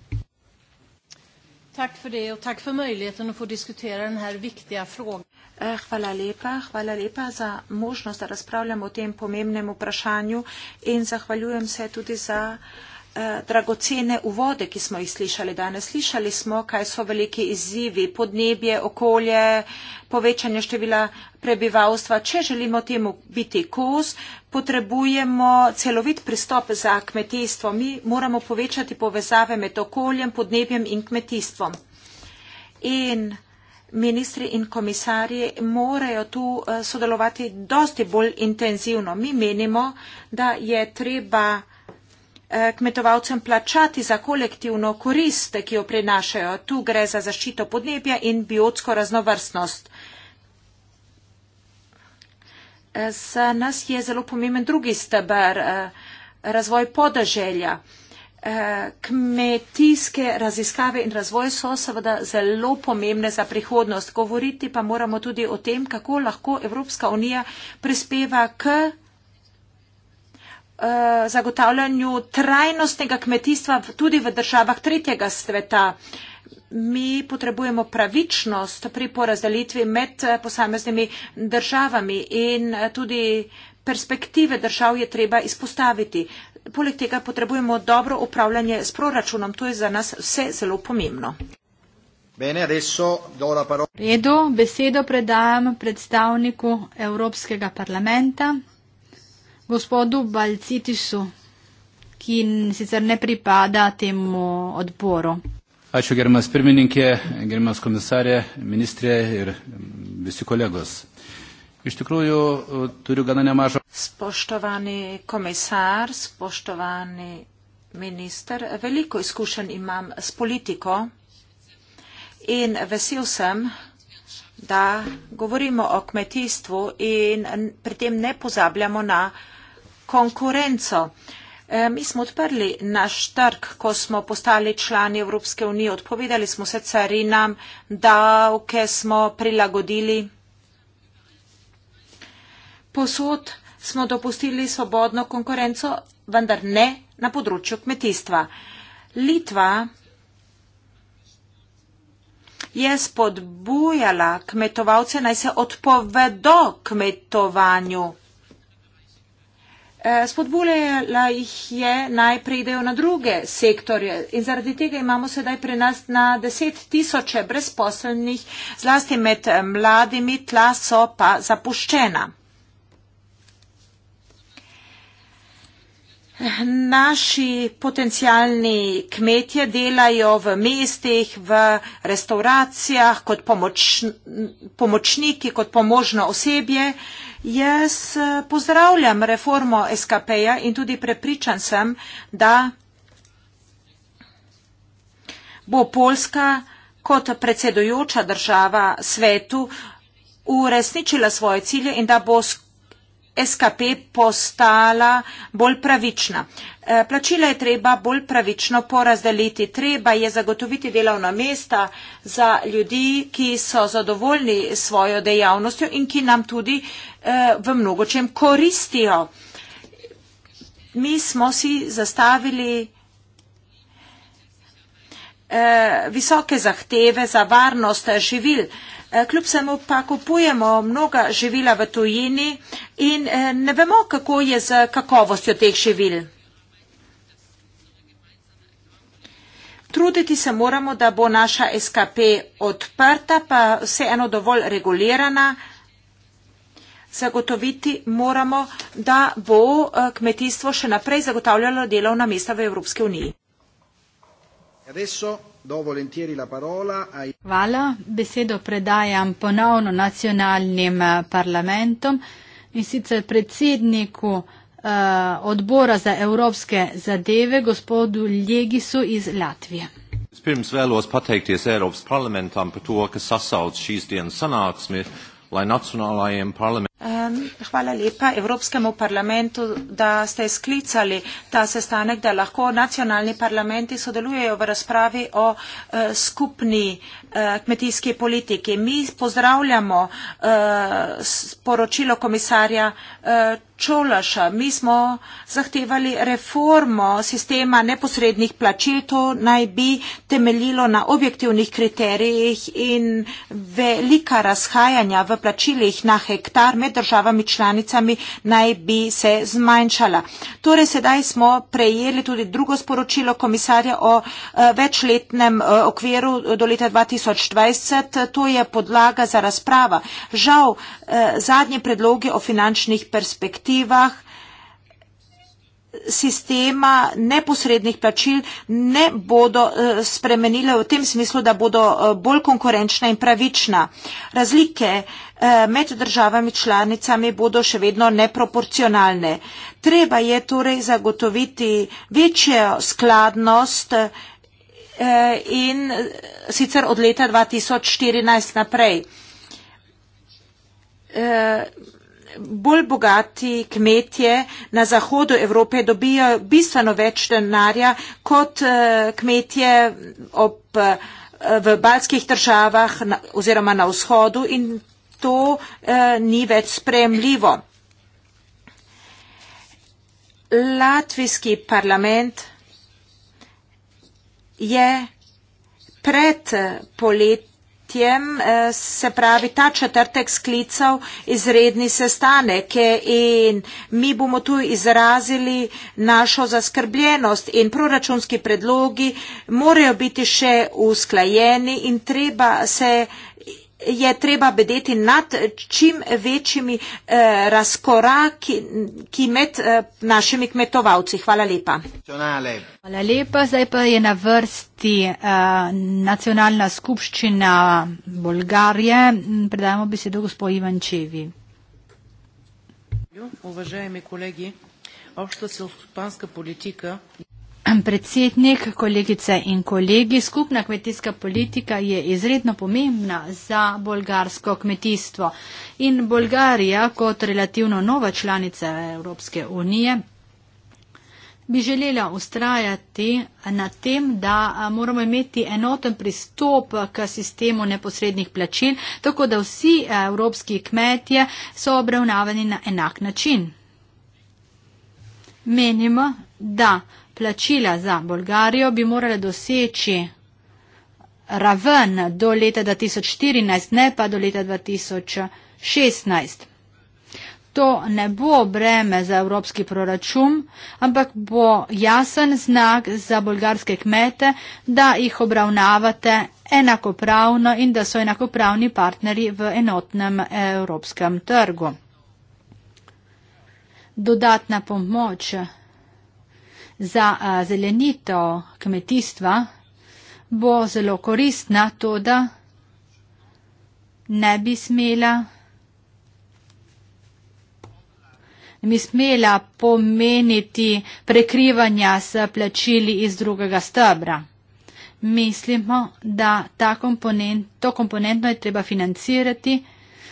Tack för det och tack för möjligheten att få diskutera den här viktiga frågan. Eh, hvala lepa, hvala lepa za možnost, da razpravljamo o tem pomembnem vprašanju in zahvaljujem se tudi za. Eh, dragocene uvode, ki smo jih slišali danes. Slišali smo, kaj so veliki izzivi, podnebje, okolje, povečanje števila prebivalstva. Če želimo temu biti kos, potrebujemo celovit pristop za kmetijstvo. Mi moramo povečati povezave med okoljem, podnebjem in kmetijstvom. In ministri in komisarji morajo tu eh, sodelovati dosti bolj intenzivno. Mi menimo, da je treba Eh, kmetovalcem plačati za kolektivno korist, ki jo prinašajo. Tu gre za zaščito podnebja in biotsko raznovrstnost. Eh, za nas je zelo pomemben drugi stebr, eh, razvoj podeželja. Kmetijske raziskave in razvoj so seveda zelo pomembne za prihodnost. Govoriti pa moramo tudi o tem, kako lahko Evropska unija prispeva k Eh, zagotavljanju trajnostnega kmetijstva tudi v državah tretjega sveta. Mi potrebujemo pravičnost pri porazdelitvi med eh, posameznimi državami in eh, tudi perspektive držav je treba izpostaviti. Poleg tega potrebujemo dobro upravljanje s proračunom. To je za nas vse zelo pomembno. Bene, adesso do la parola. Redo besedo predajam predstavniku Evropskega parlamenta gospodu Balcitisu, ki sicer ne pripada temu odboru. Ačiū gerimas pirmininkė, gerimas komisarė, ministrė ir visi kolegos. Iš tikrųjų, turiu gana nemažą. Spoštovani komisar, spoštovani minister, veliko izkušenj imam s politiko in vesel sem, da govorimo o kmetijstvu in pri tem ne pozabljamo na konkurenco. E, mi smo odprli naš trg, ko smo postali člani Evropske unije, odpovedali smo se carinam, davke smo prilagodili. Posod smo dopustili svobodno konkurenco, vendar ne na področju kmetijstva. Litva je spodbujala kmetovalce naj se odpovedo kmetovanju. Eh, spodbujala jih je naj pridejo na druge sektorje in zaradi tega imamo sedaj pri nas na deset tisoče brezposelnih, zlasti med eh, mladimi, tla so pa zapuščena. Naši potencijalni kmetje delajo v mestih, v restauracijah kot pomoč, pomočniki, kot pomožno osebje. Uh, Jaz eh, pozdravljam reformo SKP-ja in tudi prepričan sem, da bo Poljska kot predsedujoča država svetu uresničila svoje cilje in da bo skupaj SKP postala bolj pravična. E, plačila je treba bolj pravično porazdeliti. Treba je zagotoviti delovna mesta za ljudi, ki so zadovoljni s svojo dejavnostjo in ki nam tudi e, v mnogočem koristijo. Mi smo si zastavili e, visoke zahteve za varnost živil. Eh, kljub samo pa kupujemo mnoga živila v tujini in eh, ne vemo, kako je z kakovostjo teh živil. Truditi se moramo, da bo naša SKP odprta, pa vseeno dovolj regulirana. Zagotoviti moramo, da bo eh, kmetijstvo še naprej zagotavljalo delovna mesta v Evropski uniji. Adesso... Hvala. Besedo predajam ponovno nacionalnim eh, parlamentom in sicer predsedniku eh, odbora za evropske zadeve, gospodu Ljegisu iz Latvije. Pirms vēlos pateikties Eiropas parlamentam par to, ka sasauc šīs dienas sanāksmi, lai nacionālajiem parlamentiem. Hvala lepa Evropskemu parlamentu, da ste sklicali ta sestanek, da lahko nacionalni parlamenti sodelujejo v razpravi o e, skupni e, kmetijski politiki. Mi pozdravljamo e, sporočilo komisarja Čolaša. Mi smo zahtevali reformo sistema neposrednih plačil, to naj bi temeljilo na objektivnih kriterijih in velika razhajanja v plačilih na hektar. Med med državami članicami naj bi se zmanjšala. Torej, sedaj smo prejeli tudi drugo sporočilo komisarja o eh, večletnem eh, okviru eh, do leta 2020. To je podlaga za razprava. Žal, zadnje predloge o finančnih perspektivah sistema neposrednih plačil ne bodo eh, spremenile v tem smislu, da bodo eh, bolj konkurenčna in pravična. Razlike eh, med državami članicami bodo še vedno neproporcionalne. Treba je torej zagotoviti večjo skladnost in sicer od leta 2014 naprej bolj bogati kmetje na zahodu Evrope dobijo bistveno več denarja kot eh, kmetje ob, eh, v balskih državah oziroma na vzhodu in to eh, ni več spremljivo. Latvijski parlament je pred poletjem tem eh, se pravi ta četrtek sklical izredni sestanek in mi bomo tu izrazili našo zaskrbljenost in proračunski predlogi morajo biti še usklajeni in treba se je treba bedeti nad čim večjimi eh, razkoraki ki med eh, našimi kmetovalci. Hvala lepa. Hvala lepa. Zdaj pa je na vrsti eh, nacionalna skupščina eh, Bolgarije. Predajmo besedo gospod Ivančevi. Uvaženi kolegi, obšta selskopanska politika predsednik, kolegice in kolegi. Skupna kmetijska politika je izredno pomembna za bolgarsko kmetijstvo in Bolgarija kot relativno nova članica Evropske unije bi želela ustrajati na tem, da moramo imeti enoten pristop k sistemu neposrednih plačil, tako da vsi eh, evropski kmetje so obravnavani na enak način. Menimo, da plačila za Bolgarijo bi morale doseči raven do leta 2014, ne pa do leta 2016. To ne bo breme za evropski proračun, ampak bo jasen znak za bolgarske kmete, da jih obravnavate enakopravno in da so enakopravni partneri v enotnem evropskem trgu. Dodatna pomoč za zelenito kmetijstva bo zelo koristna to, da ne bi smela, ne bi smela pomeniti prekrivanja s plačili iz drugega stebra. Mislimo, da ta komponent, to komponentno je treba financirati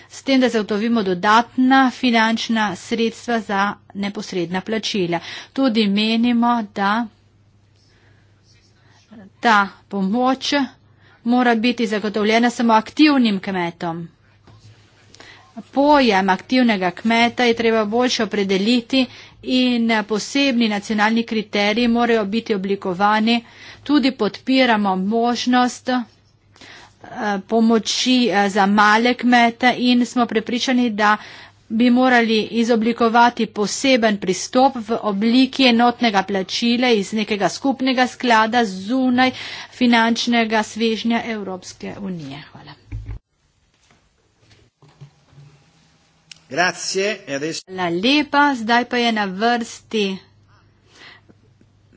s tem, da zagotovimo dodatna finančna sredstva za neposredna plačila. Tudi menimo, da ta pomoč mora biti zagotovljena samo aktivnim kmetom. Pojem aktivnega kmeta je treba boljše opredeliti in posebni nacionalni kriteriji morajo biti oblikovani. Tudi podpiramo možnost Eh, pomoči eh, za male kmete in smo prepričani, da bi morali izoblikovati poseben pristop v obliki enotnega plačila iz nekega skupnega sklada zunaj finančnega svežnja Evropske unije. Hvala. E Hvala lepa, zdaj pa je na vrsti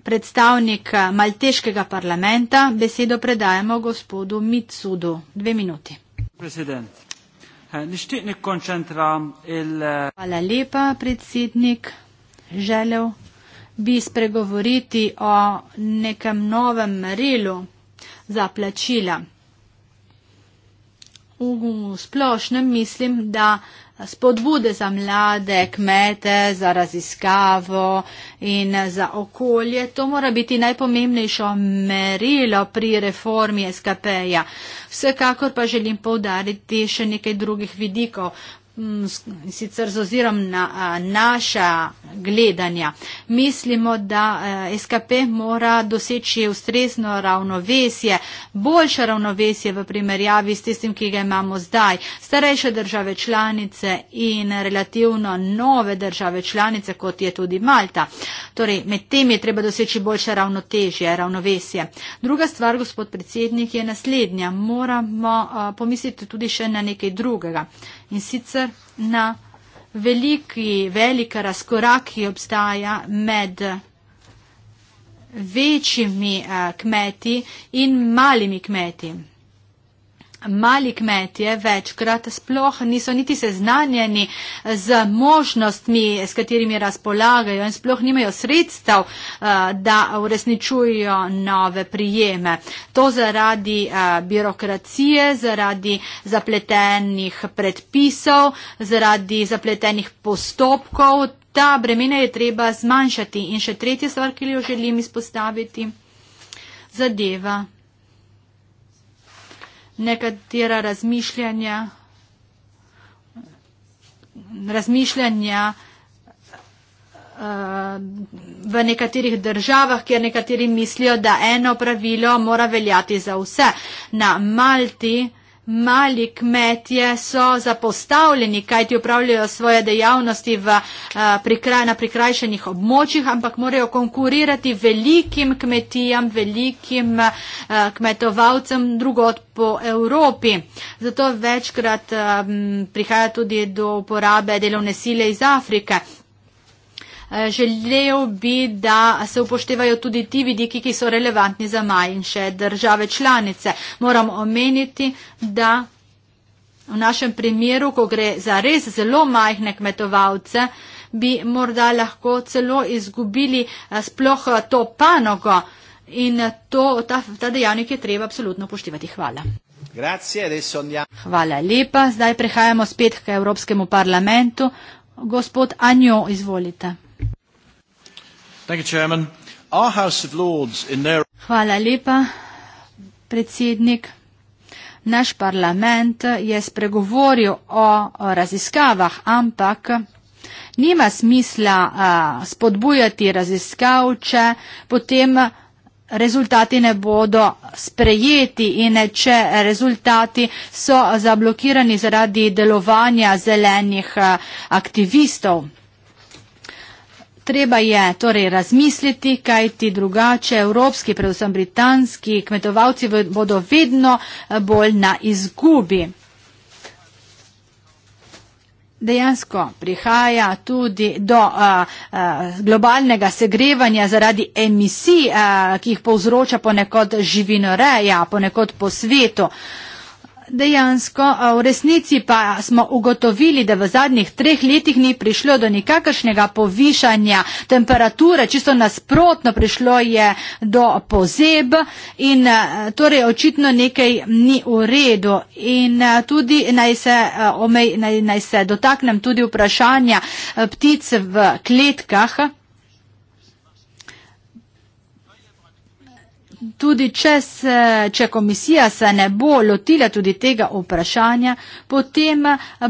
predstavnik eh, malteškega parlamenta, besedo predajamo gospodu Mitsudu. Dve minuti. President. Eh, eh, Hvala lepa, predsednik. Želel bi spregovoriti o nekem novem merilu za plačila. V splošnem mislim, da spodbude za mlade, kmete, za raziskavo in za okolje. To mora biti najpomembnejšo merilo pri reformi SKP-ja. Vsekakor pa želim povdariti še nekaj drugih vidikov. Mm, sicer z ozirom na naša gledanja. Mislimo, da SKP mora doseči ustrezno ravnovesje, boljše ravnovesje v primerjavi s tistim, ki ga imamo zdaj. Starejše države članice in relativno nove države članice, kot je tudi Malta. Torej, med tem je treba doseči boljše ravnotežje, ravnovesje. Druga stvar, gospod predsednik, je naslednja. Moramo pomisliti tudi še na nekaj drugega in sicer na veliki, velika razkorak, ki obstaja med večjimi eh, kmeti in malimi kmeti mali kmetje večkrat sploh niso niti seznanjeni z možnostmi, s katerimi razpolagajo in sploh nimajo sredstev, eh, da uresničujo nove prijeme. To zaradi eh, birokracije, zaradi zapletenih predpisov, zaradi zapletenih postopkov. Ta bremena je treba zmanjšati. In še tretja stvar, ki jo želim izpostaviti, zadeva nekatera razmišljanja, razmišljanja eh, v nekaterih državah, kjer nekateri mislijo, da eno pravilo mora veljati za vse. Na Malti Mali kmetje so zapostavljeni, kajti upravljajo svoje dejavnosti v, eh, prikraj, na prikrajšenih območjih, ampak morajo konkurirati velikim kmetijam, velikim eh, kmetovalcem drugot po Evropi. Zato večkrat eh, prihaja tudi do uporabe delovne sile iz Afrike. Eh, želel bi, da se upoštevajo tudi ti vidiki, ki so relevantni za manjše države članice. Moram omeniti, da. V našem primeru, ko gre za res zelo majhne kmetovalce, bi morda lahko celo izgubili eh, sploh eh, to panogo in to, ta, ta dejavnik je treba absolutno poštivati. Hvala. Hvala lepa. Zdaj prehajamo spet k Evropskemu parlamentu. Gospod Anjo, izvolite. Hvala lepa, predsednik. Naš parlament je spregovoril o raziskavah, ampak nima smisla spodbujati raziskav, če potem rezultati ne bodo sprejeti in če rezultati so zablokirani zaradi delovanja zelenih aktivistov treba je torej razmisliti, kaj ti drugače evropski, predvsem britanski kmetovalci bodo vedno eh, bolj na izgubi. Dejansko prihaja tudi do a, eh, a, eh, globalnega segrevanja zaradi emisij, a, ki jih povzroča ponekod živinoreja, ponekod po svetu. A, dejansko, v resnici pa smo ugotovili, da v zadnjih treh letih ni prišlo do nikakršnega povišanja temperature, čisto nasprotno prišlo je do pozeb in torej očitno nekaj ni v redu. In tudi naj se, omej, naj, naj se dotaknem tudi vprašanja ptic v kletkah. tudi če, se, če komisija se ne bo lotila tudi tega vprašanja, potem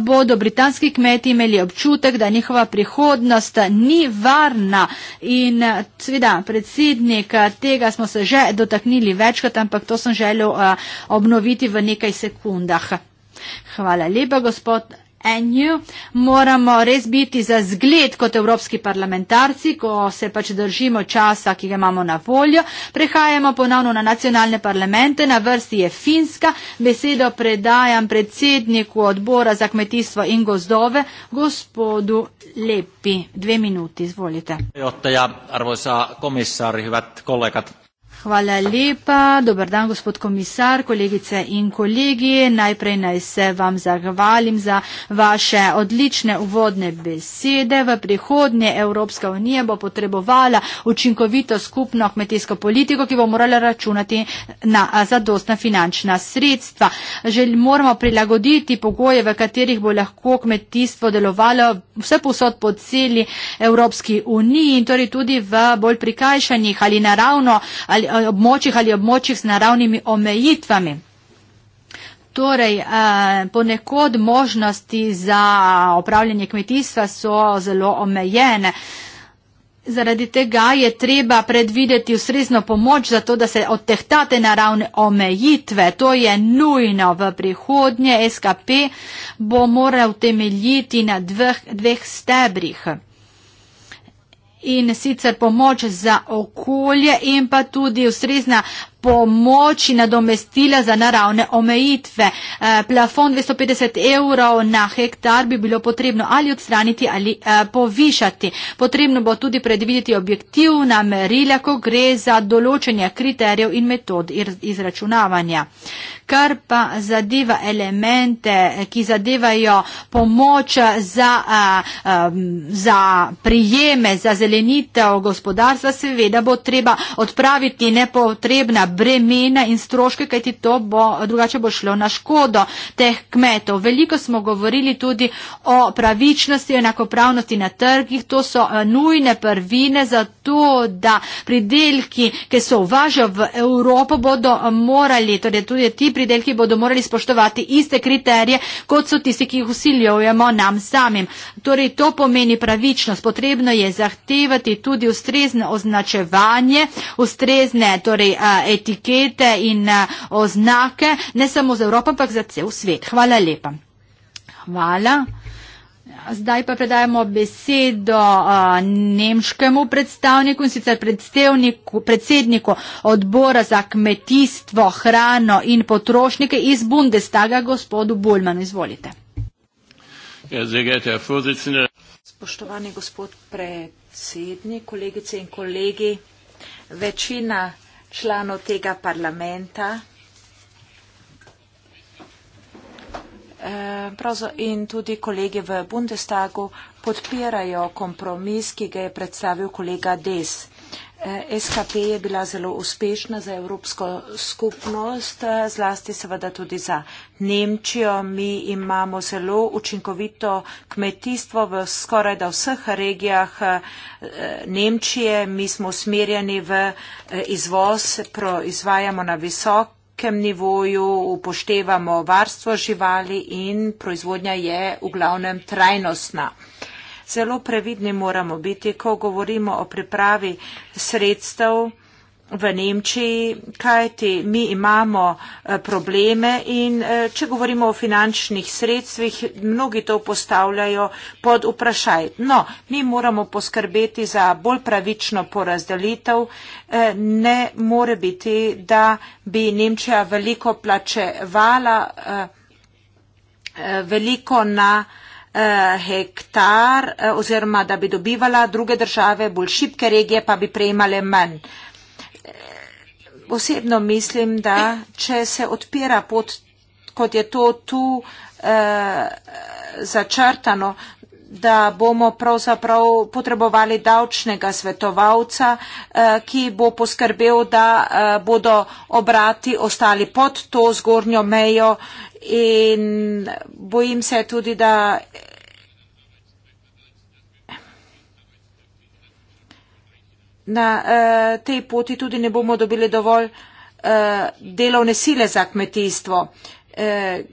bodo britanski kmeti imeli občutek, da njihova prihodnost ni varna. In seveda, predsednik, tega smo se že dotaknili večkrat, ampak to sem želel eh, obnoviti v nekaj sekundah. Hvala lepa, gospod. EU, moramo res biti za zgled kot evropski parlamentarci, ko se pač držimo časa, ki ga imamo na voljo. Prehajamo ponovno na nacionalne parlamente, na vrsti je Finska. Besedo predajam predsedniku odbora za kmetijstvo in gozdove, gospodu Lepi. Dve minuti, izvolite. Jotte ja, arvoisa komisar, hyvät kollegat. Hvala lepa. Dobar dan, gospod komisar, kolegice in kolegi. Najprej naj se vam zahvalim za vaše odlične uvodne besede. V prihodnje Evropska unija bo potrebovala učinkovito skupno kmetijsko politiko, ki bo morala računati na zadostna finančna sredstva. Želj, moramo prilagoditi pogoje, v katerih bo lahko kmetijstvo delovalo vse posod po celi Evropski uniji in torej tudi v bolj prikajšanjih ali naravno ali območjih ali območjih z naravnimi omejitvami. Torej, eh, ponekod možnosti za upravljanje kmetijstva so zelo omejene. Zaradi tega je treba predvideti ustrezno pomoč za to, da se odtehtate naravne omejitve. To je nujno v prihodnje. SKP bo moral temeljiti na dveh, dveh stebrih in sicer pomoč za okolje in pa tudi ustrezna pomoč in nadomestila za naravne omejitve. E, plafon 250 evrov na hektar bi bilo potrebno ali odstraniti ali e, povišati. Potrebno bo tudi predvideti objektivna merila, ko gre za določenje kriterijev in metod izračunavanja. Kar pa zadeva elemente, eh, ki zadevajo pomoč za, a, a, za prijeme, za zelenitev gospodarstva, seveda bo treba odpraviti nepotrebna bremena in stroške, kajti to bo drugače bo šlo na škodo teh kmetov. Veliko smo govorili tudi o pravičnosti, enakopravnosti na trgih. To so eh, nujne prvine za to, da pridelki, ki so uvažajo v Evropo, bodo eh, morali, torej tudi ti pridelki bodo morali spoštovati iste kriterije, kot so tisti, ki jih usiljujemo nam samim. Torej, to pomeni pravičnost. Potrebno je zahtevati tudi ustrezne označevanje, ustrezne torej, eh, etikete in eh, oznake, ne samo za Evropo, ampak za cel svet. Hvala lepa. Hvala. Zdaj pa predajamo besedo eh, nemškemu predstavniku in sicer predsedniku odbora za kmetijstvo, hrano in potrošnike iz Bundestaga, gospodu Bulmanu. Izvolite. Ja, Spoštovani gospod predsednik, kolegice in kolegi, večina člano tega parlamenta. Eh, in tudi kolege v Bundestagu podpirajo kompromis, ki ga je predstavil kolega Des. SKP je bila zelo uspešna za Evropsko skupnost, zlasti seveda tudi za Nemčijo. Mi imamo zelo učinkovito kmetijstvo v skoraj da vseh regijah eh, Nemčije. Mi smo usmerjeni v eh, izvoz, proizvajamo na visok nivoju upoštevamo varstvo živali in proizvodnja je v glavnem trajnostna zelo previdni moramo biti, ko govorimo o pripravi sredstev v Nemčiji, kajti mi imamo eh, probleme in eh, če govorimo o finančnih sredstvih, mnogi to postavljajo pod vprašaj. No, mi moramo poskrbeti za bolj pravično porazdelitev. Eh, ne more biti, da bi Nemčija veliko plačevala veliko na uh, hektar uh, oziroma da bi dobivala druge države, bolj šibke regije pa bi prejemale manj. Eh, osebno mislim, da če se odpira pot, kot je to tu eh, začrtano, da bomo pravzaprav potrebovali davčnega svetovalca, eh, ki bo poskrbel, da eh, bodo obrati ostali pod to zgornjo mejo in bojim se tudi, da na uh, tej poti tudi ne bomo dobili dovolj uh, delovne sile za kmetijstvo. Uh,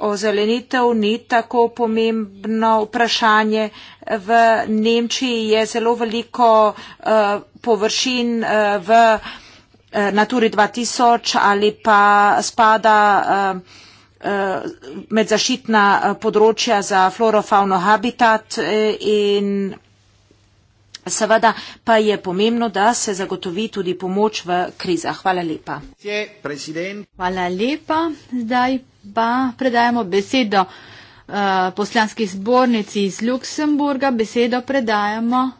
ozelenitev ni tako pomembno vprašanje. V Nemčiji je zelo veliko uh, površin uh, v uh, Naturi 2000 ali pa spada. Uh, med zašitna področja za florofauno habitat in Seveda pa je pomembno, da se zagotovi tudi pomoč v krizah. Hvala lepa. Hvala lepa. Zdaj pa predajamo besedo uh, poslanski zbornici iz Luksemburga. Besedo predajamo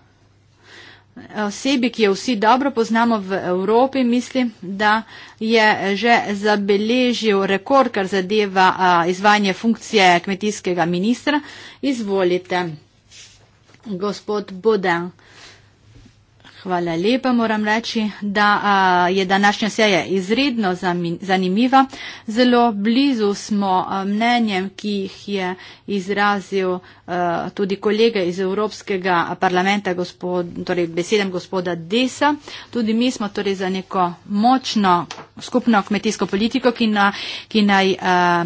eh, osebi, ki jo vsi dobro poznamo v Evropi. Mislim, da je že zabeležil rekord, kar zadeva uh, izvajanje funkcije kmetijskega ministra. Izvolite, gospod Bodan. Hvala lepa, moram reči, da a, je današnja seja izredno zanimiva. Zelo blizu smo mnenjem, ki jih je izrazil a, tudi kolega iz Evropskega parlamenta, gospod, torej besedem gospoda Desa. Tudi mi smo torej za neko močno skupno kmetijsko politiko, ki, na, ki naj. A,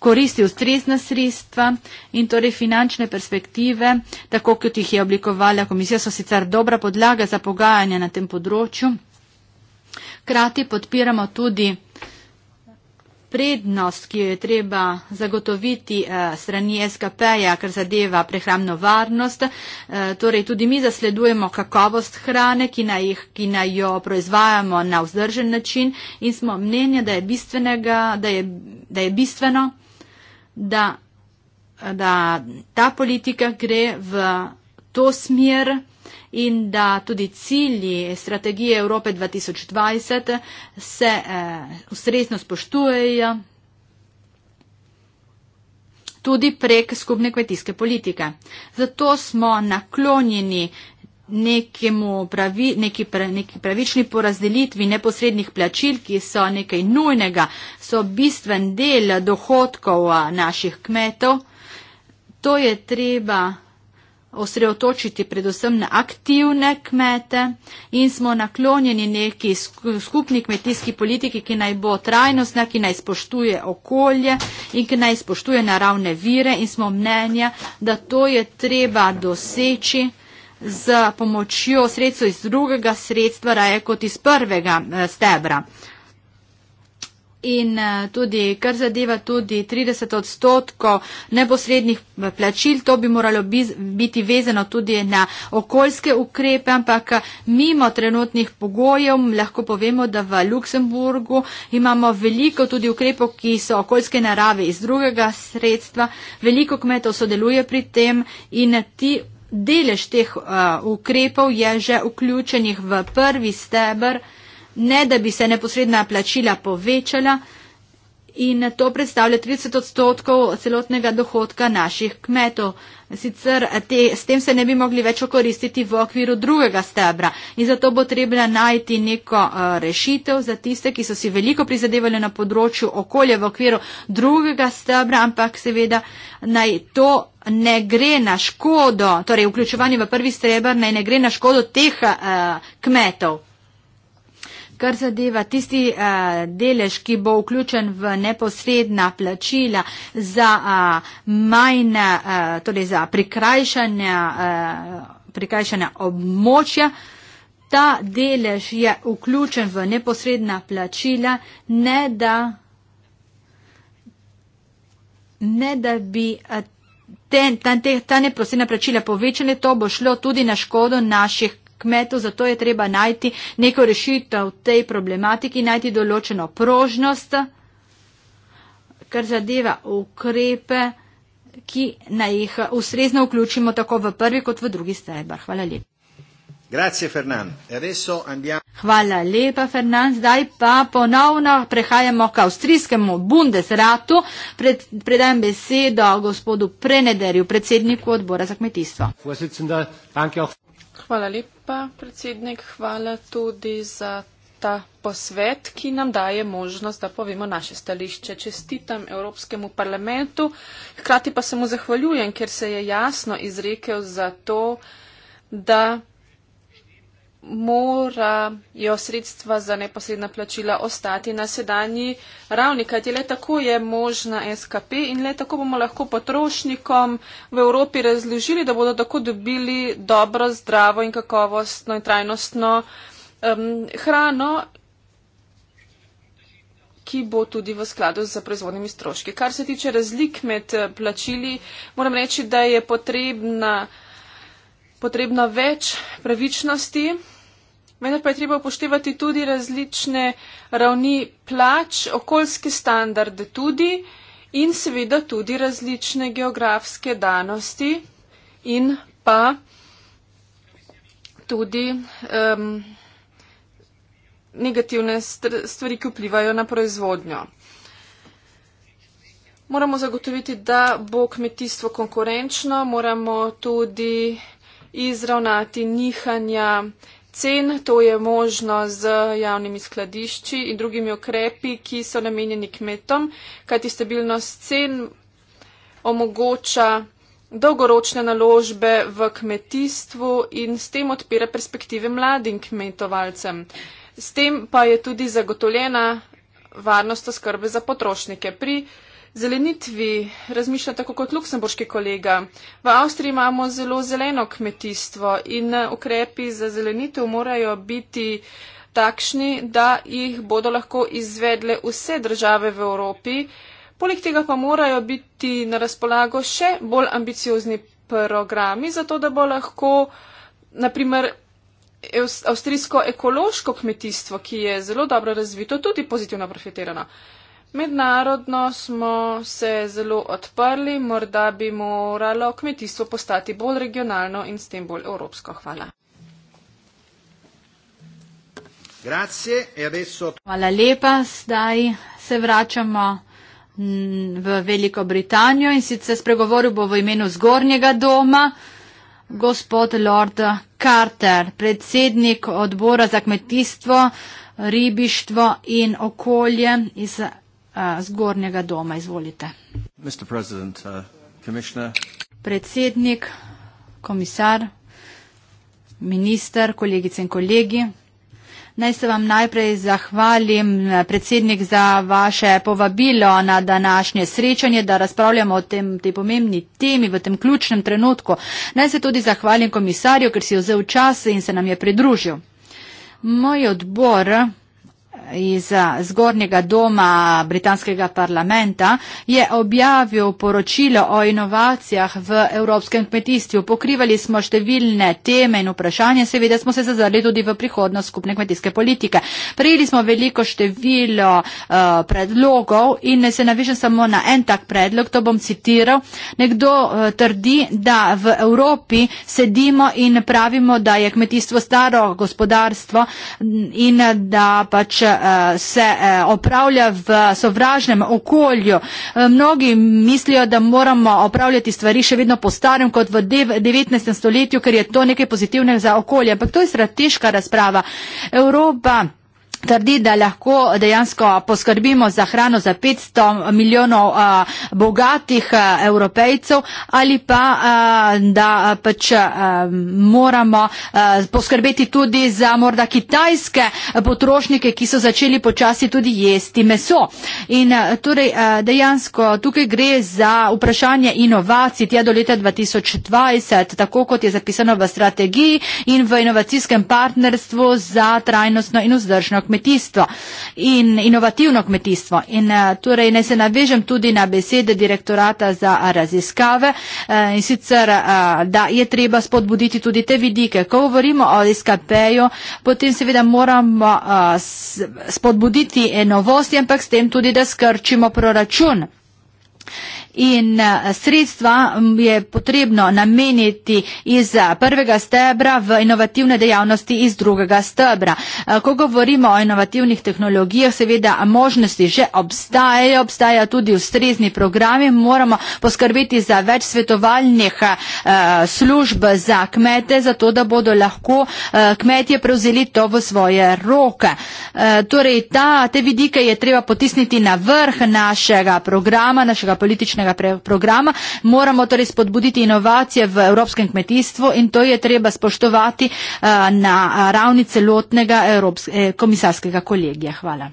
koristi ustrezna sredstva in torej finančne perspektive, tako kot jih je oblikovala komisija, so sicer dobra podlaga za pogajanja na tem področju. Krati podpiramo tudi prednost, ki jo je treba zagotoviti eh, strani SKP-ja, kar zadeva prehramno varnost. Eh, torej tudi mi zasledujemo kakovost hrane, ki naj, ki naj jo proizvajamo na vzdržen način in smo mnenja, da je, da je, da je bistveno da, da ta politika gre v to smer in da tudi cilji strategije Evrope 2020 se eh, ustrezno spoštujejo tudi prek skupne kmetijske politike. Zato smo naklonjeni nekemu pravi, neki, pra, neki pravični porazdelitvi neposrednih plačil, ki so nekaj nujnega, so bistven del dohodkov naših kmetov. To je treba osredotočiti predvsem na aktivne kmete in smo naklonjeni neki skupni kmetijski politiki, ki naj bo trajnostna, ki naj spoštuje okolje in ki naj spoštuje naravne vire in smo mnenja, da to je treba doseči z pomočjo sredstva iz drugega sredstva, raje kot iz prvega eh, stebra. In eh, tudi, kar zadeva tudi 30 odstotkov neposrednih eh, plačil, to bi moralo biti vezano tudi na okoljske ukrepe, ampak mimo trenutnih pogojev lahko povemo, da v Luksemburgu imamo veliko tudi ukrepov, ki so okoljske narave iz drugega sredstva, veliko kmetov sodeluje pri tem in ti delež teh uh, ukrepov je že vključenih v prvi stebr, ne da bi se neposredna plačila povečala in to predstavlja 30 odstotkov celotnega dohodka naših kmetov. Uh, Sicer te, s tem se ne bi mogli več okoristiti v okviru drugega stebra in zato bo treba najti neko uh, rešitev za tiste, ki so si veliko prizadevali na področju okolja v okviru drugega stebra, ampak seveda naj to ne gre na škodo, torej vključevanje v prvi streber naj ne gre na škodo teh uh, kmetov. Kar zadeva tisti a, eh, delež, ki bo vključen v neposredna plačila za a, eh, manj, a, eh, torej za prikrajšanja, a, prikrajšanja območja, ta delež je vključen v neposredna plačila, ne da, ne da bi. A, Ten, ten, te, ta neprosena plačila povečane, to bo šlo tudi na škodo naših kmetu, zato je treba najti neko rešitev v tej problematiki, najti določeno prožnost, kar zadeva ukrepe, ki na jih ustrezno vključimo tako v prvi kot v drugi stebr. Hvala lepa. Grazie, e andiamo... Hvala lepa, Fernand. Zdaj pa ponovno prehajamo k avstrijskemu Bundesratu. Pred, predajam besedo gospodu Prenederju, predsedniku odbora za kmetijstvo. Vsicinda, Hvala lepa, predsednik. Hvala tudi za ta posvet, ki nam daje možnost, da povemo naše stališče. Čestitam Evropskemu parlamentu, hkrati pa se mu zahvaljujem, ker se je jasno izrekel za to, da morajo sredstva za neposredna plačila ostati na sedanji ravni, kajti le tako je možna SKP in le tako bomo lahko potrošnikom v Evropi razložili, da bodo tako dobili dobro, zdravo in kakovostno in trajnostno um, hrano, ki bo tudi v skladu z proizvodnimi stroški. Kar se tiče razlik med eh, plačili, moram reči, da je potrebna. Potrebno več pravičnosti Vendar pa je treba upoštevati tudi različne ravni plač, okoljske standarde tudi in seveda tudi različne geografske danosti in pa tudi um, negativne stvari, ki vplivajo na proizvodnjo. Moramo zagotoviti, da bo kmetijstvo konkurenčno, moramo tudi izravnati nihanja cen. To je možno z javnimi skladišči in drugimi okrepi, ki so namenjeni kmetom, kajti stabilnost cen omogoča dolgoročne naložbe v kmetijstvu in s tem odpira perspektive mladim kmetovalcem. S tem pa je tudi zagotovljena varnost oskrbe za potrošnike. Pri zelenitvi razmišlja tako kot luksemburški kolega. V Avstriji imamo zelo zeleno kmetijstvo in eh, ukrepi za zelenitev morajo biti takšni, da jih bodo lahko izvedle vse države v Evropi. Poleg tega pa morajo biti na razpolago še bolj ambiciozni programi, zato da bo lahko, naprimer, avstrijsko ekološko kmetijstvo, ki je zelo dobro razvito, tudi pozitivno profitirano. Mednarodno smo se zelo odprli, morda bi moralo kmetijstvo postati bolj regionalno in s tem bolj evropsko. Hvala. Grazie, e adesso... Hvala lepa, zdaj se vračamo v Veliko Britanijo in sicer spregovoril bo v imenu zgornjega doma gospod Lord Carter, predsednik odbora za kmetijstvo, ribištvo in okolje iz zgornjega doma. Izvolite. Uh, predsednik, komisar, minister, kolegice in kolegi. Naj se vam najprej zahvalim, eh, predsednik, za vaše povabilo na današnje srečanje, da razpravljamo o tem, tej pomembni temi v tem ključnem trenutku. Naj se tudi zahvalim komisarju, ker si je vzel čas in se nam je pridružil. Moj odbor iz eh, zgornjega doma britanskega parlamenta je objavil poročilo o inovacijah v evropskem kmetijstvu. Pokrivali smo številne teme in vprašanja, seveda smo se zazrli tudi v prihodnost skupne kmetijske politike. Prijeli smo veliko število uh, predlogov in ne se navežem samo na en tak predlog, to bom citiral. Nekdo uh, trdi, da v Evropi sedimo in pravimo, da je kmetijstvo staro gospodarstvo in da pač uh, Eh, se eh, opravlja v sovražnem okolju. Eh, mnogi mislijo, da moramo opravljati stvari še vedno po starem kot v 19. stoletju, ker je to nekaj pozitivnega za okolje. Ampak to je strateška razprava. Evropa trdi, da lahko dejansko poskrbimo za hrano za 500 milijonov bogatih evropejcev ali pa, da pač moramo poskrbeti tudi za morda kitajske potrošnike, ki so začeli počasi tudi jesti meso. In torej dejansko tukaj gre za vprašanje inovacij tja do leta 2020, tako kot je zapisano v strategiji in v inovacijskem partnerstvu za trajnostno in vzdržno kmetijstvo kmetijstvo in inovativno kmetijstvo. In eh, torej naj se navežem tudi na besede direktorata za eh, raziskave eh, in sicer, da je treba spodbuditi tudi te vidike. Ko govorimo o SKP-ju, potem seveda moramo spodbuditi novosti, ampak s tem tudi, da skrčimo proračun in eh, sredstva je potrebno nameniti iz eh, prvega stebra v inovativne dejavnosti iz drugega stebra. Eh, ko govorimo o inovativnih tehnologijah, seveda možnosti že obstajajo, obstajajo tudi ustrezni programi, moramo poskrbeti za več svetovalnih služb za kmete, zato da bodo lahko kmetje prevzeli to v svoje roke. Torej, ta, te vidike je treba potisniti na vrh našega programa, našega političnega nacionalnega programa, moramo torej spodbuditi inovacije v evropskem kmetijstvu in to je treba spoštovati eh, na eh, ravni celotnega eh, komisarskega kolegija. Hvala.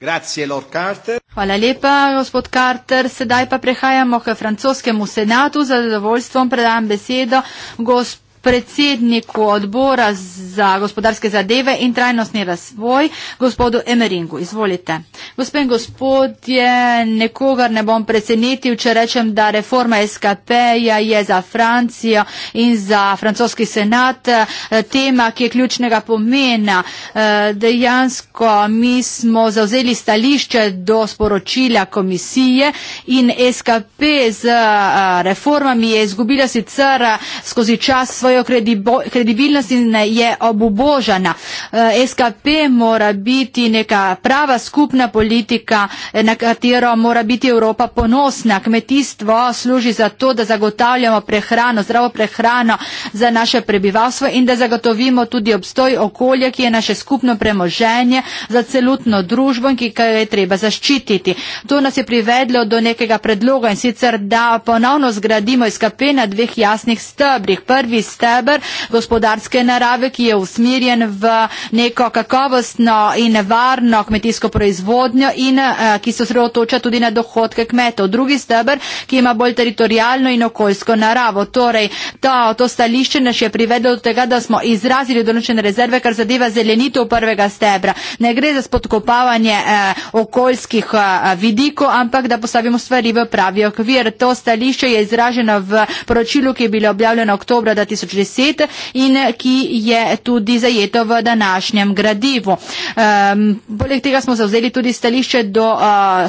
Grazie, Lord Carter. Hvala lepa, gospod Carter. Sedaj pa prehajamo k francoskemu senatu. Z zadovoljstvom predam besedo gospodinu predsedniku odbora za gospodarske zadeve in trajnostni razvoj, gospodu Emeringu. Izvolite. Gospod in gospodje, nekogar ne bom presenetil, če rečem, da reforma SKP-ja je za Francijo in za francoski senat eh, tema, ki je ključnega pomena. Eh, dejansko mi smo zauzeli stališče do sporočila komisije in SKP z eh, reformami je izgubila sicer skozi čas svoj svojo kredibo, kredibilnost in je obubožana. Eh, SKP mora biti neka prava skupna politika, eh, na katero mora biti Evropa ponosna. Kmetijstvo služi za to, da zagotavljamo prehrano, zdravo prehrano za naše prebivalstvo in da zagotovimo tudi obstoj okolja, ki je naše skupno premoženje za celotno družbo in ki jo je treba zaščititi. To nas je privedlo do nekega predloga in sicer, da ponovno zgradimo SKP na dveh jasnih stebrih. Prvi steber gospodarske narave, ki je usmirjen v neko kakovostno in varno kmetijsko proizvodnjo in eh, ki se osredotoča tudi na dohodke kmetov. Drugi steber, ki ima bolj teritorijalno in okoljsko naravo. Torej, to, to stališče nas je privedlo do tega, da smo izrazili določene rezerve, kar zadeva zelenitev prvega stebra. Ne gre za spodkopavanje eh, okoljskih eh, vidikov, ampak da postavimo stvari v pravi okvir. To stališče je izraženo v poročilu, ki je bilo objavljeno oktobra 2000. 2010 in ki je tudi zajeto v današnjem gradivu. Um, poleg tega smo zauzeli tudi stališče do uh,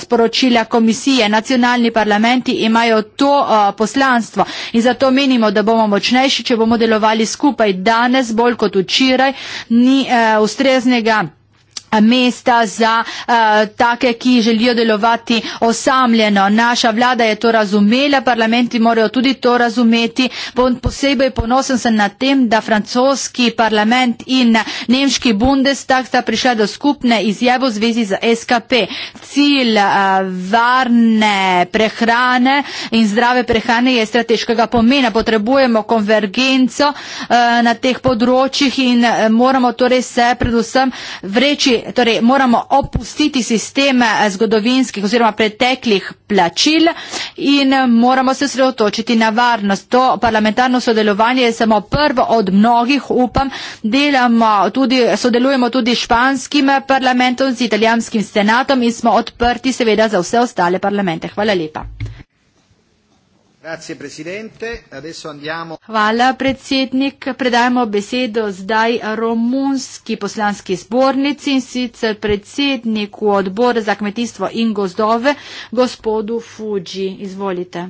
sporočila komisije. Nacionalni parlamenti imajo to uh, poslanstvo in zato menimo, da bomo močnejši, če bomo delovali skupaj danes bolj kot včeraj. Ni uh, ustreznega mesta za uh, take, ki želijo delovati osamljeno. Naša vlada je to razumela, parlamenti morajo tudi to razumeti. Posebej ponosen sem na tem, da francoski parlament in nemški bundestag sta prišla do skupne izjave v zvezi z SKP. Cilj uh, varne prehrane in zdrave prehrane je strateškega pomena. Potrebujemo konvergenco uh, na teh področjih in uh, moramo torej se predvsem vreči torej moramo opustiti sistem eh, zgodovinskih oziroma preteklih plačil in eh, moramo se sredotočiti na varnost. To parlamentarno sodelovanje je samo prvo od mnogih, upam, delamo tudi, sodelujemo tudi španskim eh, parlamentom, z italijanskim senatom in smo odprti seveda za vse ostale parlamente. Hvala lepa. Hvala, predsednik. Predajmo besedo zdaj romunski poslanski zbornici in sicer predsedniku odbora za kmetijstvo in gozdove, gospodu Fuji. Izvolite.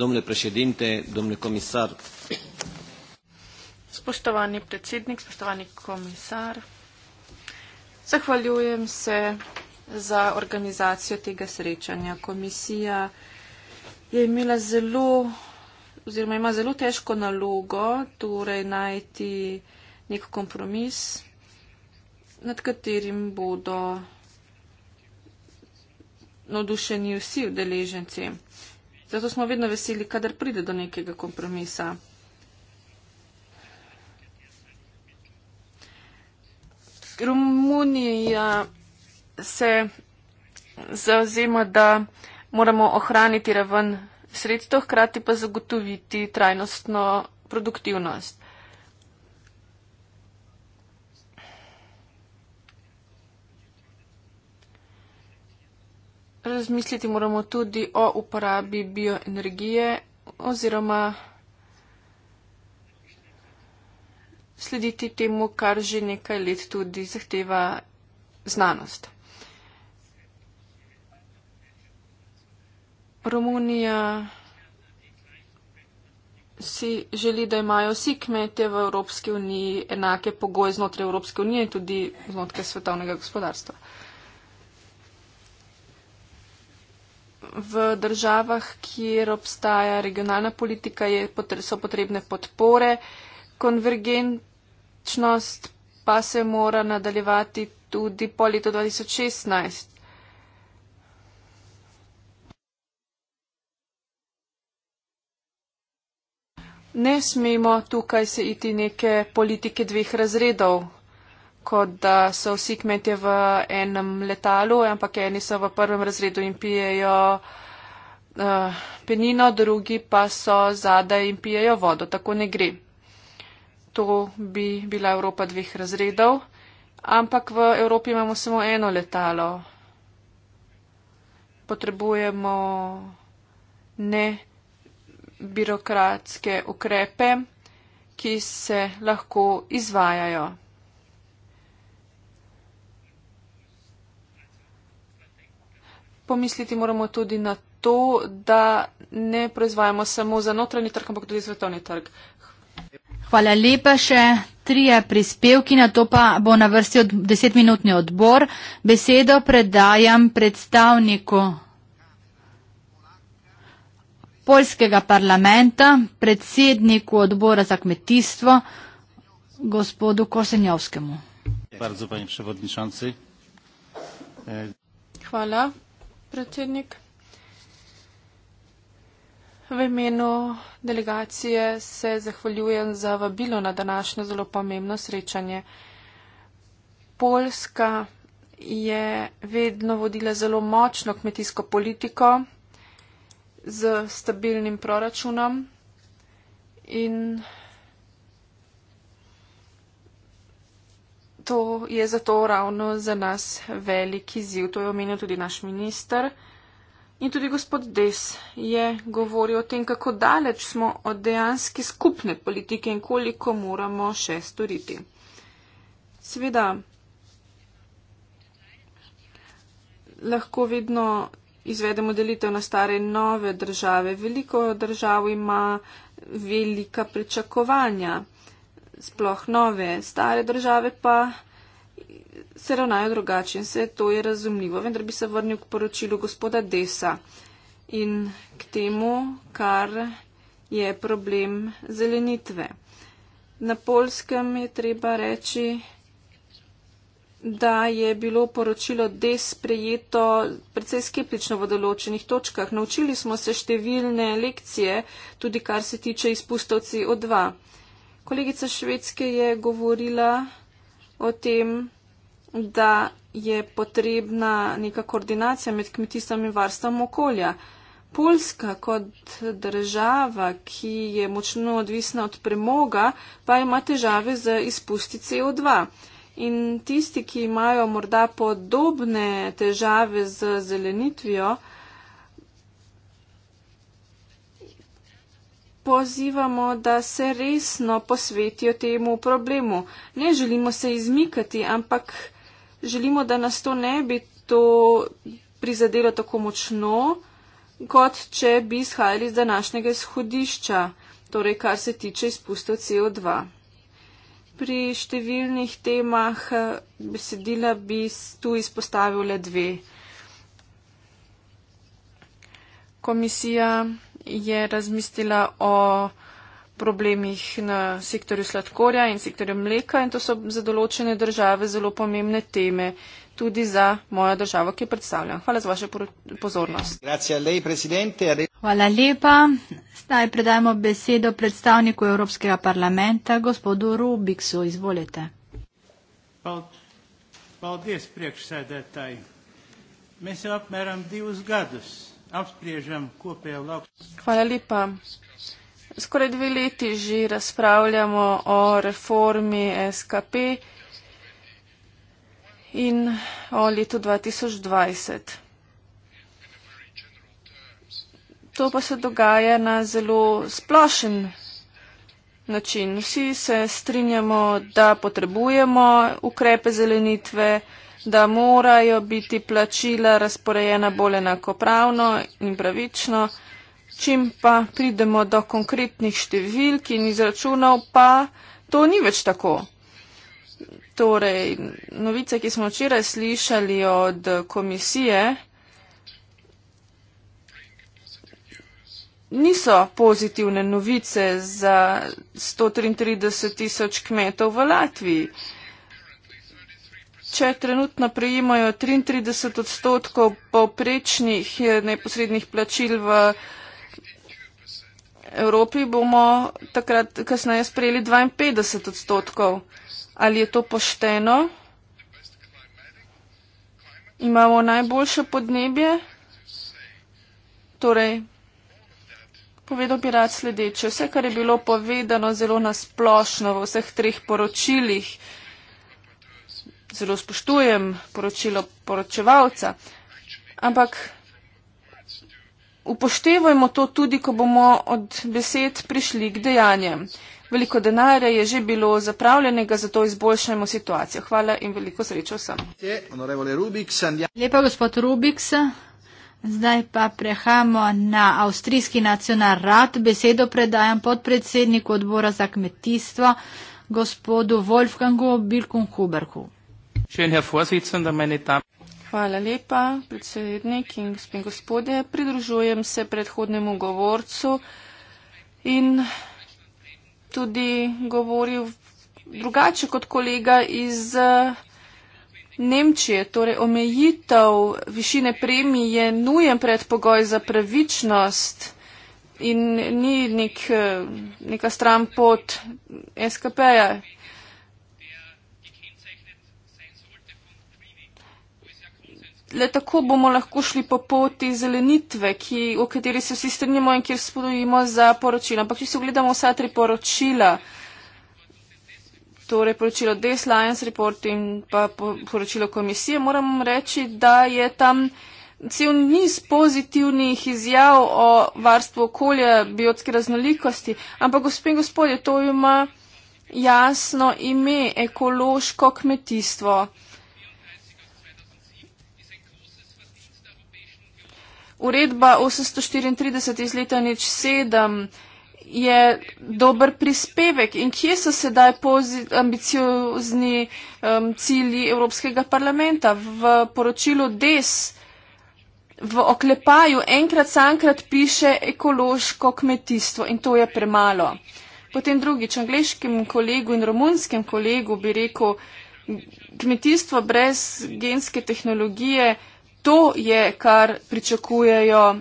Domne presidente, domne komisar. Spoštovani predsednik, spoštovani komisar, zahvaljujem se za organizacijo tega srečanja. Komisija je imela zelo, oziroma ima zelo težko nalogo, torej najti nek kompromis, nad katerim bodo navdušeni vsi udeleženci. Zato smo vedno veseli, kadar pride do nekega kompromisa. Romunija se zauzema, da moramo ohraniti raven sredstev, hkrati pa zagotoviti trajnostno produktivnost. Razmisliti moramo tudi o uporabi bioenergije oziroma slediti temu, kar že nekaj let tudi zahteva znanost. Romunija si želi, da imajo vsi kmetje v Evropski uniji enake pogoje znotraj Evropske unije in tudi znotraj svetovnega gospodarstva. V državah, kjer obstaja regionalna politika, je, so potrebne podpore, konvergenčnost pa se mora nadaljevati tudi po letu 2016. ne smemo tukaj se iti neke politike dveh razredov, kot da so vsi kmetje v enem letalu, ampak eni so v prvem razredu in pijejo uh, penino, drugi pa so zadaj in pijejo vodo. Tako ne gre. To bi bila Evropa dveh razredov, ampak v Evropi imamo samo eno letalo. Potrebujemo ne birokratske ukrepe, ki se lahko izvajajo. Pomisliti moramo tudi na to, da ne proizvajamo samo za notranji trg, ampak tudi za svetovni trg. Hvala lepa še. Trije prispevki, na to pa bo na vrsti od desetminutni odbor. Besedo predajam predstavniku polskega parlamenta, predsedniku odbora za kmetijstvo, gospodu Kosenjovskemu. Bardzo, panie przewodniczący. Hvala, predsednik. V imenu delegacije se zahvaljujem za vabilo na današnje zelo pomembno srečanje. Poljska je vedno vodila zelo močno kmetijsko politiko, z stabilnim proračunom in to je zato ravno za nas veliki ziv. To je omenil tudi naš minister in tudi gospod Des je govoril o tem, kako daleč smo od dejanske skupne politike in koliko moramo še storiti. Seveda, lahko vedno izvedemo delitev na stare in nove države. Veliko držav ima velika pričakovanja, sploh nove, stare države pa se ravnajo drugače in se to je razumljivo. Vendar bi se vrnil k poročilu gospoda Desa in k temu, kar je problem zelenitve. Na polskem je treba reči, da je bilo poročilo DES prejeto precej skeptično v določenih točkah. Naučili smo se številne lekcije, tudi kar se tiče izpustov CO2. Kolegica Švedske je govorila o tem, da je potrebna neka koordinacija med kmetijstvom in varstvom okolja. Poljska kot država, ki je močno odvisna od premoga, pa ima težave z izpusti CO2. In tisti, ki imajo morda podobne težave z zelenitvijo, pozivamo, da se resno posvetijo temu problemu. Ne želimo se izmikati, ampak želimo, da nas to ne bi to prizadelo tako močno, kot če bi izhajali z današnjega izhodišča, torej kar se tiče izpustov CO2 pri številnih temah eh, besedila bi tu izpostavil le dve. Komisija je razmislila o problemih na sektorju sladkorja in sektorju mleka in to so za določene države zelo pomembne teme tudi za mojo državo, ki jo predstavljam. Hvala za vašo pozornost. Hvala lepa. Zdaj predajmo besedo predstavniku Evropskega parlamenta, gospodu Rubiksu. Izvolite. Paldies priekšsēdētāji. Mēs jau apmēram divus gadus apspriežam kopējo lauksaimniecību. Hvala lepa. Skoraj dve leti že razpravljamo o reformi SKP in o letu 2020. To pa se dogaja na zelo splošen način. Vsi se strinjamo, da potrebujemo ukrepe zelenitve, da morajo biti plačila razporejena bolj enakopravno in pravično. Čim pa pridemo do konkretnih številk in izračunov, pa to ni več tako. Torej, novice, ki smo včeraj slišali od komisije, niso pozitivne novice za 133 tisoč kmetov v Latviji. Če trenutno prejemajo 33 odstotkov povprečnih eh, neposrednih plačil v Latviji, Evropi bomo takrat kasneje sprejeli 52 odstotkov. Ali je to pošteno? Imamo najboljše podnebje? Torej, povedal bi rad sledeče. Vse, kar je bilo povedano zelo nasplošno v vseh treh poročilih, zelo spoštujem poročilo poročevalca, ampak upoštevajmo to tudi, ko bomo od besed prišli k dejanjem. Veliko denarja je že bilo zapravljenega, zato izboljšajmo situacijo. Hvala in veliko srečo vsem. Ja- Lepa gospod Rubiks. Zdaj pa prehajamo na avstrijski nacional rad. Besedo predajam podpredsedniku odbora za kmetijstvo, gospodu Wolfgangu Bilkunhuberku. Hvala lepa, predsednik in gospod gospodje. Pridružujem se predhodnemu govorcu in tudi govoril drugače kot kolega iz eh, Nemčije. Torej, omejitev višine premije je nujen predpogoj za pravičnost in ni nek, eh, neka stran pot SKP-ja. le tako bomo lahko šli po poti zelenitve, ki, o kateri se vsi strinjamo in kjer spodujimo za poročila. Ampak, če se ogledamo vsa tri poročila, torej poročilo Des Lions Report in pa poročilo komisije, moram reči, da je tam cel niz pozitivnih izjav o varstvu okolja, biotske raznolikosti, ampak gospod in gospodje, to ima jasno ime ekološko kmetijstvo. uredba 834 iz leta nič sedem je dober prispevek in kje so sedaj ambiciozni um, cilji Evropskega parlamenta v poročilu DES. V oklepaju enkrat sankrat piše ekološko kmetijstvo in to je premalo. Potem drugič, angliškem kolegu in romunskem kolegu bi rekel, kmetijstvo brez genske tehnologije To je, kar pričakujejo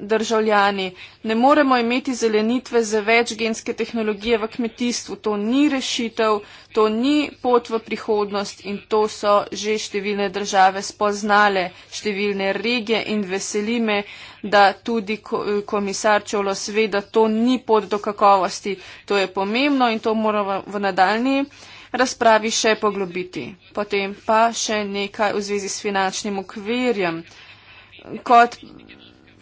državljani. Ne moremo imeti zelenitve za več genske tehnologije v kmetijstvu. To ni rešitev, to ni pot v prihodnost in to so že številne države spoznale, številne regije in veseli me, da tudi komisar Čolo sve, da to ni pot do kakovosti. To je pomembno in to moramo v nadaljni razpravi še poglobiti. Potem pa še nekaj v zvezi s finančnim okvirjem. Kot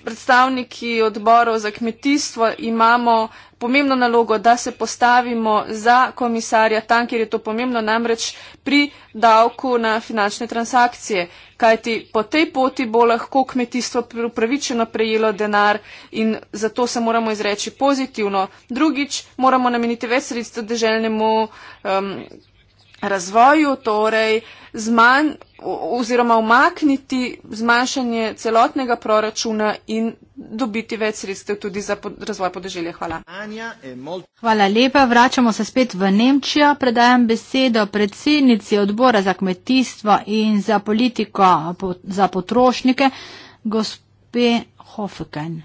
predstavniki odborov za kmetijstvo imamo pomembno nalogo, da se postavimo za komisarja tam, kjer je to pomembno, namreč pri davku na finančne transakcije. Kajti po tej poti bo lahko kmetijstvo upravičeno prejelo denar in zato se moramo izreči pozitivno. Drugič, moramo nameniti več sredstva deželjnemu. Um, razvoju, torej zmanj oziroma umakniti zmanjšanje celotnega proračuna in dobiti več sredstev tudi za pod, razvoj podeželja. Hvala. Hvala lepa. Vračamo se spet v Nemčijo. Predajam besedo predsednici odbora za kmetijstvo in za politiko po, za potrošnike, gospe Hofeken.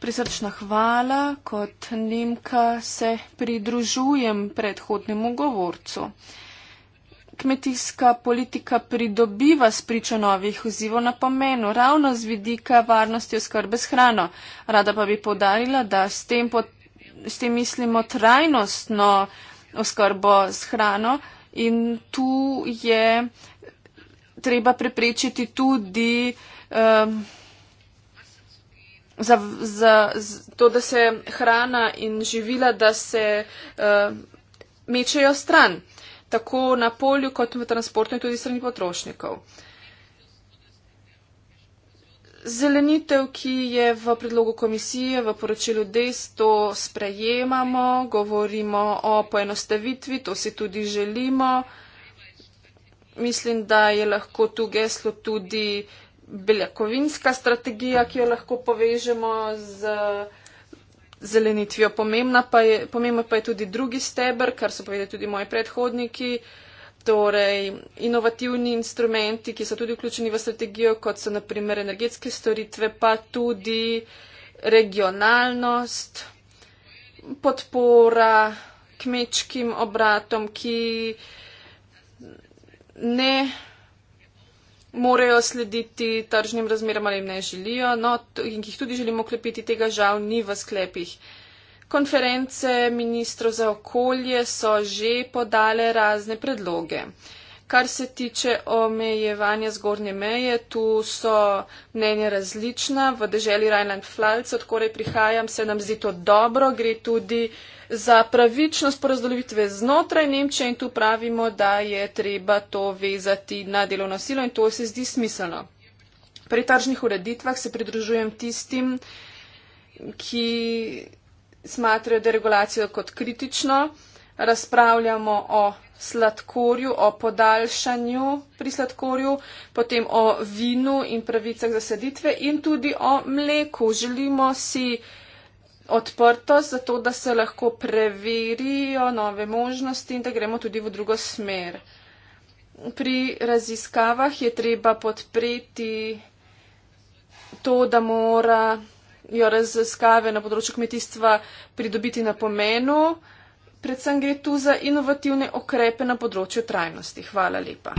Prisrčna hvala, kot Nemka se pridružujem predhodnemu govorcu kmetijska politika pridobiva s pričo novih vzivov na pomenu, ravno z vidika varnosti oskrbe s hrano. Rada pa bi povdarila, da s tem, pot, s tem mislimo trajnostno oskrbo s hrano in tu je treba preprečiti tudi um, za, za to, da se hrana in živila, da se uh, mečejo stran tako na polju, kot v transportu in tudi strani potrošnikov. Zelenitev, ki je v predlogu komisije, v poročilu DES, to sprejemamo, govorimo o poenostavitvi, to si tudi želimo. Mislim, da je lahko tu geslo tudi beljakovinska strategija, ki jo lahko povežemo z zelenitvijo. Pa je, pomembno pa je tudi drugi stebr, kar so povedali tudi moji predhodniki, torej inovativni instrumenti, ki so tudi vključeni v strategijo, kot so naprimer energetske storitve, pa tudi regionalnost, podpora kmečkim obratom, ki ne morajo slediti tržnim razmeram ali jim ne želijo, no, in ki jih tudi želimo okrepiti, tega žal ni v sklepih. Konference ministrov za okolje so že podale razne predloge. Kar se tiče omejevanja zgornje meje, tu so mnenja različna. V deželi Rajnland-Flalc, odkore prihajam, se nam zdi to dobro. Gre tudi za pravičnost porazdolovitve znotraj Nemčije in tu pravimo, da je treba to vezati na delovno silo in to se zdi smiselno. Pri tržnih ureditvah se pridružujem tistim, ki smatrajo deregulacijo kot kritično razpravljamo o sladkorju, o podaljšanju pri sladkorju, potem o vinu in pravicah zaseditve in tudi o mleku. Želimo si odprtost, zato da se lahko preverijo nove možnosti in da gremo tudi v drugo smer. Pri raziskavah je treba podpreti to, da morajo raziskave na področju kmetijstva pridobiti na pomenu. Predvsem gre tu za inovativne okrepe na področju trajnosti. Hvala lepa.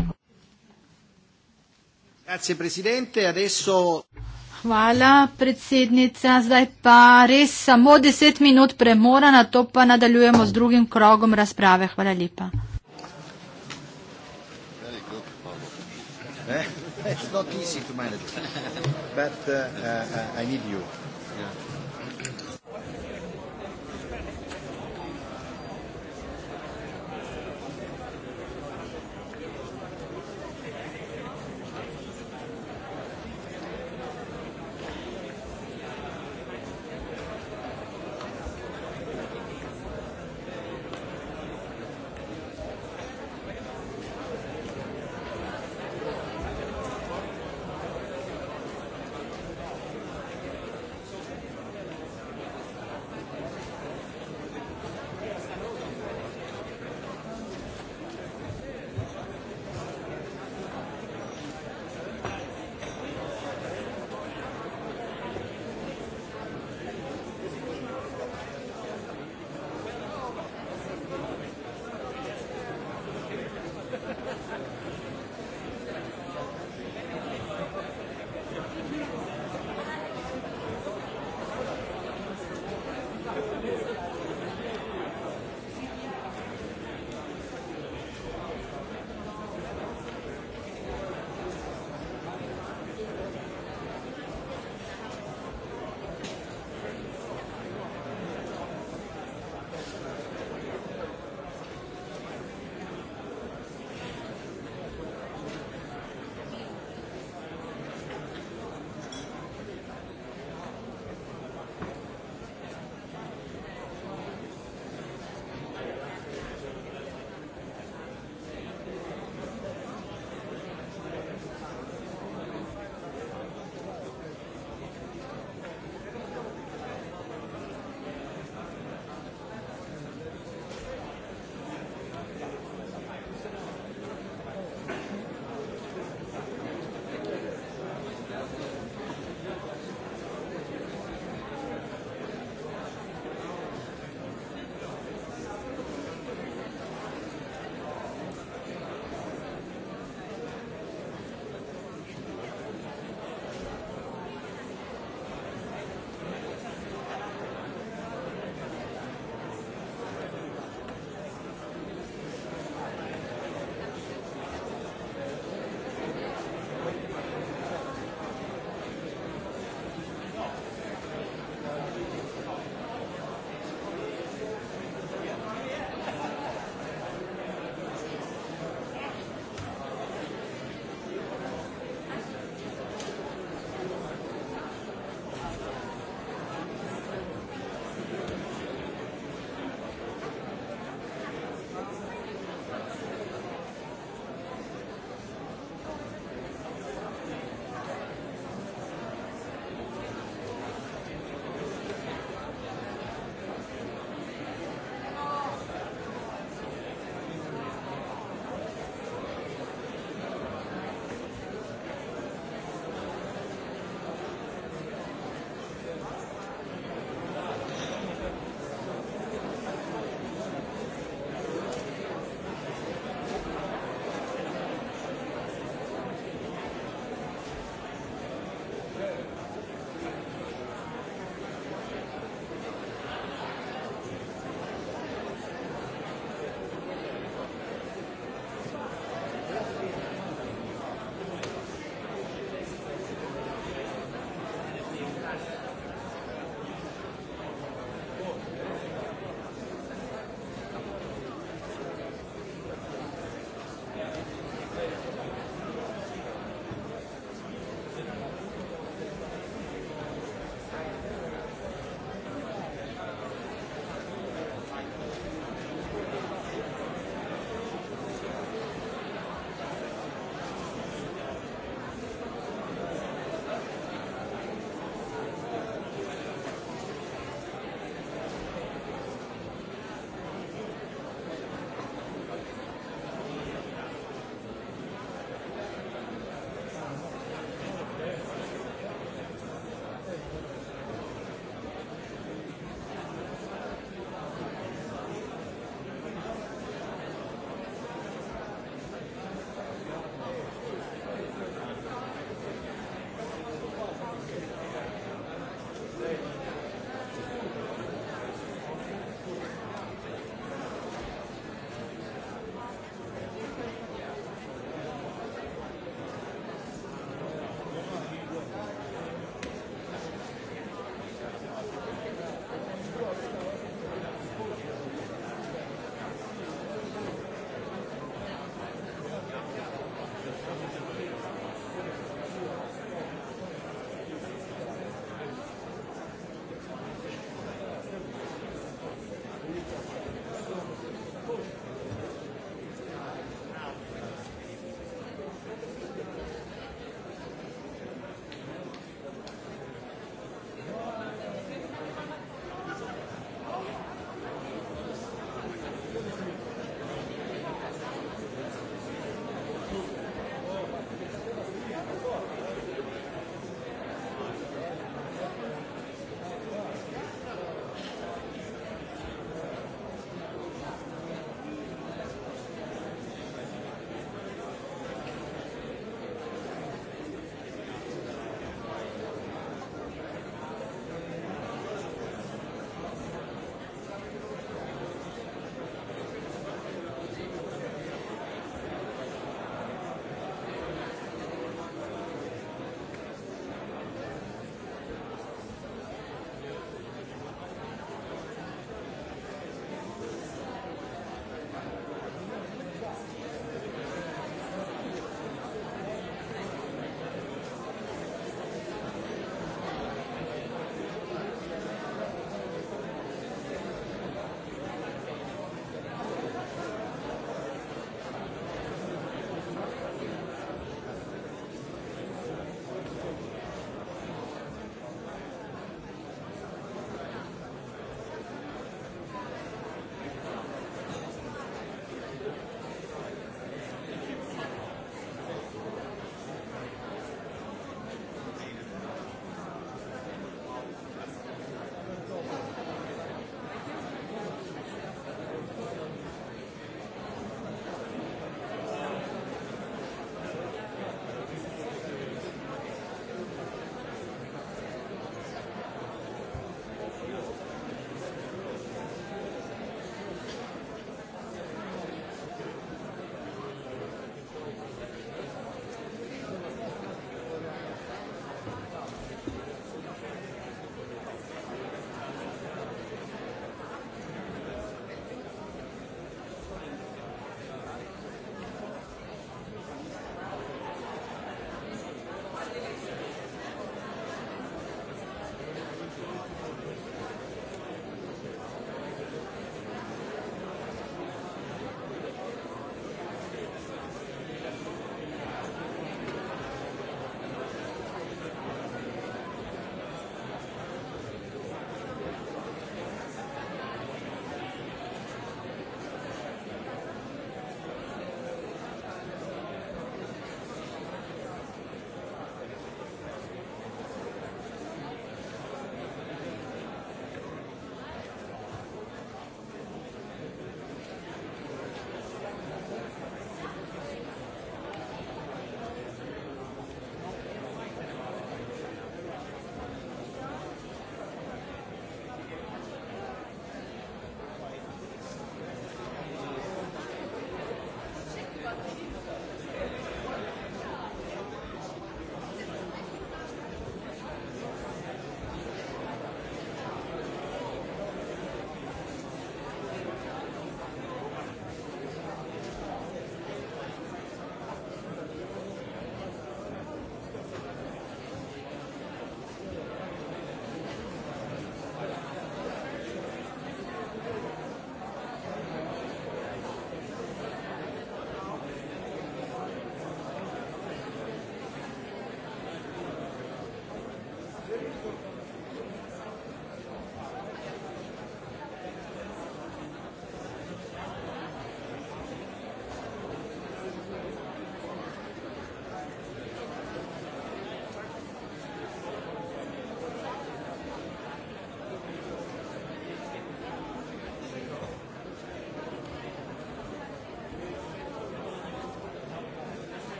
Adesso... Hvala, predsednica. Zdaj pa res samo deset minut premora, na to pa nadaljujemo z drugim krogom razprave. Hvala lepa. Eh? It's not easy to manage, but uh, uh, uh I need you.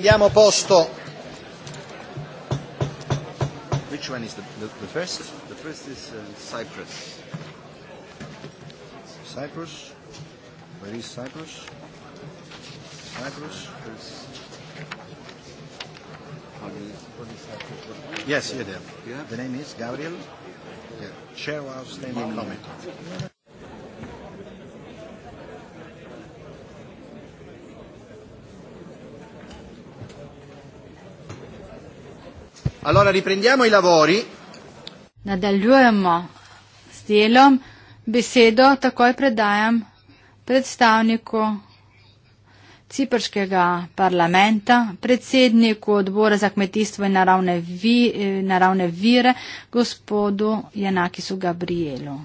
Prendiamo posto. Which one is the, the, the first? The first is uh, Cyprus. Cyprus? Where is Cyprus? Cyprus? Is... How do you... what is Cyprus? What is... Yes, yeah. you're there. Yeah. The name is Gabriel. Yeah. Chair of our standing committee. Allora riprendiamo i lavori. Nadaljujemo s delom. Besedo takoj predajam predstavniku Ciprškega parlamenta, predsedniku odbora za kmetijstvo in naravne, vi, eh, naravne vire, gospodu Janakisu Gabrielu.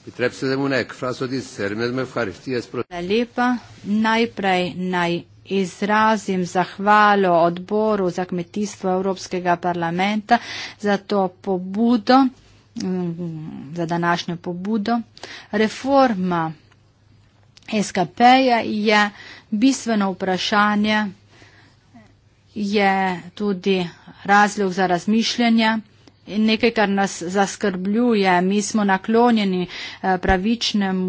Pitrepse dhe mune, këfra sot i sërme dhe me fkarifti e sprotë. Dhe lipa, najprej naj izrazim zahvalo odboru za kmetistvo Evropskega parlamenta za to pobudo, mm, za današnjo pobudo. Reforma SKP-ja je bistveno vprašanje, je tudi razlog za razmišljanje in nekaj, kar nas zaskrbljuje. Mi smo naklonjeni eh, pravičnem,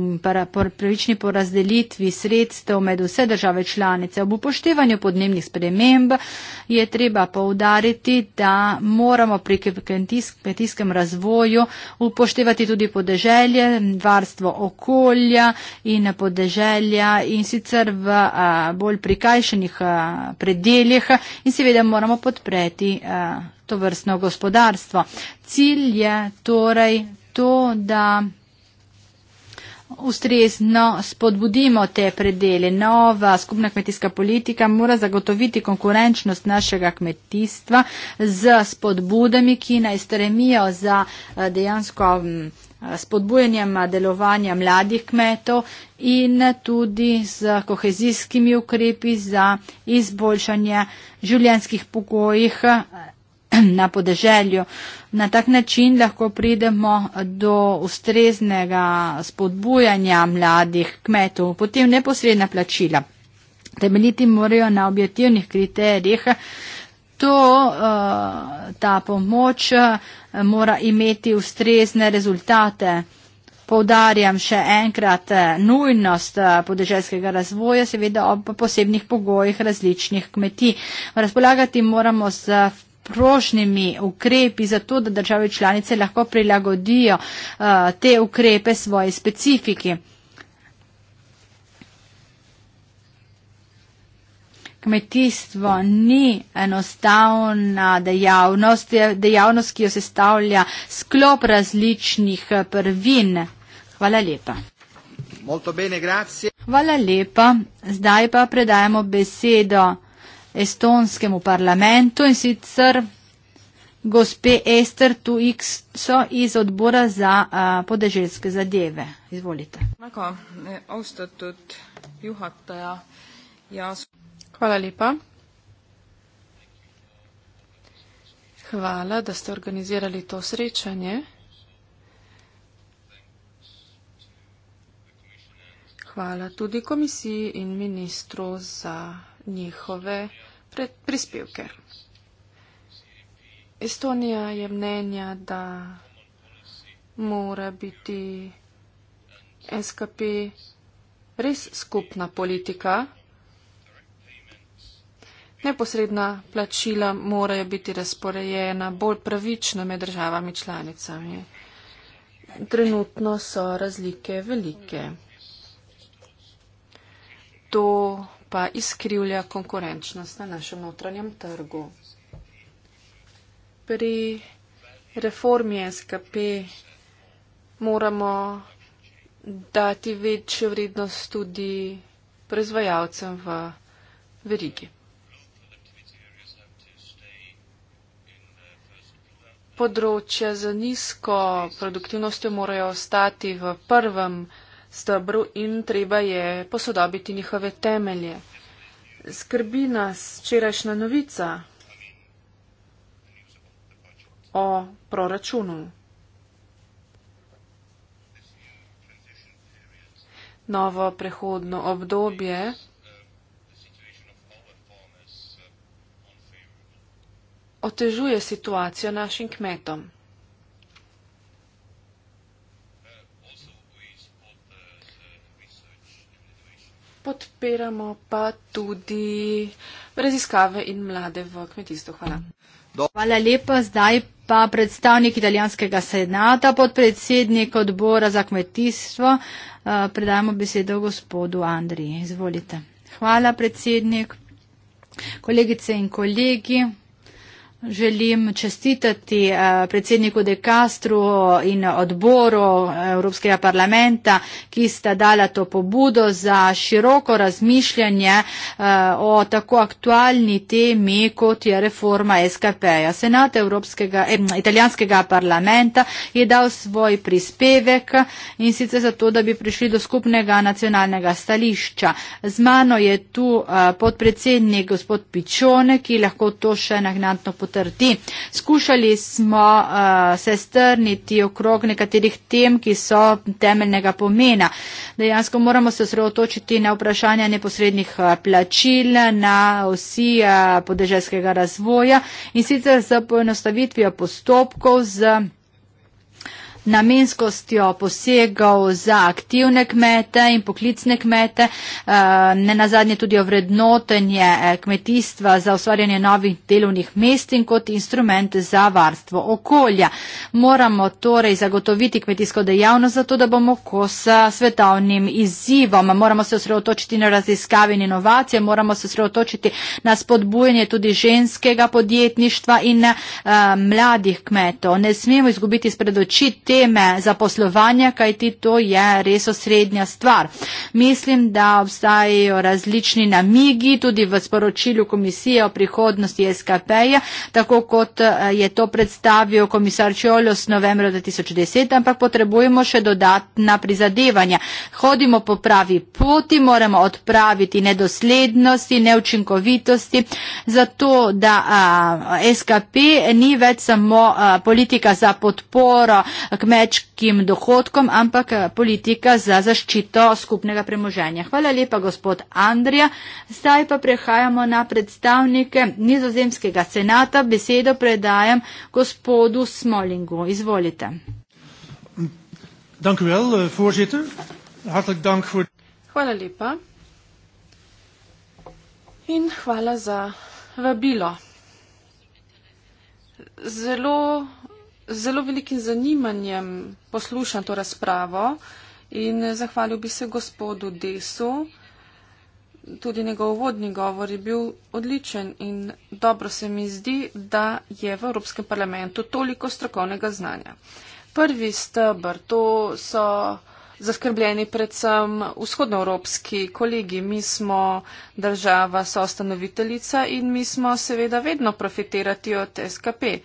pravični porazdelitvi sredstev med vse države članice. Ob upoštevanju podnebnih sprememb je treba povdariti, da moramo pri kmetijskem razvoju upoštevati tudi podeželje, varstvo okolja in podeželja in sicer v eh, bolj prikajšenih eh, predeljih in seveda moramo podpreti to vrstno gospodarstvo. Cilj je torej to, da ustrezno spodbudimo te predele. Nova skupna kmetijska politika mora zagotoviti konkurenčnost našega kmetijstva z spodbudami, ki naj stremijo za eh, dejansko eh, spodbujanjem delovanja mladih kmetov in tudi z kohezijskimi ukrepi za izboljšanje življenskih pogojih na podeželju. Na tak način lahko pridemo do ustreznega spodbujanja mladih kmetov, potem neposredna plačila. Temeljiti morajo na objektivnih kriterijih. To, eh, ta pomoč eh, mora imeti ustrezne rezultate. Povdarjam še enkrat eh, nujnost podeželskega razvoja, seveda ob posebnih pogojih različnih kmetij. Razpolagati moramo z prožnimi ukrepi za to, da države članice lahko prilagodijo uh, te ukrepe svoji specifiki. Kmetijstvo ni enostavna dejavnost, dejavnost, ki jo sestavlja sklop različnih eh, prvin. Hvala lepa. Bene, Hvala lepa. Zdaj pa predajamo besedo estonskemu parlamentu in sicer gospe Ester Tuikso iz odbora za a, podeželske zadeve. Izvolite. Eh, ja Hvala lepa. Hvala, da ste organizirali to srečanje. Hvala tudi komisiji in ministru za njihove prispevke. Estonija je mnenja, da mora biti SKP res skupna politika. Neposredna plačila morajo biti razporejena bolj pravično med državami članicami. Trenutno so razlike velike. To pa izkrivlja konkurenčnost na našem notranjem trgu. Pri reformi SKP moramo dati večjo vrednost tudi proizvajalcem v verigi. Področja za nizko produktivnostjo morajo ostati v prvem področju stebru in treba je posodobiti njihove temelje. Skrbi nas včerajšnja novica o proračunu. Novo prehodno obdobje otežuje situacijo našim kmetom. podpiramo pa tudi raziskave in mlade v kmetijstvu. Hvala. Hvala lepa. Zdaj pa predstavnik italijanskega senata, podpredsednik odbora za kmetijstvo. Eh, Predajmo besedo gospodu Andriji. Izvolite. Hvala, predsednik. Kolegice in kolegi, Želim čestitati eh, predsedniku De Castro in odboru eh, Evropskega parlamenta, ki sta dala to pobudo za široko razmišljanje eh, o tako aktualni temi, kot je reforma SKP-ja. Senat Evropskega, eh, italijanskega parlamenta je dal svoj prispevek in sicer zato, da bi prišli do skupnega nacionalnega stališča. Z mano je tu podpredsednik gospod Pičone, ki lahko to še nagnatno potrebuje potrti. Skušali smo uh, se strniti okrog nekaterih tem, ki so temeljnega pomena. Dejansko moramo se sredotočiti na vprašanja neposrednih eh, plačil, na osi uh, podeželskega razvoja in sicer z poenostavitvijo postopkov, z namenskostjo posegov za aktivne kmete in poklicne kmete, eh, ne nazadnje tudi o vrednotenje eh, kmetijstva za ustvarjanje novih delovnih mest in kot instrument za varstvo okolja. Moramo torej zagotoviti kmetijsko dejavnost zato, da bomo kos eh, svetovnim izzivom. Moramo se osredotočiti na raziskave in inovacije, moramo se osredotočiti na spodbujanje tudi ženskega podjetništva in mladih kmetov. Ne smemo izgubiti spredočiti teme zaposlovanja, kajti to je res osrednja stvar. Mislim, da obstajajo različni namigi tudi v sporočilu komisije o prihodnosti SKP-ja, tako kot eh, je to predstavil komisar Čoljos novembra 2010, ampak potrebujemo še dodatna prizadevanja. Hodimo po pravi poti, moramo odpraviti nedoslednosti, neučinkovitosti, zato da a, eh, SKP ni več samo a, eh, politika za podporo kmečkim dohodkom, ampak eh, politika za zaščito skupnega premoženja. Hvala lepa, gospod Andrija. Zdaj pa prehajamo na predstavnike nizozemskega senata. Besedo predajam gospodu Smolingu. Izvolite. Dankuvel, dank for... Eh, hvala lepa. In hvala za vabilo. Zelo z zelo velikim zanimanjem poslušam to razpravo in zahvalil bi se gospodu Desu. Tudi njegov uvodni govor je bil odličen in dobro se mi zdi, da je v Evropskem parlamentu toliko strokovnega znanja. Prvi stebr, to so zaskrbljeni predvsem vzhodnoevropski kolegi. Mi smo država, so ustanoviteljica in mi smo seveda vedno profiterati od SKP.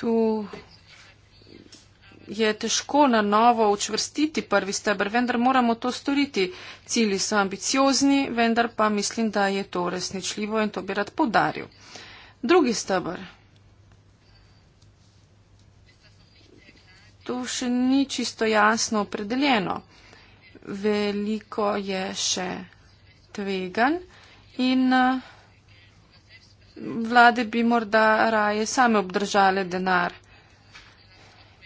tu je težko na novo učvrstiti prvi stebr, vendar moramo to storiti. Cili so ambiciozni, vendar pa mislim, da je to resničljivo in to bi rad podaril. Drugi stebr. Tu še ni čisto jasno opredeljeno. Veliko je še tvegan in uh, vlade bi morda raje same obdržale denar.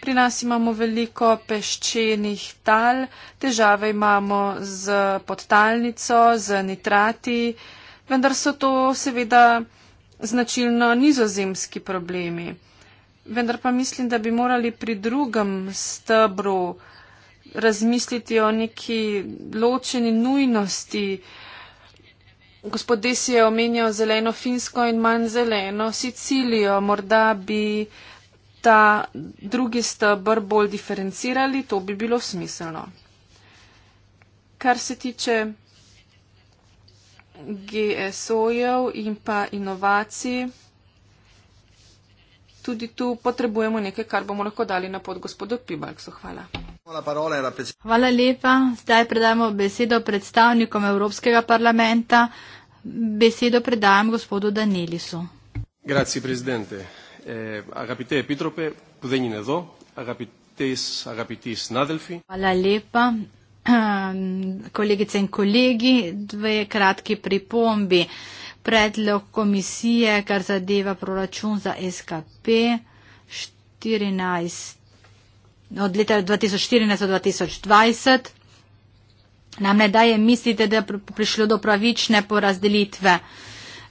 Pri nas imamo veliko peščenih tal, težave imamo z podtalnico, z nitrati, vendar so to seveda značilno nizozemski problemi. Vendar pa mislim, da bi morali pri drugem stebru razmisliti o neki ločeni nujnosti, Gospod Desi je omenjal zeleno Finsko in manj zeleno Sicilijo. Morda bi ta drugi stebr bolj diferencirali, to bi bilo smiselno. Kar se tiče GSO-jev in pa inovacij, tudi tu potrebujemo nekaj, kar bomo lahko dali na pot gospodu Pibalksu. Hvala. Hvala lepa. Zdaj predajmo besedo predstavnikom Evropskega parlamenta. Besedo predajam gospodu Danelisu. Grazie, presidente. Eh, agapite epitrope, pudeni nedo, agapiteis, agapitis nadelfi. Hvala lepa. Kolegice in kolegi, dve kratki pripombi. Predlog komisije, kar zadeva proračun za SKP 14, od leta 2014 do 2020, nam ne daje misliti, da je prišlo do pravične porazdelitve.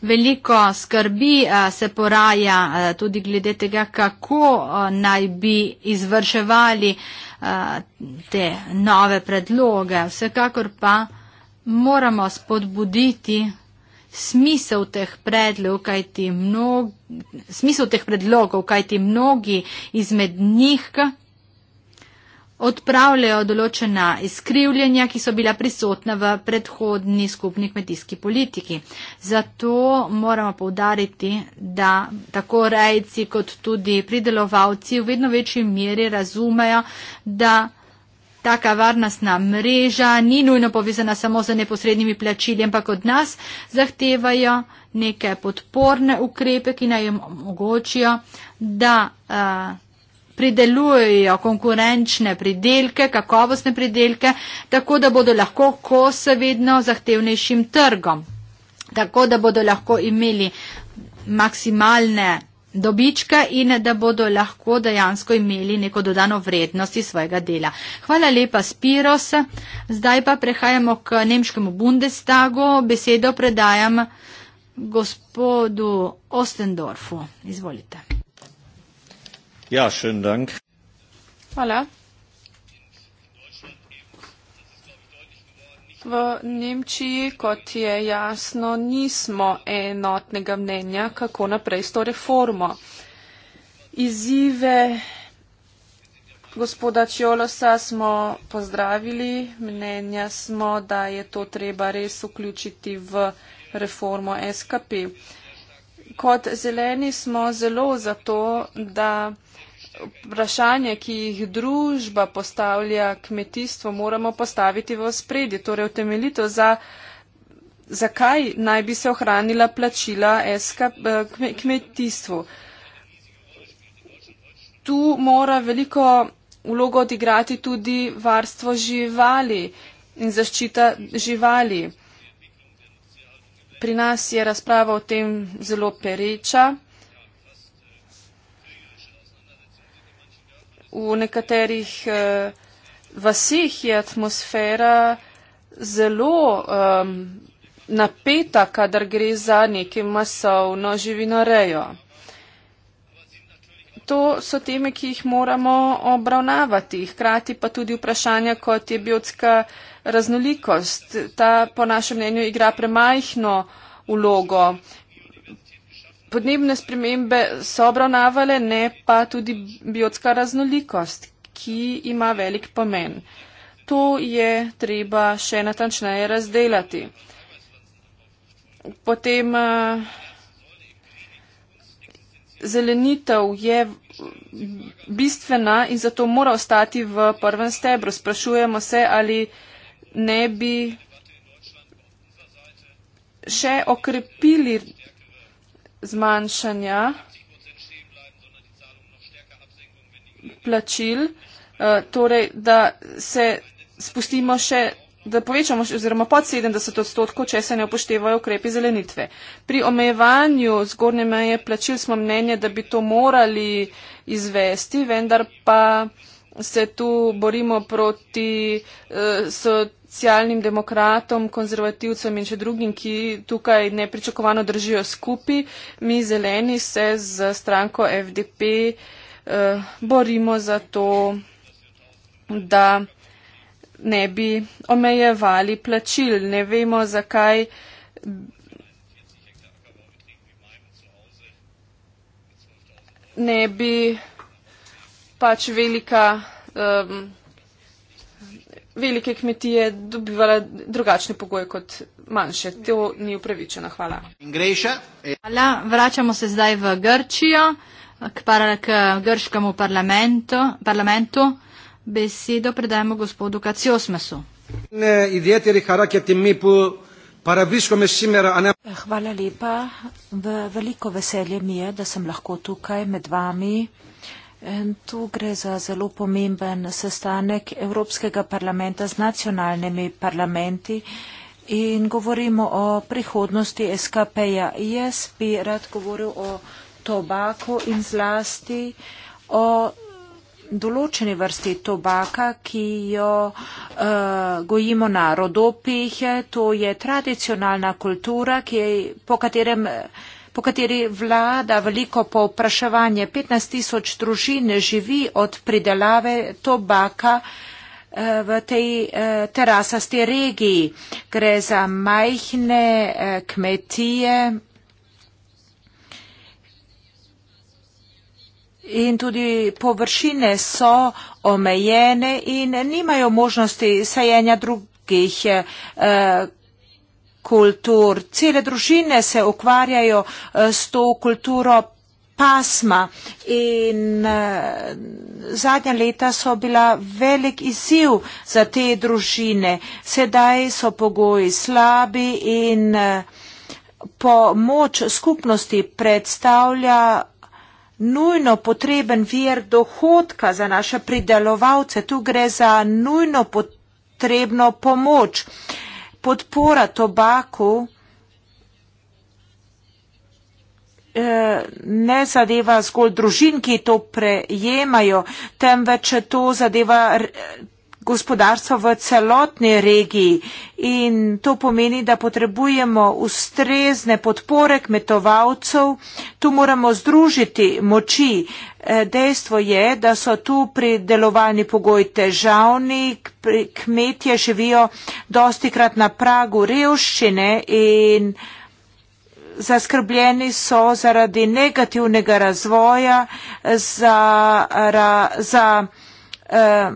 Veliko skrbi se poraja tudi glede tega, kako naj bi izvrševali te nove predloge. Vsekakor pa moramo spodbuditi smisel teh predlogov, kajti mnogi, smisel teh predlogov, kajti mnogi izmed njih odpravljajo določena izkrivljenja, ki so bila prisotna v predhodni skupni kmetijski politiki. Zato moramo povdariti, da tako rejci kot tudi pridelovalci v vedno večji meri razumejo, da taka varnostna mreža ni nujno povezana samo z neposrednimi plačili, ampak od nas zahtevajo neke podporne ukrepe, ki naj jim omogočijo, da. Uh, pridelujejo konkurenčne pridelke, kakovostne pridelke, tako da bodo lahko kose vedno zahtevnejšim trgom, tako da bodo lahko imeli maksimalne dobičke in da bodo lahko dejansko imeli neko dodano vrednost iz svojega dela. Hvala lepa, Spiros. Zdaj pa prehajamo k nemškemu Bundestagu. Besedo predajam gospodu Ostendorfu. Izvolite. Ja, schönen Dank. Hola. V Nemčiji, kot je jasno, nismo enotnega mnenja, kako naprej s to reformo. Izive gospoda Čjolosa smo pozdravili, mnenja smo, da je to treba res vključiti v reformo SKP. Kot zeleni smo zelo za to, da vprašanja, ki jih družba postavlja kmetijstvo, moramo postaviti v spredje. Torej, utemeljito za, zakaj naj bi se ohranila plačila SK eh, kmetijstvu. Tu mora veliko vlogo odigrati tudi varstvo živali in zaščita živali. Pri nas je razprava o tem zelo pereča. v nekaterih uh, eh, vasih je atmosfera zelo um, napeta, kadar gre za neke masovno živinorejo. To so teme, ki jih moramo obravnavati, hkrati pa tudi vprašanja, kot je biotska raznolikost. Ta, po našem mnenju, igra premajhno ulogo podnebne spremembe so obravnavale, ne pa tudi biotska raznolikost, ki ima velik pomen. To je treba še natančneje razdelati. Potem eh, zelenitev je bistvena in zato mora ostati v prvem stebru. Sprašujemo se, ali ne bi še okrepili zmanjšanja plačil, eh, torej da se spustimo še, da povečamo oziroma pod 70 odstotkov, če se ne upoštevajo ukrepi zelenitve. Pri omejevanju zgornje meje plačil smo mnenje, da bi to morali izvesti, vendar pa se tu borimo proti. Eh, so, socialnim demokratom, konzervativcem in še drugim, ki tukaj nepričakovano držijo skupi. Mi zeleni se z stranko FDP eh, borimo za to, da ne bi omejevali plačil. Ne vemo, zakaj. Ne bi pač velika. Eh, velike kmetije dobivale drugačne pogoje kot manjše. To ni upravičeno. Hvala. Hvala. Vračamo se zdaj v Grčijo, k, par, k grškemu parlamentu. parlamentu. Besedo predajemo gospodu Kaciosmesu. Hvala lepa. V veliko veselje mi je, da sem lahko tukaj med vami. In tu gre za zelo pomemben sestanek Evropskega parlamenta z nacionalnimi parlamenti in govorimo o prihodnosti SKP-ja. Jaz bi rad govoril o tobaku in zlasti o določeni vrsti tobaka, ki jo uh, gojimo na rodopih. To je tradicionalna kultura, ki je, po katerem uh, po kateri vlada veliko povpraševanje. 15 tisoč družin živi od pridelave tobaka eh, v tej eh, terasasti regiji. Gre za majhne eh, kmetije. In tudi površine so omejene in nimajo možnosti sajenja drugih kultur. Cele družine se ukvarjajo eh, s to kulturo pasma in eh, zadnja leta so bila velik izziv za te družine. Sedaj so pogoji slabi in eh, pomoč skupnosti predstavlja nujno potreben vir dohodka za naše pridelovalce. Tu gre za nujno potrebno pomoč. Uh, podpora tobaku eh, ne zadeva zgolj družin, ki to prejemajo, temveč to zadeva gospodarstvo v celotni regiji. In to pomeni, da potrebujemo ustrezne podpore kmetovalcev. Tu moramo združiti moči. Eh, dejstvo je, da so tu pri delovanju pogoji težavni, kmetje živijo dosti krat na pragu revščine in zaskrbljeni so zaradi negativnega razvoja, za, ra, za eh,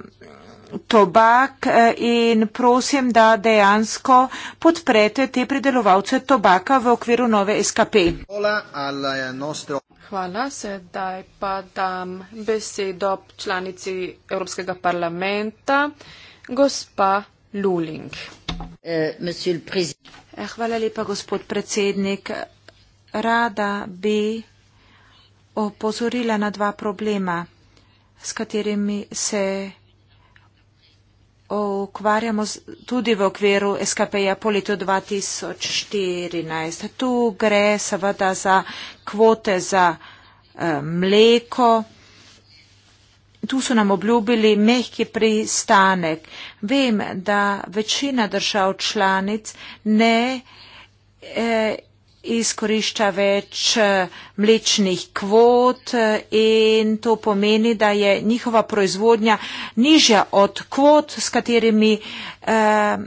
tobak eh, in prosim, da dejansko podprete te predelovalce tobaka v okviru nove SKP. Hvala, sedaj pa dam besedo članici Evropskega parlamenta, gospa Luling. Eh, eh, hvala lepa, gospod predsednik. Rada bi opozorila na dva problema, s katerimi se ukvarjamo tudi v okviru SKP-ja po letu 2014. Tu gre seveda za kvote za eh, mleko. Tu so nam obljubili mehki pristanek. Vem, da večina držav članic ne. Eh, izkorišča več eh, mlečnih kvot eh, in to pomeni, da je njihova proizvodnja nižja od kvot, s katerimi eh,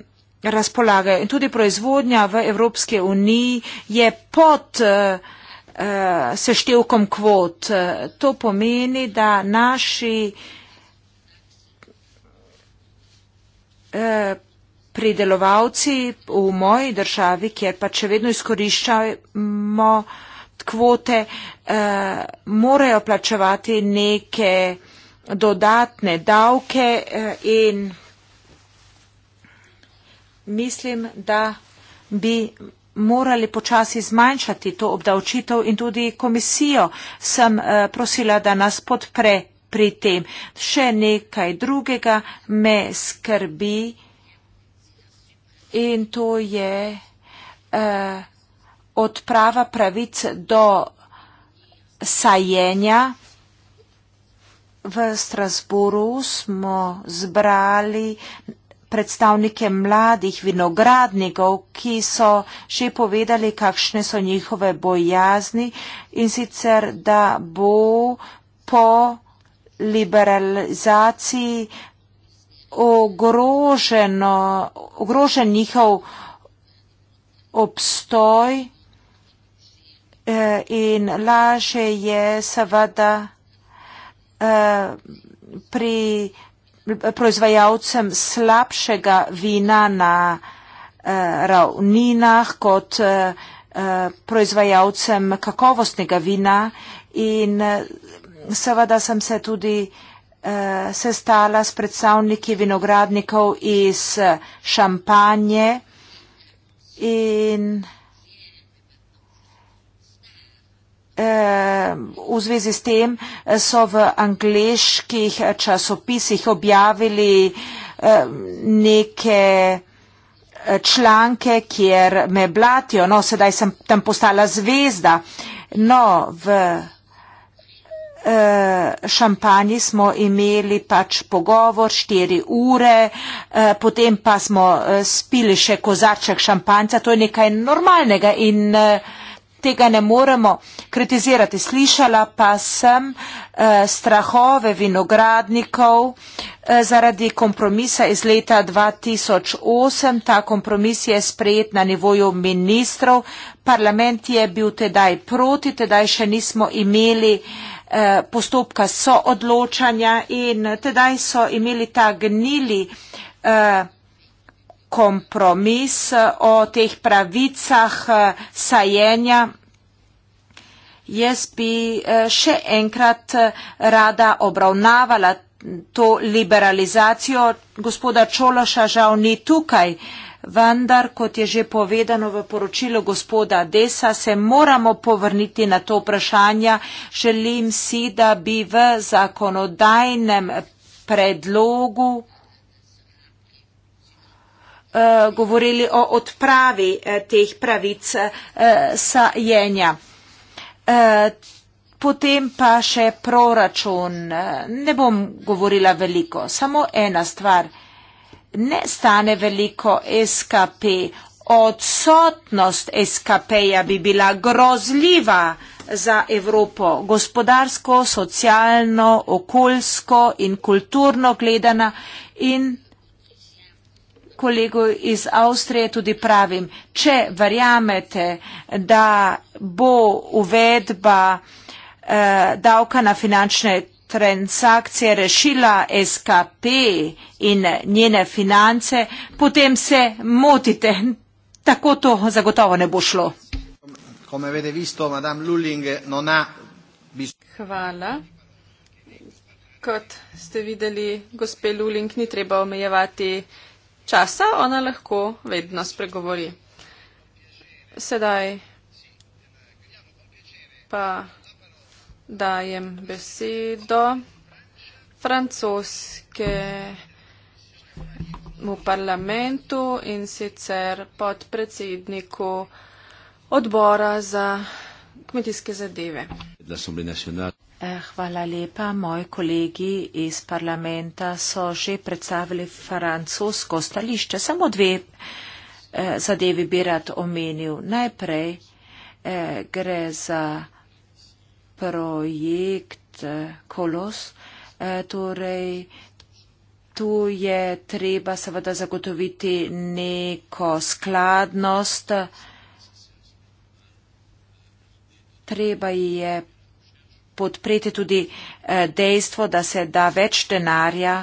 razpolagajo. In tudi proizvodnja v Evropske uniji je pod eh, eh, seštevkom kvot. To pomeni, da naši eh, pridelovalci v moji državi, kjer pa še vedno izkoriščamo kvote, eh, morajo plačevati neke dodatne davke eh, in mislim, da bi morali počasi zmanjšati to obdavčitev in tudi komisijo sem eh, prosila, da nas podpre pri tem. Še nekaj drugega me skrbi, in to je eh, odprava pravic do sajenja. V Strasburu smo zbrali predstavnike mladih vinogradnikov, ki so še povedali, kakšne so njihove bojazni in sicer, da bo po liberalizaciji ogroženo, ogrožen njihov obstoj eh, in lažje je seveda eh, pri proizvajalcem slabšega vina na eh, ravninah kot proizvajalcem kakovostnega vina in seveda sem se tudi Eh, sestala s predstavniki vinogradnikov iz eh, Šampanje in eh, v zvezi s tem so v angliških časopisih objavili neke članke, kjer me blatijo, no, sedaj sem tam postala zvezda, no, v angliških časopisih Eh, šampani smo imeli pač pogovor štiri ure, eh, potem pa smo eh, spili še kozarček šampanca, to je nekaj normalnega in tega ne moremo kritizirati. Slišala pa sem strahove vinogradnikov zaradi kompromisa iz leta 2008. Ta kompromis je sprejet na nivoju ministrov. Parlament je bil tedaj proti, tedaj še nismo imeli Eh, postopka so odločanja in tedaj so imeli ta gnili eh, kompromis eh, o teh pravicah sajenja. Jaz bi še enkrat rada obravnavala to liberalizacijo. Gospoda Čološa žal ni tukaj vendar, kot je že povedano v poročilu gospoda Desa, se moramo povrniti na to vprašanje. Želim si, da bi v zakonodajnem predlogu eh, govorili o odpravi eh, teh pravic eh, sajenja. Potem pa še proračun. Ne bom govorila veliko, samo ena stvar ne stane veliko SKP, odsotnost SKP-ja bi bila grozljiva za Evropo, gospodarsko, socialno, okoljsko in kulturno gledana in kolego iz Avstrije tudi pravim, če verjamete, da bo uvedba eh, davka na finančne transakcije rešila SKP in njene finance, potem se motite. Tako to zagotovo ne bo šlo. Hvala. Kot ste videli, gospe Luling ni treba omejevati časa, ona lahko vedno spregovori. Sedaj pa dajem besedo francoske v parlamentu in sicer podpredsedniku odbora za kmetijske zadeve. Eh, hvala lepa. Moji kolegi iz parlamenta so že predstavili francosko stališče. Samo dve eh, zadevi bi rad omenil. Najprej eh, gre za projekt eh, Kolos. Eh, torej, tu je treba seveda zagotoviti neko skladnost. Treba je podpreti tudi eh, dejstvo, da se da več denarja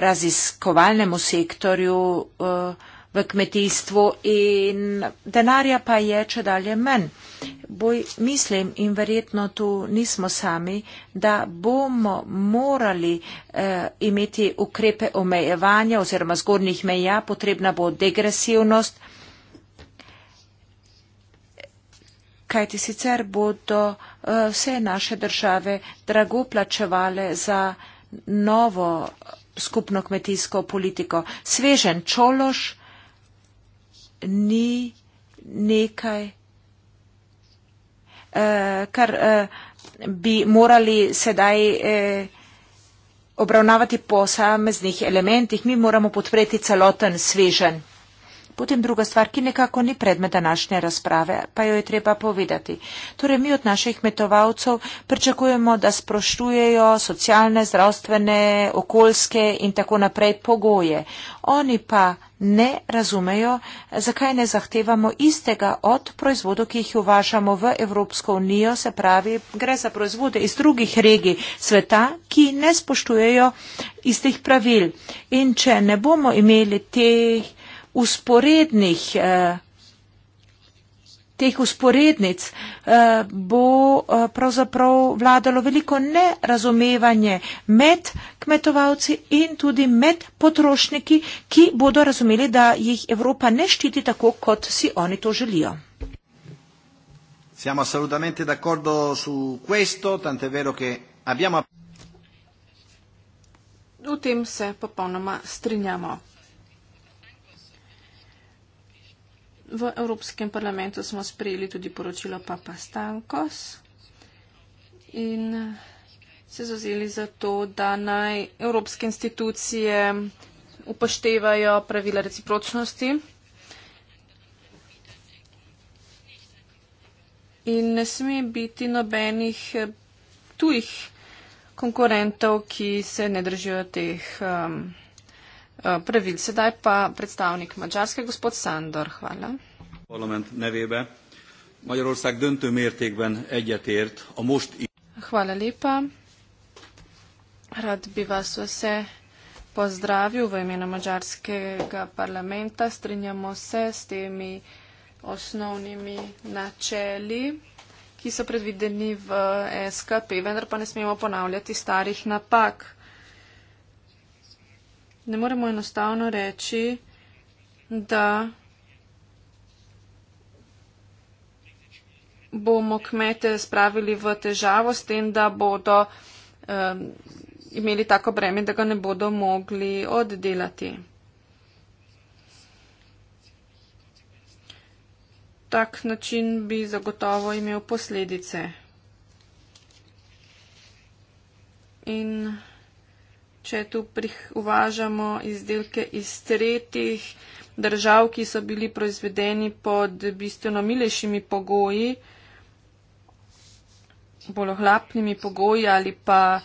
raziskovalnemu sektorju v kmetijstvu in denarja pa je če dalje menj. Boj, mislim in verjetno tu nismo sami, da bomo morali eh, imeti ukrepe omejevanja oziroma zgornjih meja, potrebna bo degresivnost, kajti sicer bodo eh, vse naše države drago plačevale za novo skupno kmetijsko politiko. Svežen čološ ni nekaj, eh, kar eh, bi morali sedaj eh, obravnavati po samiznih elementih. Mi moramo podpreti celoten svežen. Potem druga stvar, ki nekako ni predmet današnje razprave, pa jo je treba povedati. Torej, mi od naših metovalcev pričakujemo, da sproštujejo socialne, zdravstvene, okoljske in tako naprej pogoje. Oni pa ne razumejo, zakaj ne zahtevamo istega od proizvodov, ki jih uvažamo v Evropsko unijo, se pravi, gre za proizvode iz drugih regij sveta, ki ne spoštujejo istih pravil. In če ne bomo imeli teh usporednih eh, teh usporednic eh, bo eh, pravzaprav vladalo veliko nerazumevanje med kmetovalci in tudi med potrošniki, ki bodo razumeli, da jih Evropa ne ščiti tako, kot si oni to želijo. Siamo assolutamente d'accordo su questo, tant'è vero che abbiamo. U tem se popolnoma strinjamo. v Evropskem parlamentu smo sprejeli tudi poročilo Papa Stankos in se zozeli za to, da naj Evropske institucije upoštevajo pravila recipročnosti in ne sme biti nobenih tujih konkurentov, ki se ne držijo teh um, uh, pravil. Sedaj pa predstavnik Mačarske, gospod Sandor. Hvala parlament nevébe. Magyarország döntő mértékben egyetért a most... Hvala lepa. Rad bi vas vse pozdravil v imenu Mačarskega parlamenta. Strinjamo se s temi osnovnimi načeli, ki so predvideni v SKP, vendar pa ne smemo ponavljati starih napak. Ne moremo enostavno reči, da bomo kmete spravili v težavo s tem, da bodo um, imeli tako breme, da ga ne bodo mogli oddelati. Tak način bi zagotovo imel posledice. In če tu uvažamo izdelke iz tretjih držav, ki so bili proizvedeni pod bistveno milejšimi pogoji, bolj ohlapnimi pogoji ali pa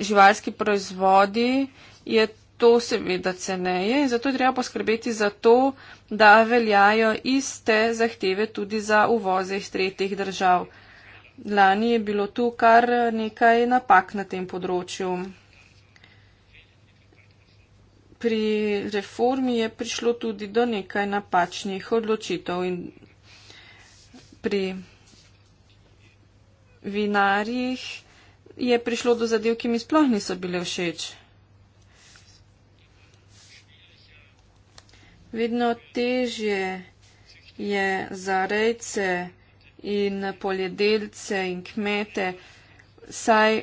živalski proizvodi, je to seveda ceneje in zato treba poskrbeti za to, da veljajo iste zahteve tudi za uvoze iz tretjih držav. Lani je bilo tu kar nekaj napak na tem področju. Pri reformi je prišlo tudi do nekaj napačnih odločitev in pri vinarjih je prišlo do zadev, ki mi sploh niso bile všeč. Vedno težje je za rejce in poljedelce in kmete, saj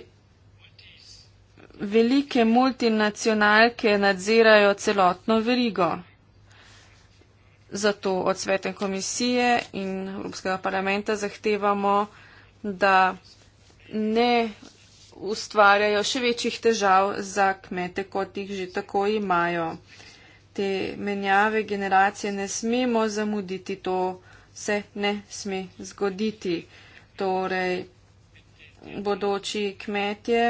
velike multinacionalke nadzirajo celotno verigo. Zato od svete komisije in Evropskega parlamenta zahtevamo, da ne ustvarjajo še večjih težav za kmete, kot jih že tako imajo. Te menjave generacije ne smemo zamuditi, to se ne sme zgoditi. Torej, bodoči kmetje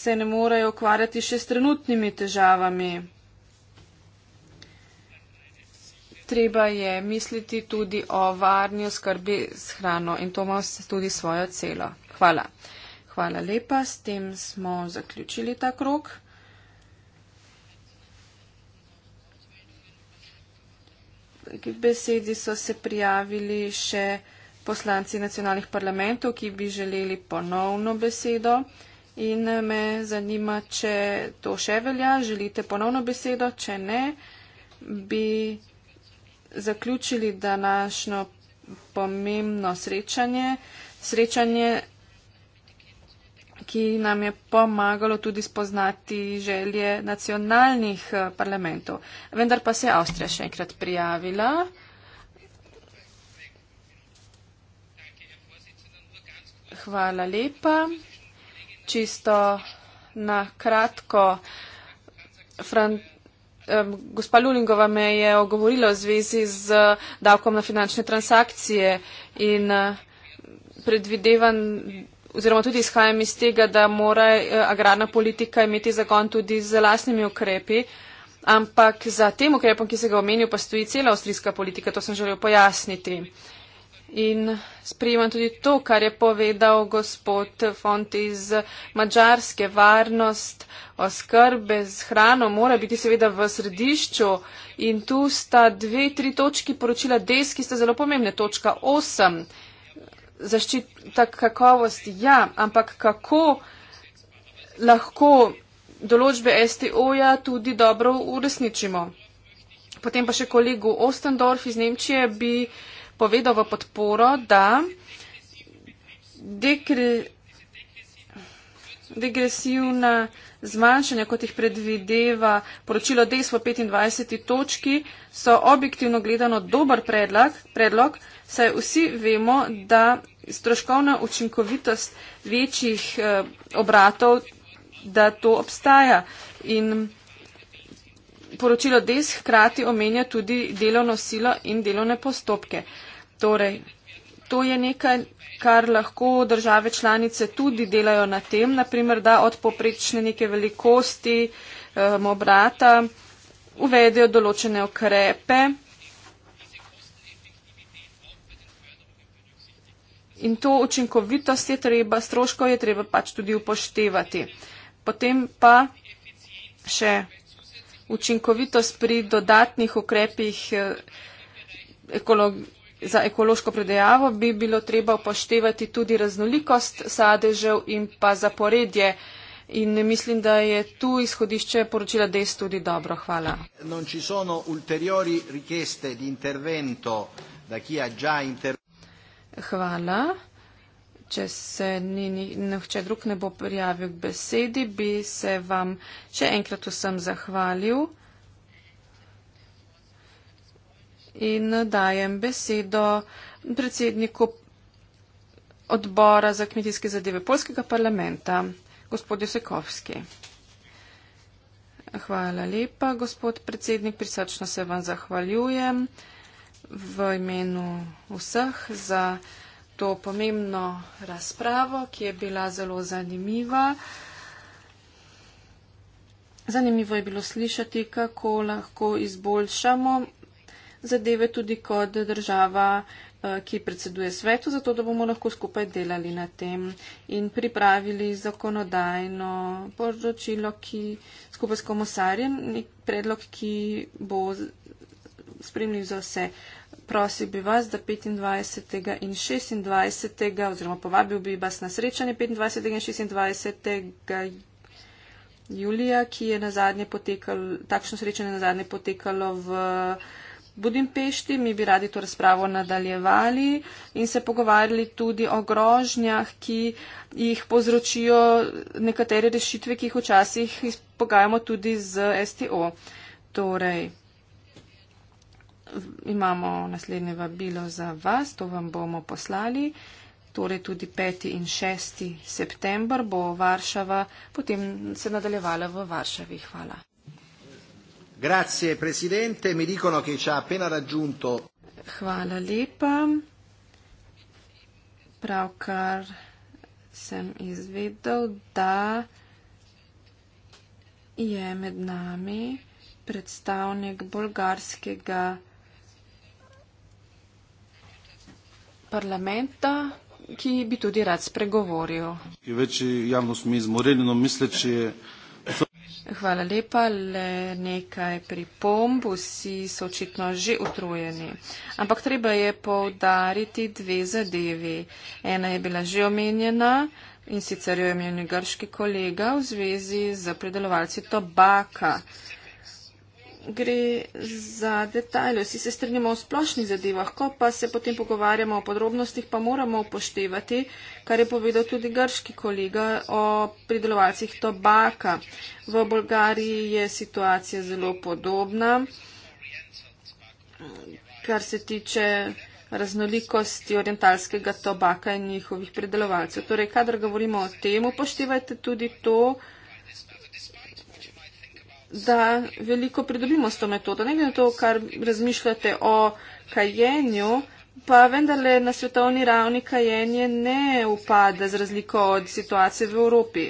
se ne morejo ukvarjati še s trenutnimi težavami. treba je misliti tudi o varni oskrbi s hrano in to ima tudi svojo celo. Hvala. Hvala lepa, s tem smo zaključili ta krok. K besedi so se prijavili še poslanci nacionalnih parlamentov, ki bi želeli ponovno besedo. In me zanima, če to še velja, želite ponovno besedo, če ne, bi zaključili današnjo pomembno srečanje. Srečanje, ki nam je pomagalo tudi spoznati želje nacionalnih eh, parlamentov. Vendar pa se je Avstrija še enkrat prijavila. Hvala lepa. Čisto na kratko. Frant gospa Lulingova me je ogovorila v zvezi z eh, davkom na finančne transakcije in eh, predvidevan. Oziroma tudi izhajam iz tega, da mora eh, agrarna politika imeti zagon tudi z lastnimi ukrepi, ampak za tem ukrepom, ki se ga omenil, pa stoji cela avstrijska politika, to sem želel pojasniti. Uh, in sprejemam tudi to, kar je povedal gospod Font iz Mačarske. Varnost oskrbe z hrano mora biti seveda v središču in tu sta dve, tri točki poročila DES, ki sta zelo pomembne. Točka 8. Zaščita kakovosti. Ja, ampak kako lahko določbe STO-ja tudi dobro uresničimo. Potem pa še kolegu Ostendorf iz Nemčije bi uh, povedal v podporo, da degresivna zmanjšanja, kot jih predvideva poročilo DES v 25. točki, so objektivno gledano dober predlog, predlog saj vsi vemo, da stroškovna učinkovitost večjih eh, obratov, da to obstaja. In poročilo DES hkrati omenja tudi delovno silo in delovne postopke. Torej, to je nekaj, kar lahko države članice tudi delajo na tem, naprimer, da od poprečne neke velikosti um, obrata uvedejo določene okrepe. In to učinkovitost je treba, stroško je treba pač tudi upoštevati. Potem pa še učinkovitost pri dodatnih ukrepih eh, ekolo za ekološko predejavo, bi bilo treba upoštevati tudi raznolikost sadežev in pa zaporedje. In mislim, da je tu izhodišče poročila DES tudi dobro. Hvala. Hvala če se ni, ni, nihče drug ne bo prijavil k besedi, bi se vam še enkrat vsem zahvalil. In dajem besedo predsedniku odbora za kmetijske zadeve Polskega parlamenta, gospodju Sekovski. Hvala lepa, gospod predsednik, prisrčno se vam zahvaljujem v imenu vseh za to pomembno razpravo, ki je bila zelo zanimiva. Zanimivo je bilo slišati, kako lahko izboljšamo zadeve tudi kot država, eh, ki predseduje svetu, zato da bomo lahko skupaj delali na tem in pripravili zakonodajno poročilo, ki skupaj s komosarjem, predlog, ki bo spremljiv za vse. Prosil bi vas, da 25. in 26. oziroma povabil bi vas na srečanje 25. in 26. julija, ki je na zadnje potekalo, takšno srečanje na zadnje potekalo v Budimpešti. Mi bi radi to razpravo nadaljevali in se pogovarjali tudi o grožnjah, ki jih povzročijo nekatere rešitve, ki jih včasih pogajamo tudi z STO. Torej, imamo naslednje vabilo za vas, to vam bomo poslali. Torej tudi 5. in 6. september bo Varšava potem se nadaljevala v Varšavi. Hvala. Grazie, presidente. Mi dicono, ki ci ha appena raggiunto. Hvala lepa. Pravkar sem izvedel, da je med nami predstavnik bolgarskega. parlamenta, ki bi tudi rad spregovoril. Hvala lepa, le nekaj pripomb, vsi so očitno že utrujeni. Ampak treba je povdariti dve zadevi. Ena je bila že omenjena in sicer jo je omenil grški kolega v zvezi z predelovalci tobaka gre za detajle. Vsi se strinjamo o splošnih zadevah, ko pa se potem pogovarjamo o podrobnostih, pa moramo upoštevati, kar je povedal tudi grški kolega o pridelovalcih tobaka. V Bolgariji je situacija zelo podobna, kar se tiče raznolikosti orientalskega tobaka in njihovih pridelovalcev. Torej, kadar govorimo o tem, upoštevajte tudi to, da veliko pridobimo s to metodo. Ne glede na to, kar razmišljate o kajenju, pa vendarle na svetovni ravni kajenje ne upada z razliko od situacije v Evropi.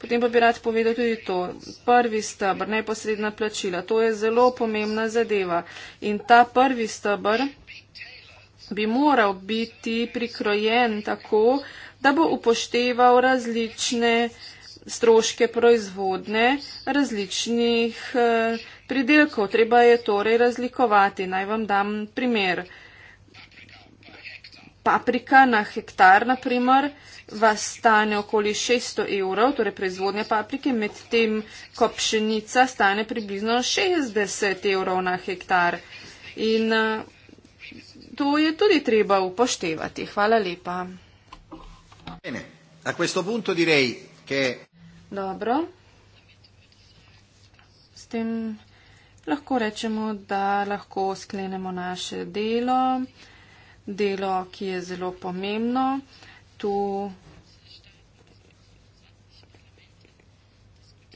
Potem pa bi rad povedal tudi to. Prvi stebr, neposredna plačila, to je zelo pomembna zadeva. In ta prvi stebr bi moral biti prikrojen tako, da bo upošteval različne stroške proizvodne različnih eh, pridelkov. Treba je torej razlikovati. Naj vam dam primer. Paprika na hektar, na primer, vas stane okoli 600 evrov, torej proizvodnja paprike, medtem ko pšenica stane približno 60 evrov na hektar. In eh, to je tudi treba upoštevati. Hvala lepa. Bene, a questo punto direi che Dobro. S tem lahko rečemo, da lahko sklenemo naše delo, delo, ki je zelo pomembno. Tu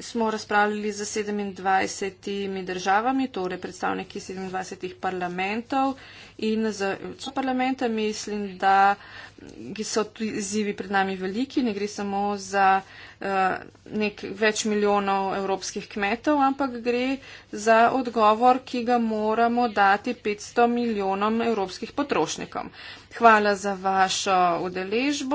smo razpravljali z 27 državami, torej predstavniki 27 parlamentov in z parlamenta mislim, da ki so tudi izzivi pred nami veliki, ne gre samo za uh, nek več milijonov evropskih kmetov, ampak gre za odgovor, ki ga moramo dati 500 milijonom evropskih potrošnikom. Hvala za vašo udeležbo.